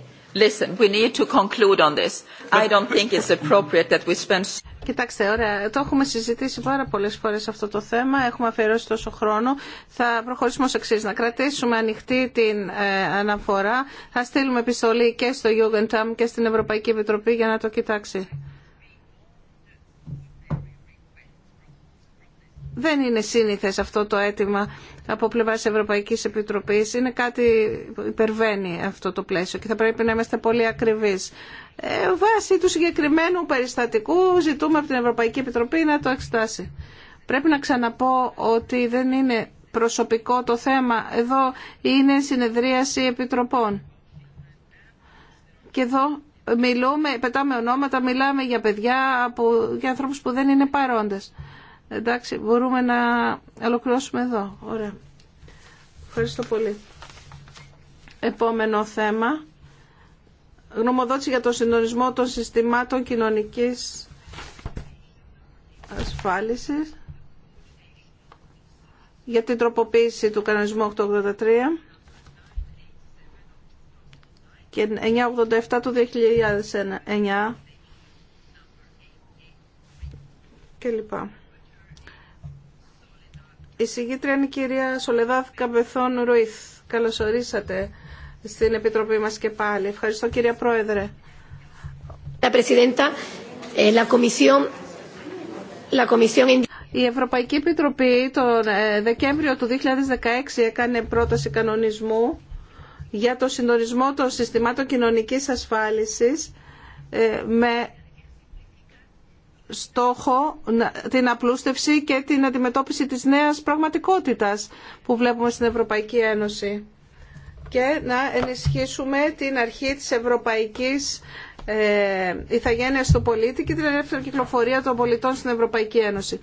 Speaker 3: Κοιτάξτε, ωραία. Το έχουμε συζητήσει πάρα πολλέ φορέ αυτό το θέμα. Έχουμε αφιερώσει τόσο χρόνο. Θα προχωρήσουμε ω εξή. Να κρατήσουμε ανοιχτή την ε, αναφορά. Θα στείλουμε επιστολή και στο Jugendamt και στην Ευρωπαϊκή Επιτροπή για να το κοιτάξει. δεν είναι σύνηθες αυτό το αίτημα από πλευράς Ευρωπαϊκής Επιτροπής. Είναι κάτι που υπερβαίνει αυτό το πλαίσιο και θα πρέπει να είμαστε πολύ ακριβείς. Ε, βάσει του συγκεκριμένου περιστατικού ζητούμε από την Ευρωπαϊκή Επιτροπή να το εξετάσει. Πρέπει να ξαναπώ ότι δεν είναι προσωπικό το θέμα. Εδώ είναι συνεδρίαση επιτροπών. Και εδώ μιλούμε, πετάμε ονόματα, μιλάμε για παιδιά, για ανθρώπους που δεν είναι παρόντες. Εντάξει, μπορούμε να ολοκληρώσουμε εδώ. Ωραία. Ευχαριστώ πολύ. Επόμενο θέμα. Γνωμοδότηση για τον συντονισμό των συστημάτων κοινωνικής ασφάλισης για την τροποποίηση του κανονισμού 883 και 987 του 2009 και λοιπά. Η συγγήτρια είναι η κυρία Σολεδάθ Καμπεθόν Ρουίθ. Καλωσορίσατε στην Επιτροπή μας και πάλι. Ευχαριστώ κυρία Πρόεδρε.
Speaker 6: Ε,
Speaker 3: η Ευρωπαϊκή Επιτροπή τον ε, Δεκέμβριο του 2016 έκανε πρόταση κανονισμού για το συντονισμό των συστημάτων κοινωνικής ασφάλισης ε, με στόχο την απλούστευση και την αντιμετώπιση της νέας πραγματικότητας που βλέπουμε στην Ευρωπαϊκή Ένωση και να ενισχύσουμε την αρχή της ευρωπαϊκής ε, ηθαγένειας του πολίτη και την ελεύθερη κυκλοφορία των πολιτών στην Ευρωπαϊκή Ένωση.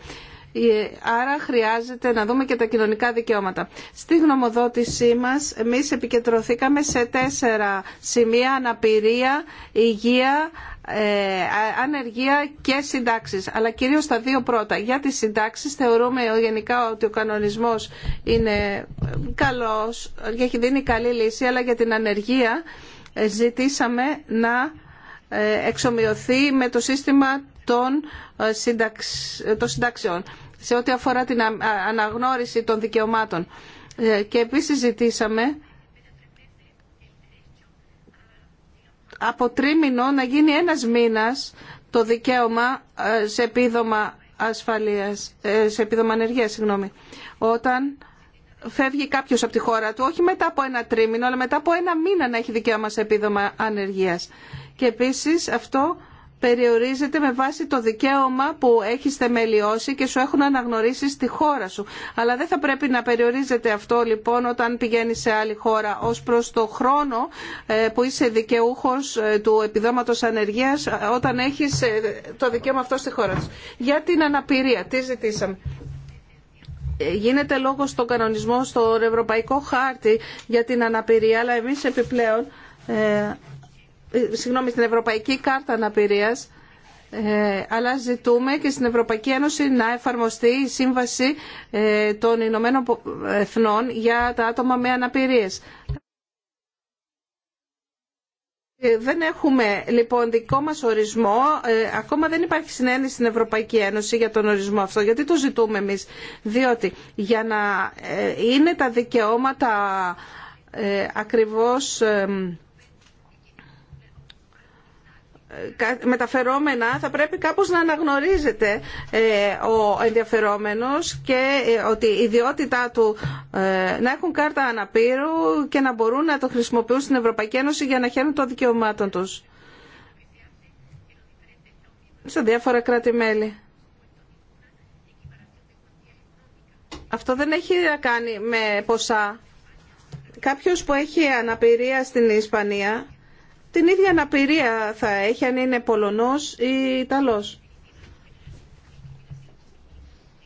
Speaker 3: Ε, άρα χρειάζεται να δούμε και τα κοινωνικά δικαιώματα. Στη γνωμοδότησή μας εμείς επικεντρωθήκαμε σε τέσσερα σημεία αναπηρία, υγεία, ε, ανεργία και συντάξεις, αλλά κυρίως τα δύο πρώτα. Για τις συντάξεις θεωρούμε γενικά ότι ο κανονισμός είναι καλός και έχει δίνει καλή λύση, αλλά για την ανεργία ε, ζητήσαμε να ε, εξομοιωθεί με το σύστημα των συντάξεων σε ό,τι αφορά την αναγνώριση των δικαιωμάτων. Και επίσης ζητήσαμε από τρίμηνο να γίνει ένας μήνας το δικαίωμα ε, σε επίδομα ασφαλείας, ε, σε επίδομα ανεργίας, συγγνώμη. Όταν φεύγει κάποιος από τη χώρα του, όχι μετά από ένα τρίμηνο, αλλά μετά από ένα μήνα να έχει δικαίωμα σε επίδομα ανεργίας. Και επίσης αυτό περιορίζεται με βάση το δικαίωμα που έχεις θεμελιώσει και σου έχουν αναγνωρίσει στη χώρα σου. Αλλά δεν θα πρέπει να περιορίζεται αυτό λοιπόν όταν πηγαίνεις σε άλλη χώρα ως προς το χρόνο ε, που είσαι δικαιούχος ε, του επιδόματος ανεργίας ε, όταν έχεις το δικαίωμα αυτό στη χώρα σου. Για την αναπηρία, τι ζητήσαμε γίνεται λόγο στον κανονισμό στον Ευρωπαϊκό Χάρτη για την αναπηρία, αλλά εμείς επιπλέον ε, συγγνώμη, στην Ευρωπαϊκή Κάρτα Αναπηρία, ε, αλλά ζητούμε και στην Ευρωπαϊκή Ένωση να εφαρμοστεί η Σύμβαση ε, των Ηνωμένων Εθνών για τα άτομα με αναπηρίες. δεν έχουμε λοιπόν δικό μας ορισμό, ακόμα δεν υπάρχει συνένεση στην Ευρωπαϊκή Ένωση για τον ορισμό αυτό. Γιατί το ζητούμε εμείς, διότι για να είναι τα δικαιώματα ακριβώς μεταφερόμενα θα πρέπει κάπως να αναγνωρίζεται ε, ο ενδιαφερόμενος και ε, ότι η ιδιότητά του ε, να έχουν κάρτα αναπήρου και να μπορούν να το χρησιμοποιούν στην Ευρωπαϊκή Ένωση για να χαίρουν το δικαιωμάτων τους. Σε διάφορα κράτη-μέλη. Αυτό δεν έχει να κάνει με ποσά. Κάποιος που έχει αναπηρία στην Ισπανία την ίδια αναπηρία θα έχει αν είναι Πολωνός ή Ιταλός.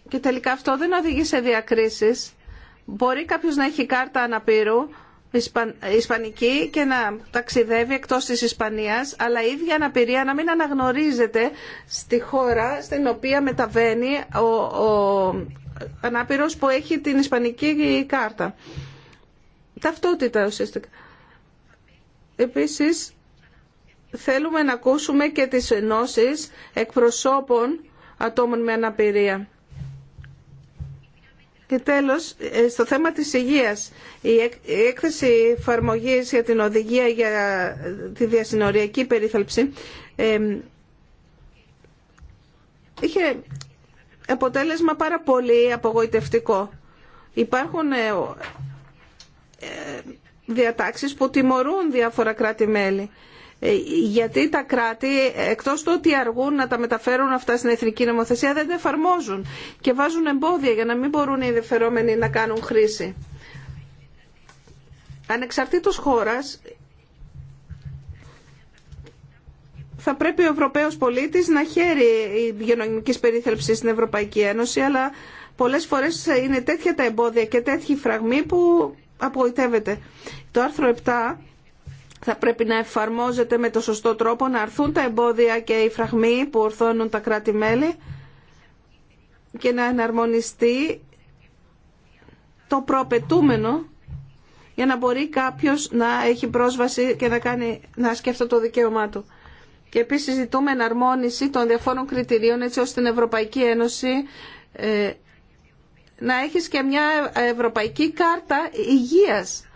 Speaker 3: Και τελικά αυτό δεν οδηγεί σε διακρίσεις. Μπορεί κάποιος να έχει κάρτα αναπήρου ισπανική και να ταξιδεύει εκτός της Ισπανίας, αλλά η ίδια αναπηρία να μην αναγνωρίζεται στη χώρα στην οποία μεταβαίνει ο, ο ανάπηρος που έχει την ισπανική κάρτα. Ταυτότητα ουσιαστικά. Επίσης, θέλουμε να ακούσουμε και τις ενώσεις εκπροσώπων ατόμων με αναπηρία. Και τέλος, ε, στο θέμα της υγείας, η έκθεση εφαρμογή για την οδηγία για ε, τη διασυνοριακή περίθαλψη ε, είχε αποτέλεσμα πάρα πολύ απογοητευτικό. Υπάρχουν διατάξεις που τιμωρούν διάφορα κράτη-μέλη. Ε, γιατί τα κράτη, εκτός του ότι αργούν να τα μεταφέρουν αυτά στην εθνική νομοθεσία, δεν τα εφαρμόζουν και βάζουν εμπόδια για να μην μπορούν οι ενδιαφερόμενοι να κάνουν χρήση. Ανεξαρτήτως χώρας, θα πρέπει ο Ευρωπαίος πολίτης να χαίρει γενονομική περίθαλψη στην Ευρωπαϊκή Ένωση, αλλά πολλές φορές είναι τέτοια τα εμπόδια και τέτοιοι φραγμοί που απογοητεύεται. Το άρθρο 7 θα πρέπει να εφαρμόζεται με το σωστό τρόπο, να αρθούν τα εμπόδια και οι φραγμοί που ορθώνουν τα κράτη-μέλη και να εναρμονιστεί το προπετούμενο για να μπορεί κάποιος να έχει πρόσβαση και να, κάνει, να σκέφτεται το δικαίωμά του. Και επίσης ζητούμε εναρμόνιση των διαφόρων κριτηρίων έτσι ώστε την Ευρωπαϊκή Ένωση ε, να έχεις και μια ευρωπαϊκή κάρτα υγείας.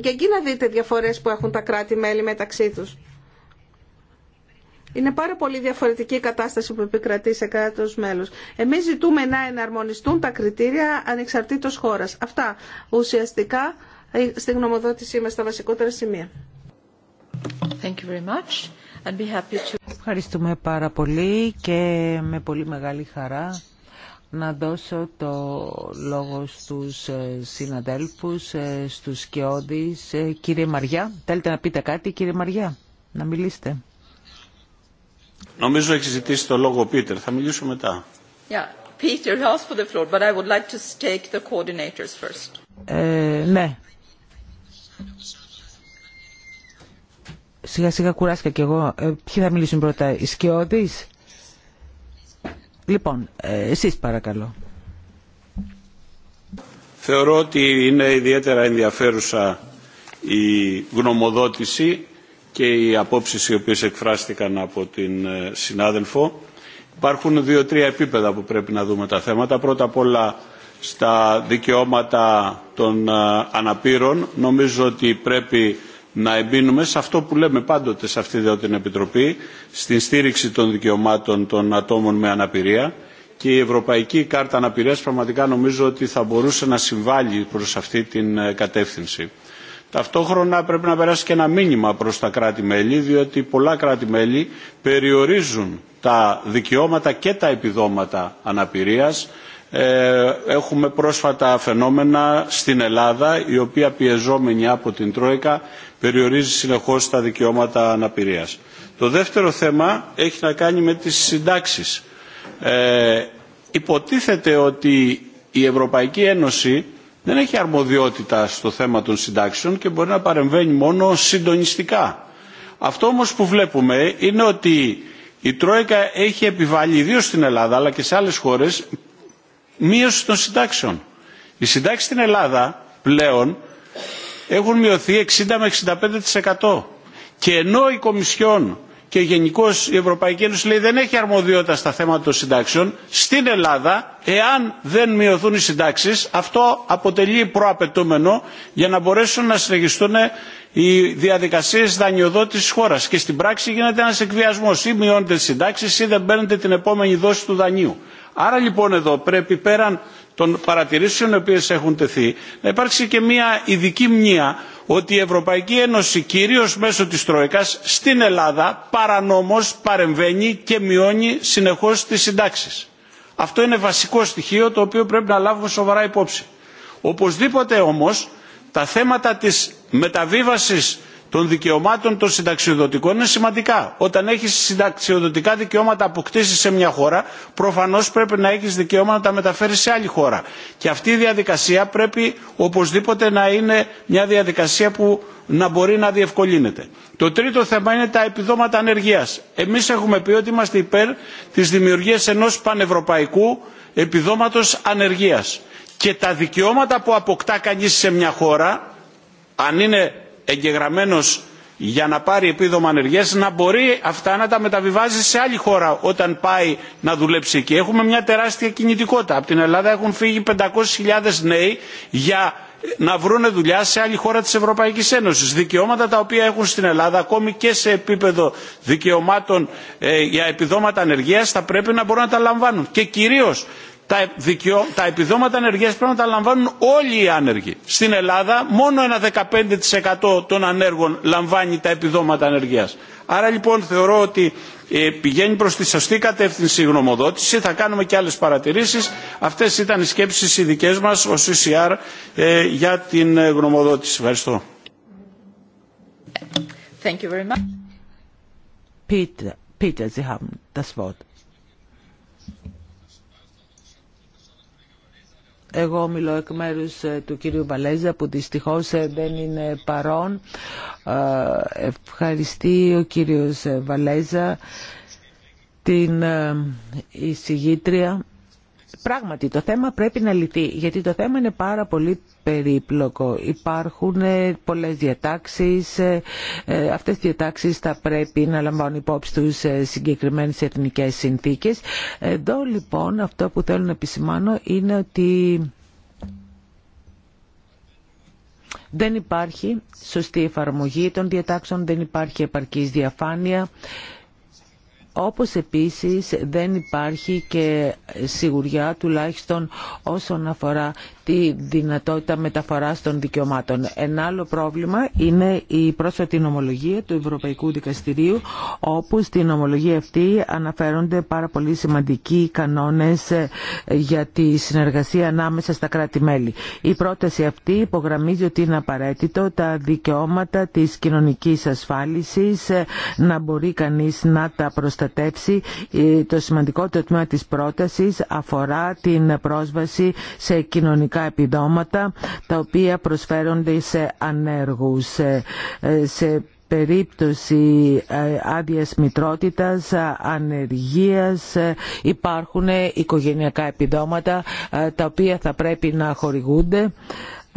Speaker 3: Και εκεί να δείτε διαφορές που έχουν τα κράτη-μέλη μεταξύ τους. Είναι πάρα πολύ διαφορετική η κατάσταση που επικρατεί σε κράτο μέλο. Εμείς ζητούμε να εναρμονιστούν τα κριτήρια ανεξαρτήτως χώρας. Αυτά ουσιαστικά ε, στη γνωμοδότησή μας τα βασικότερα σημεία.
Speaker 4: Thank you very much. be happy to... Ευχαριστούμε πάρα πολύ και με πολύ μεγάλη χαρά να δώσω το λόγο στους ε, συναδέλφους, ε, στους Σκιώδης. Ε, κύριε Μαριά, θέλετε να πείτε κάτι, κύριε Μαριά, να μιλήσετε.
Speaker 5: Νομίζω έχει ζητήσει το λόγο ο Πίτερ. Θα μιλήσω μετά.
Speaker 1: Yeah. Peter for the floor, but I would like to take the coordinators first.
Speaker 4: Ε, ναι. Σιγά σιγά κουράσκα κι εγώ. Ε, ποιοι θα μιλήσουν πρώτα, οι Σκιώδης. Λοιπόν, ε, εσείς παρακαλώ.
Speaker 5: Θεωρώ ότι είναι ιδιαίτερα ενδιαφέρουσα η γνωμοδότηση και οι απόψεις οι οποίες εκφράστηκαν από την ε, συνάδελφο. Υπάρχουν δύο-τρία επίπεδα που πρέπει να δούμε τα θέματα. Πρώτα απ' όλα στα δικαιώματα των ε, αναπήρων. Νομίζω ότι πρέπει να εμπίνουμε σε αυτό που λέμε πάντοτε σε αυτή την Επιτροπή, στην στήριξη των δικαιωμάτων των ατόμων με αναπηρία και η Ευρωπαϊκή Κάρτα Αναπηρίας πραγματικά νομίζω ότι θα μπορούσε να συμβάλλει προς αυτή την ε, κατεύθυνση. Ταυτόχρονα πρέπει να περάσει και ένα μήνυμα προς τα κράτη-μέλη, διότι πολλά κράτη-μέλη περιορίζουν τα δικαιώματα και τα επιδόματα αναπηρίας ε, έχουμε πρόσφατα φαινόμενα στην Ελλάδα η οποία πιεζόμενη από την Τρόικα περιορίζει συνεχώς τα δικαιώματα αναπηρίας. Το δεύτερο θέμα έχει να κάνει με τις συντάξεις. Ε, υποτίθεται ότι η Ευρωπαϊκή Ένωση δεν έχει αρμοδιότητα στο θέμα των συντάξεων και μπορεί να παρεμβαίνει μόνο συντονιστικά. Αυτό όμως που βλέπουμε είναι ότι η Τρόικα έχει επιβάλει ιδίως στην Ελλάδα αλλά και σε άλλες χώρες μείωση των συντάξεων. Οι συντάξει στην Ελλάδα πλέον έχουν μειωθεί 60 με 65%. Και ενώ η Κομισιόν και γενικώ η Ευρωπαϊκή Ένωση λέει δεν έχει αρμοδιότητα στα θέματα των συντάξεων, στην Ελλάδα, εάν δεν μειωθούν οι συντάξει, αυτό αποτελεί προαπαιτούμενο για να μπορέσουν να συνεχιστούν οι διαδικασίε δανειοδότηση τη χώρα. Και στην πράξη γίνεται ένα εκβιασμό. Ή μειωνεται τι συντάξει ή δεν παίρνετε την επόμενη δόση του δανείου. Άρα λοιπόν εδώ πρέπει πέραν των παρατηρήσεων οι οποίες έχουν τεθεί να υπάρξει και μια ειδική μνήμα ότι η Ευρωπαϊκή Ένωση κυρίως μέσω της Τρόικας στην Ελλάδα παρανόμως παρεμβαίνει και μειώνει συνεχώς τις συντάξεις. Αυτό είναι βασικό στοιχείο το οποίο πρέπει να λάβουμε σοβαρά υπόψη. Οπωσδήποτε όμως τα θέματα της μεταβίβασης των δικαιωμάτων των συνταξιοδοτικών είναι σημαντικά. Όταν έχεις συνταξιοδοτικά δικαιώματα αποκτήσει σε μια χώρα, προφανώς πρέπει να έχεις δικαιώματα να τα μεταφέρεις σε άλλη χώρα. Και αυτή η διαδικασία πρέπει οπωσδήποτε να είναι μια διαδικασία που να μπορεί να διευκολύνεται. Το τρίτο θέμα είναι τα επιδόματα ανεργίας. Εμείς έχουμε πει ότι είμαστε υπέρ της δημιουργίας ενός πανευρωπαϊκού επιδόματος ανεργίας. Και τα δικαιώματα που αποκτά κανείς σε μια χώρα, αν είναι εγγεγραμμένος για να πάρει επίδομα ανεργίας να μπορεί αυτά να τα μεταβιβάζει σε άλλη χώρα όταν πάει να δουλέψει εκεί. Έχουμε μια τεράστια κινητικότητα. Από την Ελλάδα έχουν φύγει 500.000 νέοι για ε, να βρουν δουλειά σε άλλη χώρα της Ευρωπαϊκής Ένωσης. Δικαιώματα τα οποία έχουν στην Ελλάδα ακόμη και σε επίπεδο δικαιωμάτων ε, για επιδόματα ανεργίας θα πρέπει να μπορούν να τα λαμβάνουν. Και κυρίως τα, επιδόματα ανεργίας πρέπει να τα λαμβάνουν όλοι οι άνεργοι. Στην Ελλάδα μόνο ένα 15% των ανέργων λαμβάνει τα επιδόματα ανεργίας. Άρα λοιπόν θεωρώ ότι ε, πηγαίνει προς τη σωστή κατεύθυνση η γνωμοδότηση. Θα κάνουμε και άλλες παρατηρήσεις. Αυτές ήταν οι σκέψεις οι δικές μας ως CCR ε, για την ε, γνωμοδότηση. Ευχαριστώ.
Speaker 1: Thank you very much.
Speaker 4: Peter, Peter, Sie haben das Wort. Εγώ μιλώ εκ μέρους ε, του κύριου Βαλέζα που δυστυχώς ε, δεν είναι παρόν. Ε, ευχαριστεί ο κύριος Βαλέζα την εισηγήτρια Πράγματι, το θέμα πρέπει να λυθεί, γιατί το θέμα είναι πάρα πολύ περίπλοκο. Υπάρχουν ε, πολλές διατάξεις, ε, ε, αυτές οι διατάξεις θα πρέπει να λαμβάνουν υπόψη τους συγκεκριμένες εθνικές συνθήκες. Εδώ λοιπόν αυτό που θέλω να επισημάνω είναι ότι δεν υπάρχει σωστή εφαρμογή των διατάξεων, δεν υπάρχει επαρκής διαφάνεια όπως επίσης δεν υπάρχει και σιγουριά τουλάχιστον όσον αφορά τη δυνατότητα μεταφοράς των δικαιωμάτων. Ένα άλλο πρόβλημα είναι η πρόσφατη νομολογία του Ευρωπαϊκού Δικαστηρίου όπου στην νομολογία αυτή αναφέρονται πάρα πολύ σημαντικοί κανόνες ε, για τη συνεργασία ανάμεσα στα κράτη-μέλη. Η πρόταση αυτή υπογραμμίζει ότι είναι απαραίτητο τα δικαιώματα της κοινωνικής ασφάλισης ε, να μπορεί κανείς να τα προστατεύσει. Ε, το σημαντικότερο τμήμα της πρότασης αφορά την πρόσβαση σε κοινωνικά επιδόματα τα οποία προσφέρονται σε ανέργους, σε, ε, περίπτωση ε, άδεια μητρότητα, ε, ανεργίας υπάρχουν οικογενειακά επιδόματα τα οποία θα πρέπει να χορηγούνται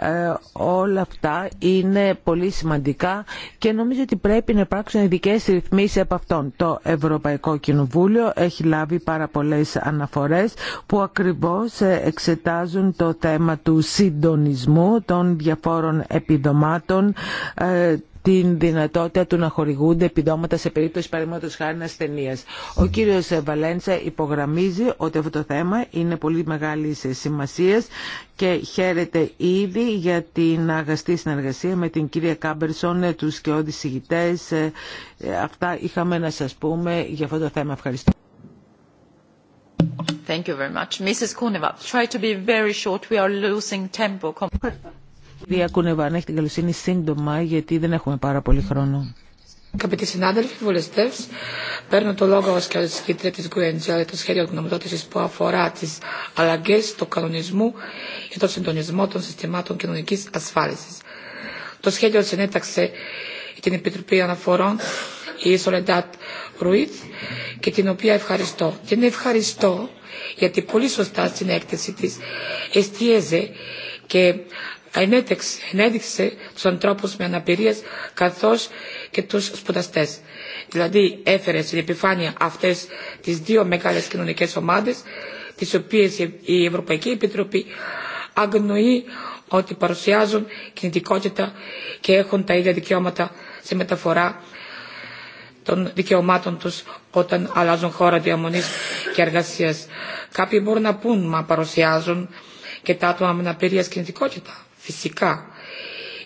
Speaker 4: ε, όλα αυτά είναι πολύ σημαντικά και νομίζω ότι πρέπει να υπάρξουν ειδικέ ρυθμίσει από αυτόν. Το Ευρωπαϊκό Κοινοβούλιο έχει λάβει πάρα πολλέ αναφορέ που ακριβώ εξετάζουν το θέμα του συντονισμού των διαφόρων επιδομάτων ε, την δυνατότητα του να χορηγούνται επιδόματα σε περίπτωση παραδείγματο χάρη ασθενεία. Ο κύριο Βαλέντσα υπογραμμίζει ότι αυτό το θέμα είναι πολύ μεγάλη σημασία και χαίρεται ήδη για την αγαστή συνεργασία με την κυρία Κάμπερσον, του και ηγητέ. Ε, αυτά είχαμε να σα πούμε για αυτό το θέμα. Ευχαριστώ.
Speaker 1: Thank you very much. Mrs. Kuneva, try to be very short. We are losing tempo.
Speaker 4: Κυρία Κούνεβα, αν έχετε καλοσύνη σύντομα, γιατί δεν έχουμε πάρα πολύ χρόνο.
Speaker 6: Αγαπητοί συνάδελφοι, βουλευτέ, παίρνω το λόγο ω καλεσθήτρια τη Γκουέντζα για το σχέδιο γνωμοδότηση που αφορά τι αλλαγέ του κανονισμού για τον συντονισμό των συστημάτων κοινωνική ασφάλιση. Το σχέδιο συνέταξε την Επιτροπή Αναφορών η Σολεντάτ Ρουίτ και την οποία ευχαριστώ. Την ευχαριστώ γιατί πολύ σωστά στην έκθεση τη, εστίαζε και ενέδειξε τους ανθρώπους με αναπηρίες καθώς και τους σπουδαστές. Δηλαδή έφερε στην επιφάνεια αυτές τις δύο μεγάλες κοινωνικές ομάδες τις οποίες η Ευρωπαϊκή Επιτροπή αγνοεί ότι παρουσιάζουν κινητικότητα και έχουν τα ίδια δικαιώματα σε μεταφορά των δικαιωμάτων τους όταν αλλάζουν χώρα διαμονής και εργασίας. Κάποιοι μπορούν να πούν, μα παρουσιάζουν και τα άτομα με αναπηρία κινητικότητα φυσικά.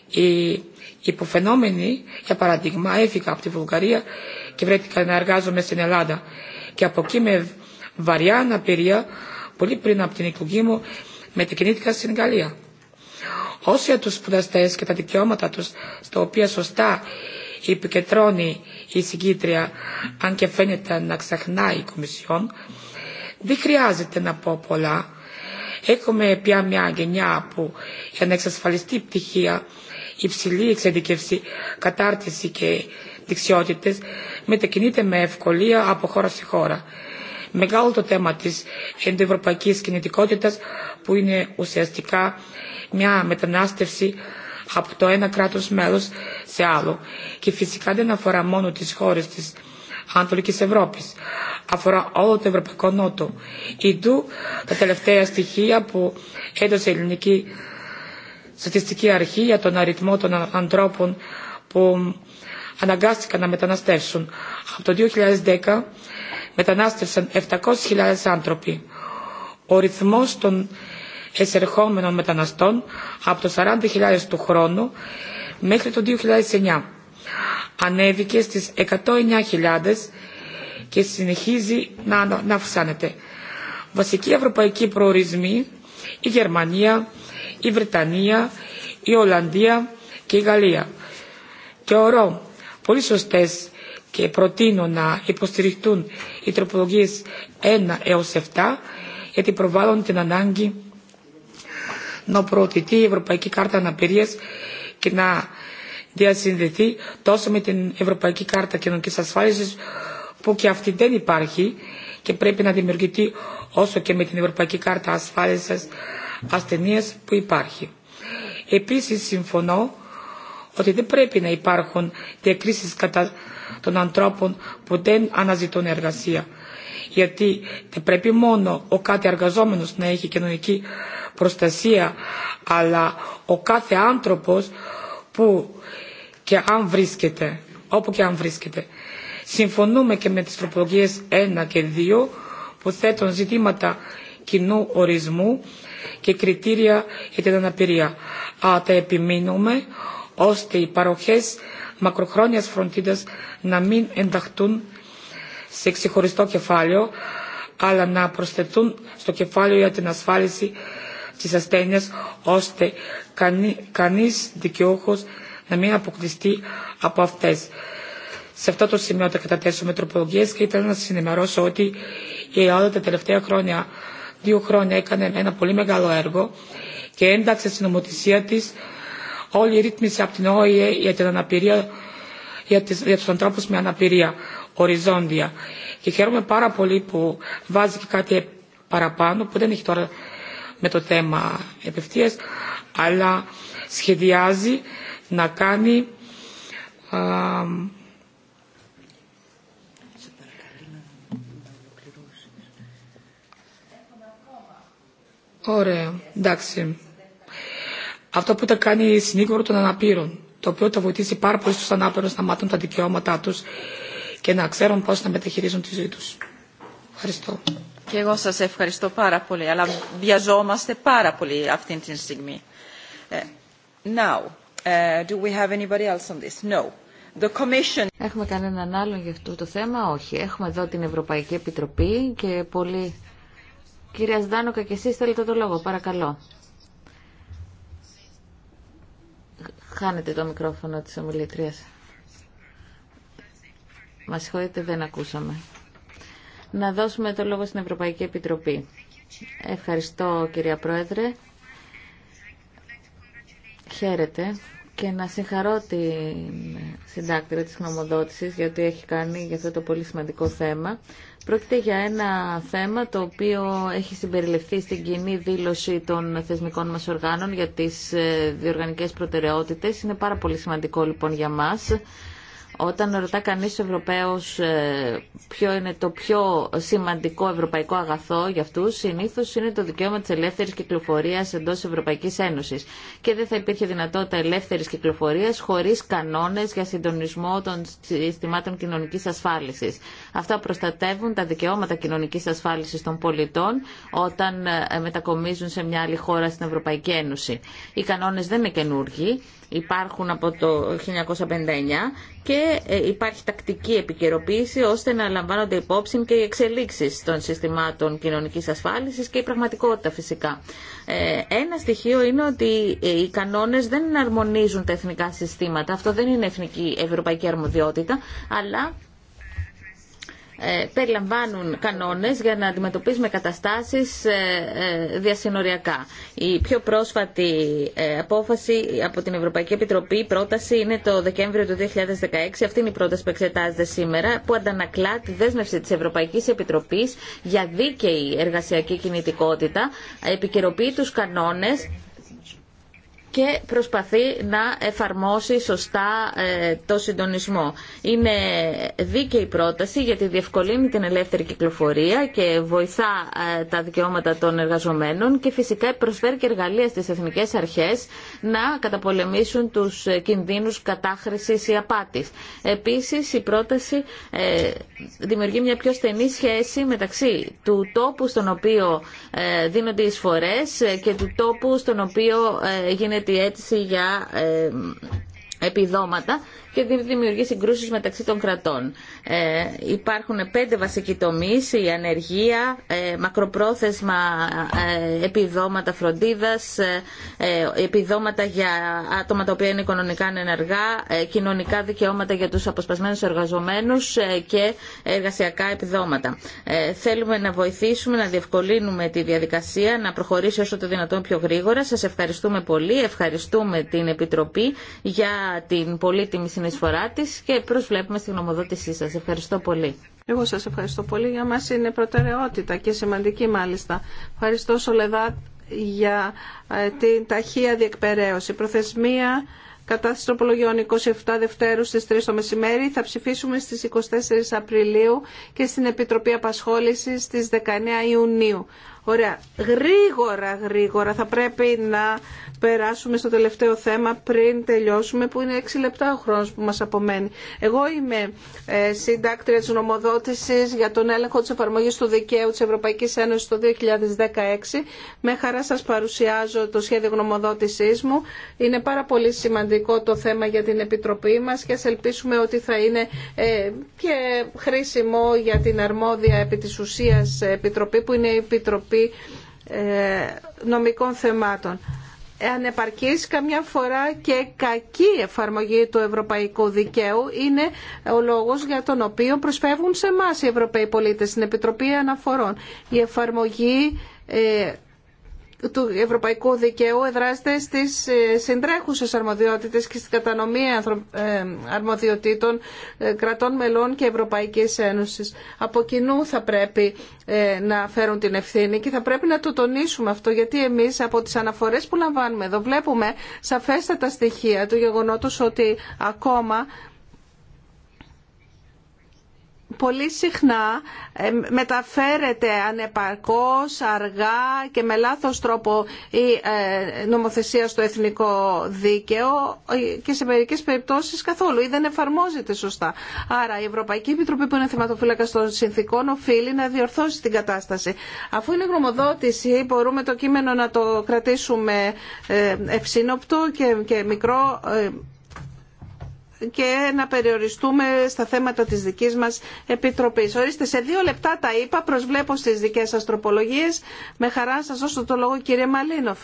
Speaker 6: Οι υποφαινόμενοι, για παράδειγμα, έφυγα από τη Βουλγαρία και βρέθηκα να εργάζομαι στην Ελλάδα. Και από εκεί με βαριά αναπηρία, πολύ πριν από την εκλογή μου, μετακινήθηκα στην Γαλλία. Όσοι από τους σπουδαστές και τα δικαιώματα τους, στα οποία σωστά επικεντρώνει η συγκίτρια, αν και φαίνεται να ξεχνάει η Κομισιόν, δεν χρειάζεται να πω πολλά Έχουμε πια μια γενιά που για να εξασφαλιστεί πτυχία, υψηλή εξειδικευσή, κατάρτιση και δεξιότητε, μετακινείται με ευκολία από χώρα σε χώρα. Μεγάλο το θέμα της ενδοευρωπαϊκή κινητικότητα, που είναι ουσιαστικά μια μετανάστευση από το ένα κράτος μέλος σε άλλο και φυσικά δεν αφορά μόνο τις χώρες της Ανατολική Ευρώπη, Αφορά όλο το Ευρωπαϊκό Νότο. Ιδού τα τελευταία στοιχεία που έδωσε η Ελληνική Στατιστική Αρχή για τον αριθμό των ανθρώπων που αναγκάστηκαν να μεταναστεύσουν. Από το 2010 μετανάστευσαν 700.000 άνθρωποι. Ο ρυθμός των εισερχόμενων μεταναστών από το 40.000 του χρόνου μέχρι το 2009 ανέβηκε στις 109.000 και συνεχίζει να, αυξάνεται. Βασικοί ευρωπαϊκοί προορισμοί η Γερμανία, η Βρετανία, η Ολλανδία και η Γαλλία. Θεωρώ πολύ σωστέ και προτείνω να υποστηριχτούν οι τροπολογίε 1 έως 7 γιατί προβάλλουν την ανάγκη να προωθηθεί η Ευρωπαϊκή Κάρτα Αναπηρία και να διασυνδεθεί τόσο με την Ευρωπαϊκή Κάρτα κοινωνική Ασφάλιση, που και αυτή δεν υπάρχει και πρέπει να δημιουργηθεί όσο και με την Ευρωπαϊκή Κάρτα Ασφάλιση ασθενείας που υπάρχει. Επίση, συμφωνώ ότι δεν πρέπει να υπάρχουν διακρίσει κατά των ανθρώπων που δεν αναζητούν εργασία. Γιατί δεν πρέπει μόνο ο κάθε εργαζόμενος να έχει κοινωνική προστασία, αλλά ο κάθε άνθρωπος που και αν βρίσκεται, όπου και αν βρίσκεται. Συμφωνούμε και με τις τροπολογίες 1 και 2 που θέτουν ζητήματα κοινού ορισμού και κριτήρια για την αναπηρία. Αλλά τα επιμείνουμε ώστε οι παροχές μακροχρόνιας φροντίδας να μην ενταχτούν σε ξεχωριστό κεφάλαιο, αλλά να προσθετούν στο κεφάλαιο για την ασφάλιση της ασθένειας, ώστε κανεί, κανείς δικαιούχος να μην αποκλειστεί από αυτέ. Σε αυτό το σημείο θα καταθέσω τροπολογίες και ήθελα να σα ενημερώσω ότι η Ελλάδα τα τελευταία χρόνια, δύο χρόνια έκανε ένα πολύ μεγάλο έργο και ένταξε στην νομοθεσία τη, όλη η ρύθμιση από την ΟΗΕ για την αναπηρία για, για τους ανθρώπους με αναπηρία οριζόντια. Και χαίρομαι πάρα πολύ που βάζει και κάτι παραπάνω που δεν έχει τώρα με το θέμα επευθείας αλλά σχεδιάζει να κάνει α, Ωραία, εντάξει. Αυτό που τα κάνει συνήγορο των αναπήρων, το οποίο τα βοηθήσει πάρα πολύ στους ανάπηρους να μάθουν τα δικαιώματά τους και να ξέρουν πώς να μεταχειρίζουν τη ζωή τους. Ευχαριστώ.
Speaker 1: Και εγώ σας ευχαριστώ πάρα πολύ, αλλά βιαζόμαστε πάρα πολύ αυτή τη στιγμή. Ε, now, Έχουμε κανέναν άλλον για αυτό το θέμα?
Speaker 2: Όχι. Έχουμε εδώ την Ευρωπαϊκή Επιτροπή και πολύ... Κυρία Σδάνοκα και εσείς θέλετε το λόγο. Παρακαλώ. Χάνετε το μικρόφωνο της ομιλητρίας. Μας συγχωρείτε, δεν ακούσαμε. Να δώσουμε το λόγο στην Ευρωπαϊκή Επιτροπή. Ευχαριστώ, κυρία Πρόεδρε. Χαίρετε και να συγχαρώ την συντάκτρια της γνωμοδότησης γιατί έχει κάνει για αυτό το πολύ σημαντικό θέμα. Πρόκειται για ένα θέμα το οποίο έχει συμπεριληφθεί στην κοινή δήλωση των θεσμικών μας οργάνων για τις ε, διοργανικές προτεραιότητες. Είναι πάρα πολύ σημαντικό λοιπόν για μας όταν ρωτά κανείς Ευρωπαίος ε, ποιο είναι το πιο σημαντικό ευρωπαϊκό αγαθό για αυτούς, συνήθως είναι το δικαίωμα της ελεύθερης κυκλοφορίας εντός Ευρωπαϊκής Ένωσης. Και δεν θα υπήρχε δυνατότητα ελεύθερης κυκλοφορίας χωρίς κανόνες για συντονισμό των συστημάτων κοινωνικής ασφάλισης. Αυτά προστατεύουν τα δικαιώματα κοινωνικής ασφάλισης των πολιτών όταν ε, μετακομίζουν σε μια άλλη χώρα στην Ευρωπαϊκή Ένωση. Οι κανόνες δεν είναι καινούργοι υπάρχουν από το 1959 και ε, υπάρχει τακτική επικαιροποίηση ώστε να λαμβάνονται υπόψη και οι εξελίξεις των συστημάτων κοινωνικής ασφάλισης και η πραγματικότητα φυσικά. Ε, ένα στοιχείο είναι ότι ε, οι κανόνες δεν εναρμονίζουν τα εθνικά συστήματα. Αυτό δεν είναι εθνική ευρωπαϊκή αρμοδιότητα, αλλά ε, περιλαμβάνουν κανόνες για να αντιμετωπίσουμε καταστάσεις ε, ε, διασυνοριακά. Η πιο πρόσφατη απόφαση από την Ευρωπαϊκή Επιτροπή, η πρόταση είναι το Δεκέμβριο του 2016. Αυτή είναι η πρόταση που εξετάζεται σήμερα, που αντανακλά τη δέσμευση της Ευρωπαϊκής Επιτροπής για δίκαιη εργασιακή κινητικότητα, επικαιροποιεί τους κανόνες και προσπαθεί να εφαρμόσει σωστά ε, το συντονισμό. Είναι δίκαιη πρόταση γιατί διευκολύνει την ελεύθερη κυκλοφορία και βοηθά ε, τα δικαιώματα των εργαζομένων και φυσικά προσφέρει και εργαλεία στις εθνικές αρχές να καταπολεμήσουν τους κινδύνους κατάχρησης ή απάτης. Επίσης, η πρόταση ε, δημιουργεί μια πιο στενή σχέση μεταξύ του τόπου στον οποίο ε, δίνονται οι εισφορές ε, και του τόπου στον οποίο γίνεται η αίτηση για επιδόματα και δημιουργεί συγκρούσεις μεταξύ των κρατών. Ε, υπάρχουν πέντε βασικοί τομείς, η ανεργία, ε, μακροπρόθεσμα ε, επιδόματα φροντίδας, ε, επιδόματα για άτομα τα οποία είναι οικονομικά ανενεργά, κοινωνικά δικαιώματα για τους αποσπασμένους εργαζομένους και εργασιακά επιδόματα. Θέλουμε να βοηθήσουμε, να διευκολύνουμε τη διαδικασία, να προχωρήσει όσο το δυνατόν πιο γρήγορα. Σας ευχαριστούμε πολύ, ευχαριστούμε την Επιτροπή για την πολύτιμη συνεισφορά τη και προσβλέπουμε στη γνωμοδότησή σας. Ευχαριστώ πολύ. Εγώ σας ευχαριστώ πολύ. Για μα είναι προτεραιότητα και σημαντική μάλιστα. Ευχαριστώ Σολεδά
Speaker 3: για ε, την ταχεία διεκπαιρέωση. Προθεσμία κατάσταση τροπολογιών 27 Δευτέρου στις 3 το μεσημέρι. Θα ψηφίσουμε στις 24 Απριλίου και στην Επιτροπή Απασχόλησης στις 19 Ιουνίου. Ωραία. Γρήγορα, γρήγορα θα πρέπει να περάσουμε στο τελευταίο θέμα πριν τελειώσουμε που είναι 6 λεπτά ο χρόνος που μας απομένει. Εγώ είμαι ε, συντάκτρια της νομοδότησης για τον έλεγχο της εφαρμογής του δικαίου της Ευρωπαϊκής Ένωσης το 2016. Με χαρά σας παρουσιάζω το σχέδιο γνωμοδότησής μου. Είναι πάρα πολύ σημαντικό το θέμα για την Επιτροπή μας και ας ελπίσουμε ότι θα είναι ε, και χρήσιμο για την αρμόδια επί της ουσίας Επιτροπή που είναι η Επιτροπή ε, νομικών Θεμάτων. Ανεπαρκής καμιά φορά και κακή εφαρμογή του ευρωπαϊκού δικαίου είναι ο λόγος για τον οποίο προσφεύγουν σε εμά οι Ευρωπαίοι πολίτες στην Επιτροπή Αναφορών. Η εφαρμογή ε, του Ευρωπαϊκού Δικαίου εδράζεται στις ε, συντρέχουσες αρμοδιότητες και στην κατανομή ε, αρμοδιοτήτων ε, κρατών μελών και Ευρωπαϊκής Ένωσης. Από κοινού θα πρέπει να φέρουν την ευθύνη και θα πρέπει να το τονίσουμε αυτό γιατί εμείς από τις αναφορές που λαμβάνουμε εδώ βλέπουμε σαφέστατα στοιχεία του γεγονότος ότι ακόμα πολύ συχνά ε, μεταφέρεται ανεπαρκώς, αργά και με λάθος τρόπο η ε, νομοθεσία στο εθνικό δίκαιο ε, και σε μερικές περιπτώσεις καθόλου ή δεν εφαρμόζεται σωστά. Άρα η Ευρωπαϊκή Επιτροπή που είναι θεματοφύλακα των συνθήκων οφείλει να διορθώσει την κατάσταση. Αφού είναι γνωμοδότηση μπορούμε το κείμενο να το κρατήσουμε ευσύνοπτο και μικρό και να περιοριστούμε στα θέματα της δικής μας Επιτροπής. Ορίστε, σε δύο λεπτά τα είπα, προσβλέπω στις δικές σας τροπολογίες. Με χαρά σας δώσω το λόγο κύριε Μαλίνοφ.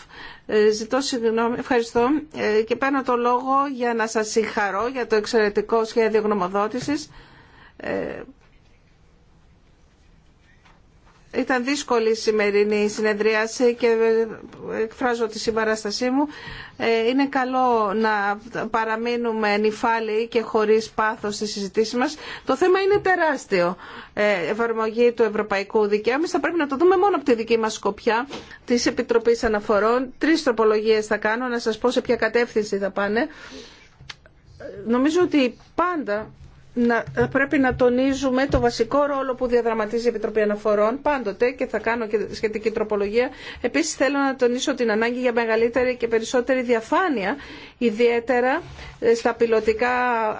Speaker 3: Ε, ζητώ συγγνώμη, ευχαριστώ ε, και παίρνω το λόγο για να σας συγχαρώ για το εξαιρετικό σχέδιο γνωμοδότησης ε, ήταν δύσκολη η σημερινή συνεδρίαση και εκφράζω τη συμπαράστασή μου. Ε, είναι καλό να παραμείνουμε νυφάλιοι και χωρίς πάθος στη συζητήση μας. Το θέμα είναι τεράστιο. Ε, εφαρμογή του ευρωπαϊκού δικαίου. Εμείς θα πρέπει να το δούμε μόνο από τη δική μας σκοπιά της Επιτροπής Αναφορών. Τρεις τροπολογίες θα κάνω, να σας πω σε ποια κατεύθυνση θα πάνε. Ε, νομίζω ότι πάντα να, ε, πρέπει να τονίζουμε το βασικό ρόλο που διαδραματίζει η Επιτροπή Αναφορών πάντοτε και θα κάνω και σχετική τροπολογία. Επίσης θέλω να τονίσω την ανάγκη για μεγαλύτερη και περισσότερη διαφάνεια, ιδιαίτερα ε, στα πιλωτικά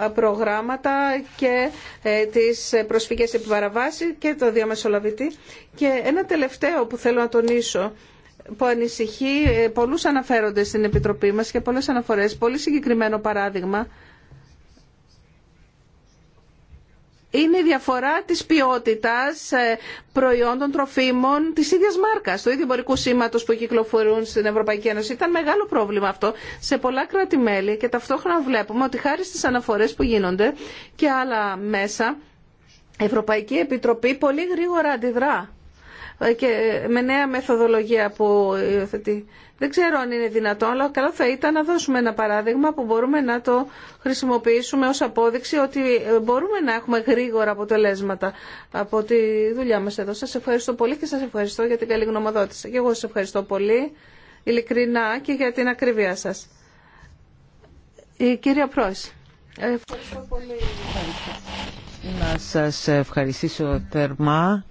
Speaker 3: ε, προγράμματα και ε, τις προσφυγές επιβαραβάση και το διαμεσολαβητή. Και ένα τελευταίο που θέλω να τονίσω που ανησυχεί πολλούς αναφέρονται στην Επιτροπή μας και πολλές αναφορές, πολύ συγκεκριμένο παράδειγμα, είναι η διαφορά της ποιότητας ε, προϊόντων τροφίμων της ίδιας μάρκας, του ίδιου εμπορικού σήματος που κυκλοφορούν στην Ευρωπαϊκή Ένωση. Ήταν μεγάλο πρόβλημα αυτό σε πολλά κράτη-μέλη και ταυτόχρονα βλέπουμε ότι χάρη στις αναφορές που γίνονται και άλλα μέσα, η Ευρωπαϊκή Επιτροπή πολύ γρήγορα αντιδρά και με νέα μεθοδολογία που υιοθετεί. Δεν ξέρω αν είναι δυνατόν, αλλά καλό θα ήταν να δώσουμε ένα παράδειγμα που μπορούμε να το χρησιμοποιήσουμε ως απόδειξη ότι μπορούμε να έχουμε γρήγορα αποτελέσματα από τη δουλειά μας εδώ. Σας ευχαριστώ πολύ και σας ευχαριστώ για την καλή γνωμοδότηση. Και εγώ σας ευχαριστώ πολύ, ειλικρινά και για την ακριβία σας. Η κυρία Πρόεση. Ευχαριστώ πολύ.
Speaker 4: Να σας ευχαριστήσω θερμά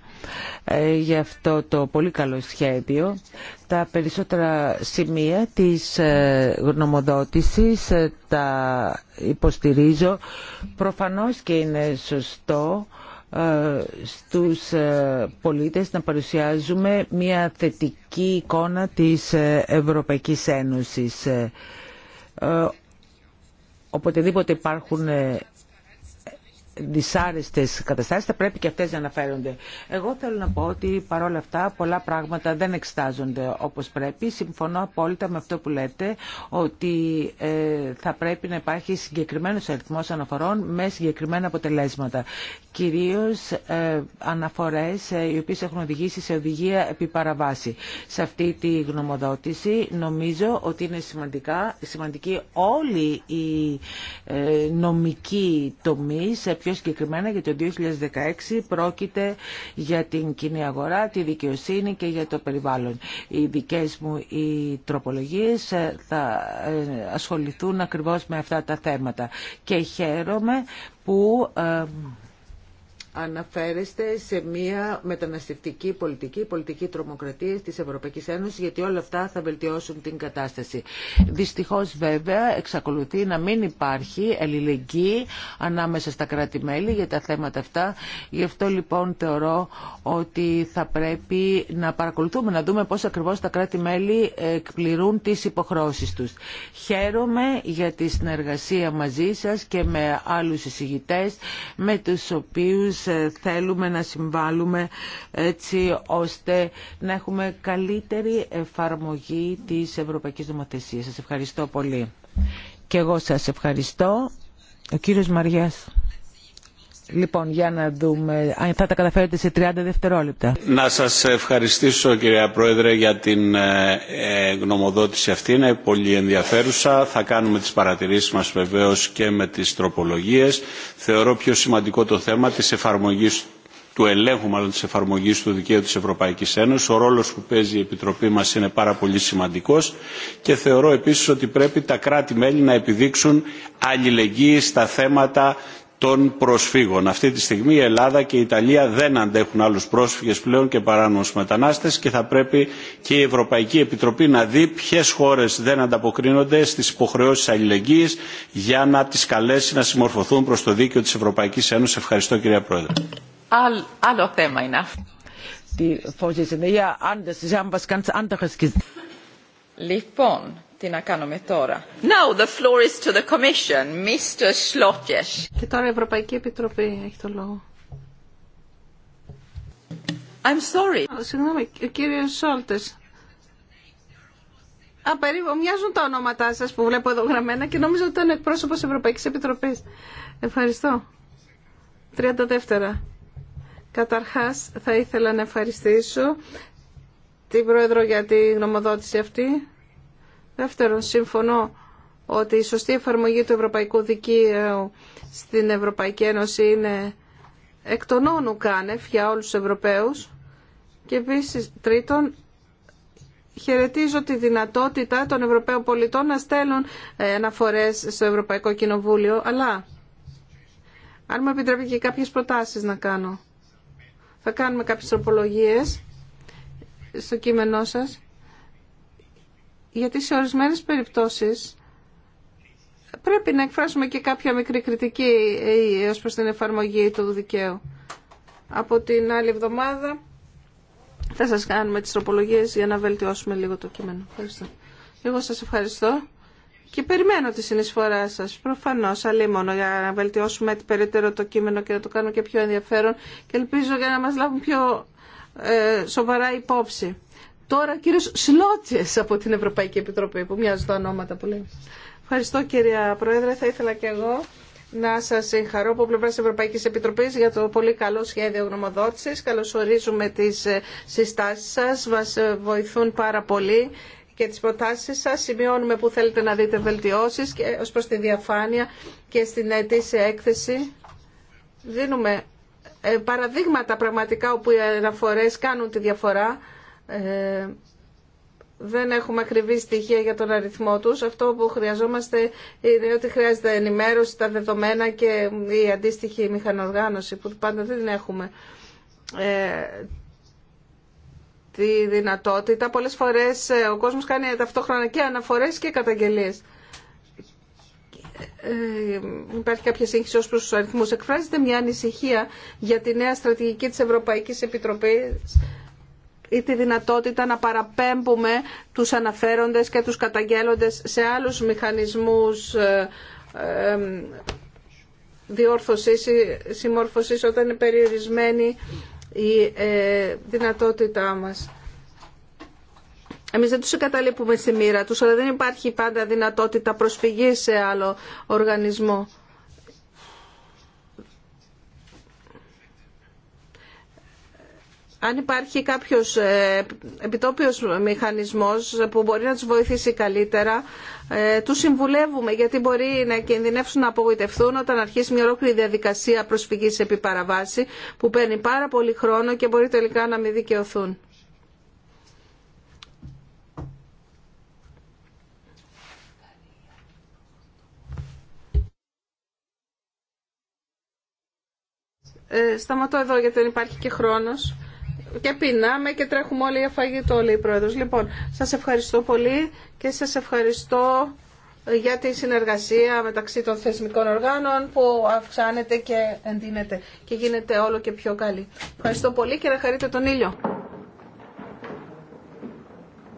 Speaker 4: ε, για αυτό το πολύ καλό σχέδιο. Τα περισσότερα σημεία της ε, γνωμοδότησης ε, τα υποστηρίζω. Προφανώς και είναι σωστό στους πολίτες να παρουσιάζουμε μια θετική εικόνα της Ευρωπαϊκής Ένωσης. Οποτεδήποτε υπάρχουν δυσάρεστες καταστάσεις θα πρέπει και αυτές να αναφέρονται. Εγώ θέλω να πω ότι παρόλα αυτά πολλά πράγματα δεν εξετάζονται όπως πρέπει. Συμφωνώ απόλυτα με αυτό που λέτε ότι ε, θα πρέπει να υπάρχει συγκεκριμένος αριθμός αναφορών με συγκεκριμένα αποτελέσματα. Κυρίως ε, αναφορές ε, οι οποίες έχουν οδηγήσει σε οδηγία επί παραβάση. Σε αυτή τη γνωμοδότηση νομίζω ότι είναι σημαντικά, σημαντική όλη η νομική τομή σε πιο συγκεκριμένα για το 2016 πρόκειται για την κοινή αγορά, τη δικαιοσύνη και για το περιβάλλον. Οι δικές μου οι τροπολογίες ε, θα ε, ασχοληθούν ακριβώς με αυτά τα θέματα. Και χαίρομαι που ε, αναφέρεστε σε μια μεταναστευτική πολιτική, πολιτική τρομοκρατία της Ευρωπαϊκής Ένωσης, γιατί όλα αυτά θα βελτιώσουν την κατάσταση. Δυστυχώς βέβαια εξακολουθεί να μην υπάρχει αλληλεγγύη ανάμεσα στα κράτη-μέλη για τα θέματα αυτά. Γι' αυτό λοιπόν θεωρώ ότι θα πρέπει να παρακολουθούμε, να δούμε πώς ακριβώς τα κράτη-μέλη εκπληρούν τις υποχρώσεις τους. Χαίρομαι για τη συνεργασία μαζί σας και με άλλους εισηγητές, με τους οποίους ε, θέλουμε να συμβάλλουμε έτσι ώστε να έχουμε καλύτερη εφαρμογή της Ευρωπαϊκής Νομοθεσίας. Σας ευχαριστώ πολύ. Και εγώ σας ευχαριστώ. Ο κύριος Μαριάς. Λοιπόν, για να δούμε αν θα τα καταφέρετε σε 30 δευτερόλεπτα.
Speaker 5: Να σας ευχαριστήσω κυρία Πρόεδρε για την ε, ε, γνωμοδότηση αυτή. Είναι πολύ ενδιαφέρουσα. Θα κάνουμε τις παρατηρήσεις μας βεβαίως και με τις τροπολογίες. Θεωρώ πιο σημαντικό το θέμα της εφαρμογής του ελέγχου μάλλον της εφαρμογής του δικαίου της Ευρωπαϊκής Ένωσης. Ο ρόλος που παίζει η Επιτροπή μας είναι πάρα πολύ σημαντικός και θεωρώ επίσης ότι πρέπει τα κράτη-μέλη να επιδείξουν αλληλεγγύη στα θέματα των προσφύγων. Αυτή τη στιγμή η Ελλάδα και η Ιταλία δεν αντέχουν άλλους πρόσφυγες πλέον και παράνομους μετανάστες και θα πρέπει και η Ευρωπαϊκή Επιτροπή να δει ποιες χώρες δεν ανταποκρίνονται στις υποχρεώσεις αλληλεγγύης για να τις καλέσει να συμμορφωθούν προς το δίκαιο της Ευρωπαϊκής Ένωσης. Ευχαριστώ κυρία Πρόεδρε
Speaker 1: λοιπόν τι να κάνουμε τώρα. Now the floor is to the Commission, Mr. Slotjes. Και τώρα η Ευρωπαϊκή Επιτροπή έχει το λόγο.
Speaker 3: I'm sorry. Συγγνώμη, ο κύριο Σόλτες. Α, περίπου, μοιάζουν τα ονόματά σας που βλέπω εδώ γραμμένα και νομίζω ότι ήταν εκπρόσωπος Ευρωπαϊκής Επιτροπής. Ευχαριστώ. δεύτερα. Καταρχάς θα ήθελα να ευχαριστήσω την Πρόεδρο για τη γνωμοδότηση αυτή. Δεύτερον, συμφωνώ ότι η σωστή εφαρμογή του Ευρωπαϊκού Δικαίου στην Ευρωπαϊκή Ένωση είναι εκ των όνου κάνευ για όλους τους Ευρωπαίους. Και επίση τρίτον, χαιρετίζω τη δυνατότητα των Ευρωπαίων πολιτών να στέλνουν ε, αναφορές στο Ευρωπαϊκό Κοινοβούλιο, αλλά αν μου επιτρέπει και κάποιες προτάσεις να κάνω. Θα κάνουμε κάποιες τροπολογίες στο κείμενό σας, γιατί σε ορισμένες περιπτώσεις πρέπει να εκφράσουμε και κάποια μικρή κριτική ε, ως προς την εφαρμογή του δικαίου. Από την άλλη εβδομάδα θα σας κάνουμε τις τροπολογίες για να βελτιώσουμε λίγο το κείμενο. Ευχαριστώ. Εγώ σας ευχαριστώ και περιμένω τη συνεισφορά σας, προφανώς, αλίμονο για να βελτιώσουμε περαιτέρω το κείμενο και να το κάνουμε και πιο ενδιαφέρον και ελπίζω για να μας λάβουν πιο ε, σοβαρά υπόψη. Τώρα ο κύριος Σλότσες από την Ευρωπαϊκή Επιτροπή που μοιάζουν τα ονόματα που λέμε. Ευχαριστώ κυρία Πρόεδρε. Θα ήθελα και εγώ να σας συγχαρώ από πλευρά της Ευρωπαϊκής Επιτροπής για το πολύ καλό σχέδιο γνωμοδότησης. Καλωσορίζουμε τις ε, συστάσεις σας. μα ε, βοηθούν πάρα πολύ και τις προτάσεις σας. Σημειώνουμε που θέλετε να δείτε βελτιώσεις και ως προς τη διαφάνεια και στην αιτήσια έκθεση. Δίνουμε ε, παραδείγματα πραγματικά όπου οι αναφορές κάνουν τη διαφορά. Ε, δεν έχουμε ακριβή στοιχεία για τον αριθμό τους. Αυτό που χρειαζόμαστε είναι ότι χρειάζεται ενημέρωση, τα δεδομένα και η αντίστοιχη μηχανοργάνωση που πάντα δεν έχουμε ε, τη δυνατότητα. Πολλές φορές ο κόσμος κάνει ταυτόχρονα και αναφορές και καταγγελίες. Ε, υπάρχει κάποια σύγχυση ως προς τους αριθμούς. Εκφράζεται μια ανησυχία για τη νέα στρατηγική της Ευρωπαϊκής Επιτροπής ή τη δυνατότητα να παραπέμπουμε τους αναφέροντες και τους καταγγέλλοντες σε άλλους μηχανισμούς ε, ε, διόρθωσης ή συμμόρφωσης όταν είναι περιορισμένη η δυνατότητά μας. Εμεί δεν του εγκαταλείπουμε στη μοίρα του, αλλά δεν υπάρχει πάντα δυνατότητα προσφυγή σε άλλο οργανισμό. Αν υπάρχει κάποιος ε, επιτόπιος μηχανισμός που μπορεί να τους βοηθήσει καλύτερα, ε, τους συμβουλεύουμε γιατί μπορεί να κινδυνεύσουν να απογοητευτούν όταν αρχίσει μια ολόκληρη διαδικασία προσφυγής επί παραβάση που παίρνει πάρα πολύ χρόνο και μπορεί τελικά να μην δικαιωθούν. Ε, σταματώ εδώ γιατί δεν υπάρχει και χρόνος. Και πεινάμε και τρέχουμε όλοι για φαγητό, λέει η Πρόεδρος. Λοιπόν, σας ευχαριστώ πολύ και σας ευχαριστώ για τη συνεργασία μεταξύ των θεσμικών οργάνων που αυξάνεται και εντείνεται και γίνεται όλο και πιο καλή. Ευχαριστώ πολύ και να χαρείτε τον ήλιο.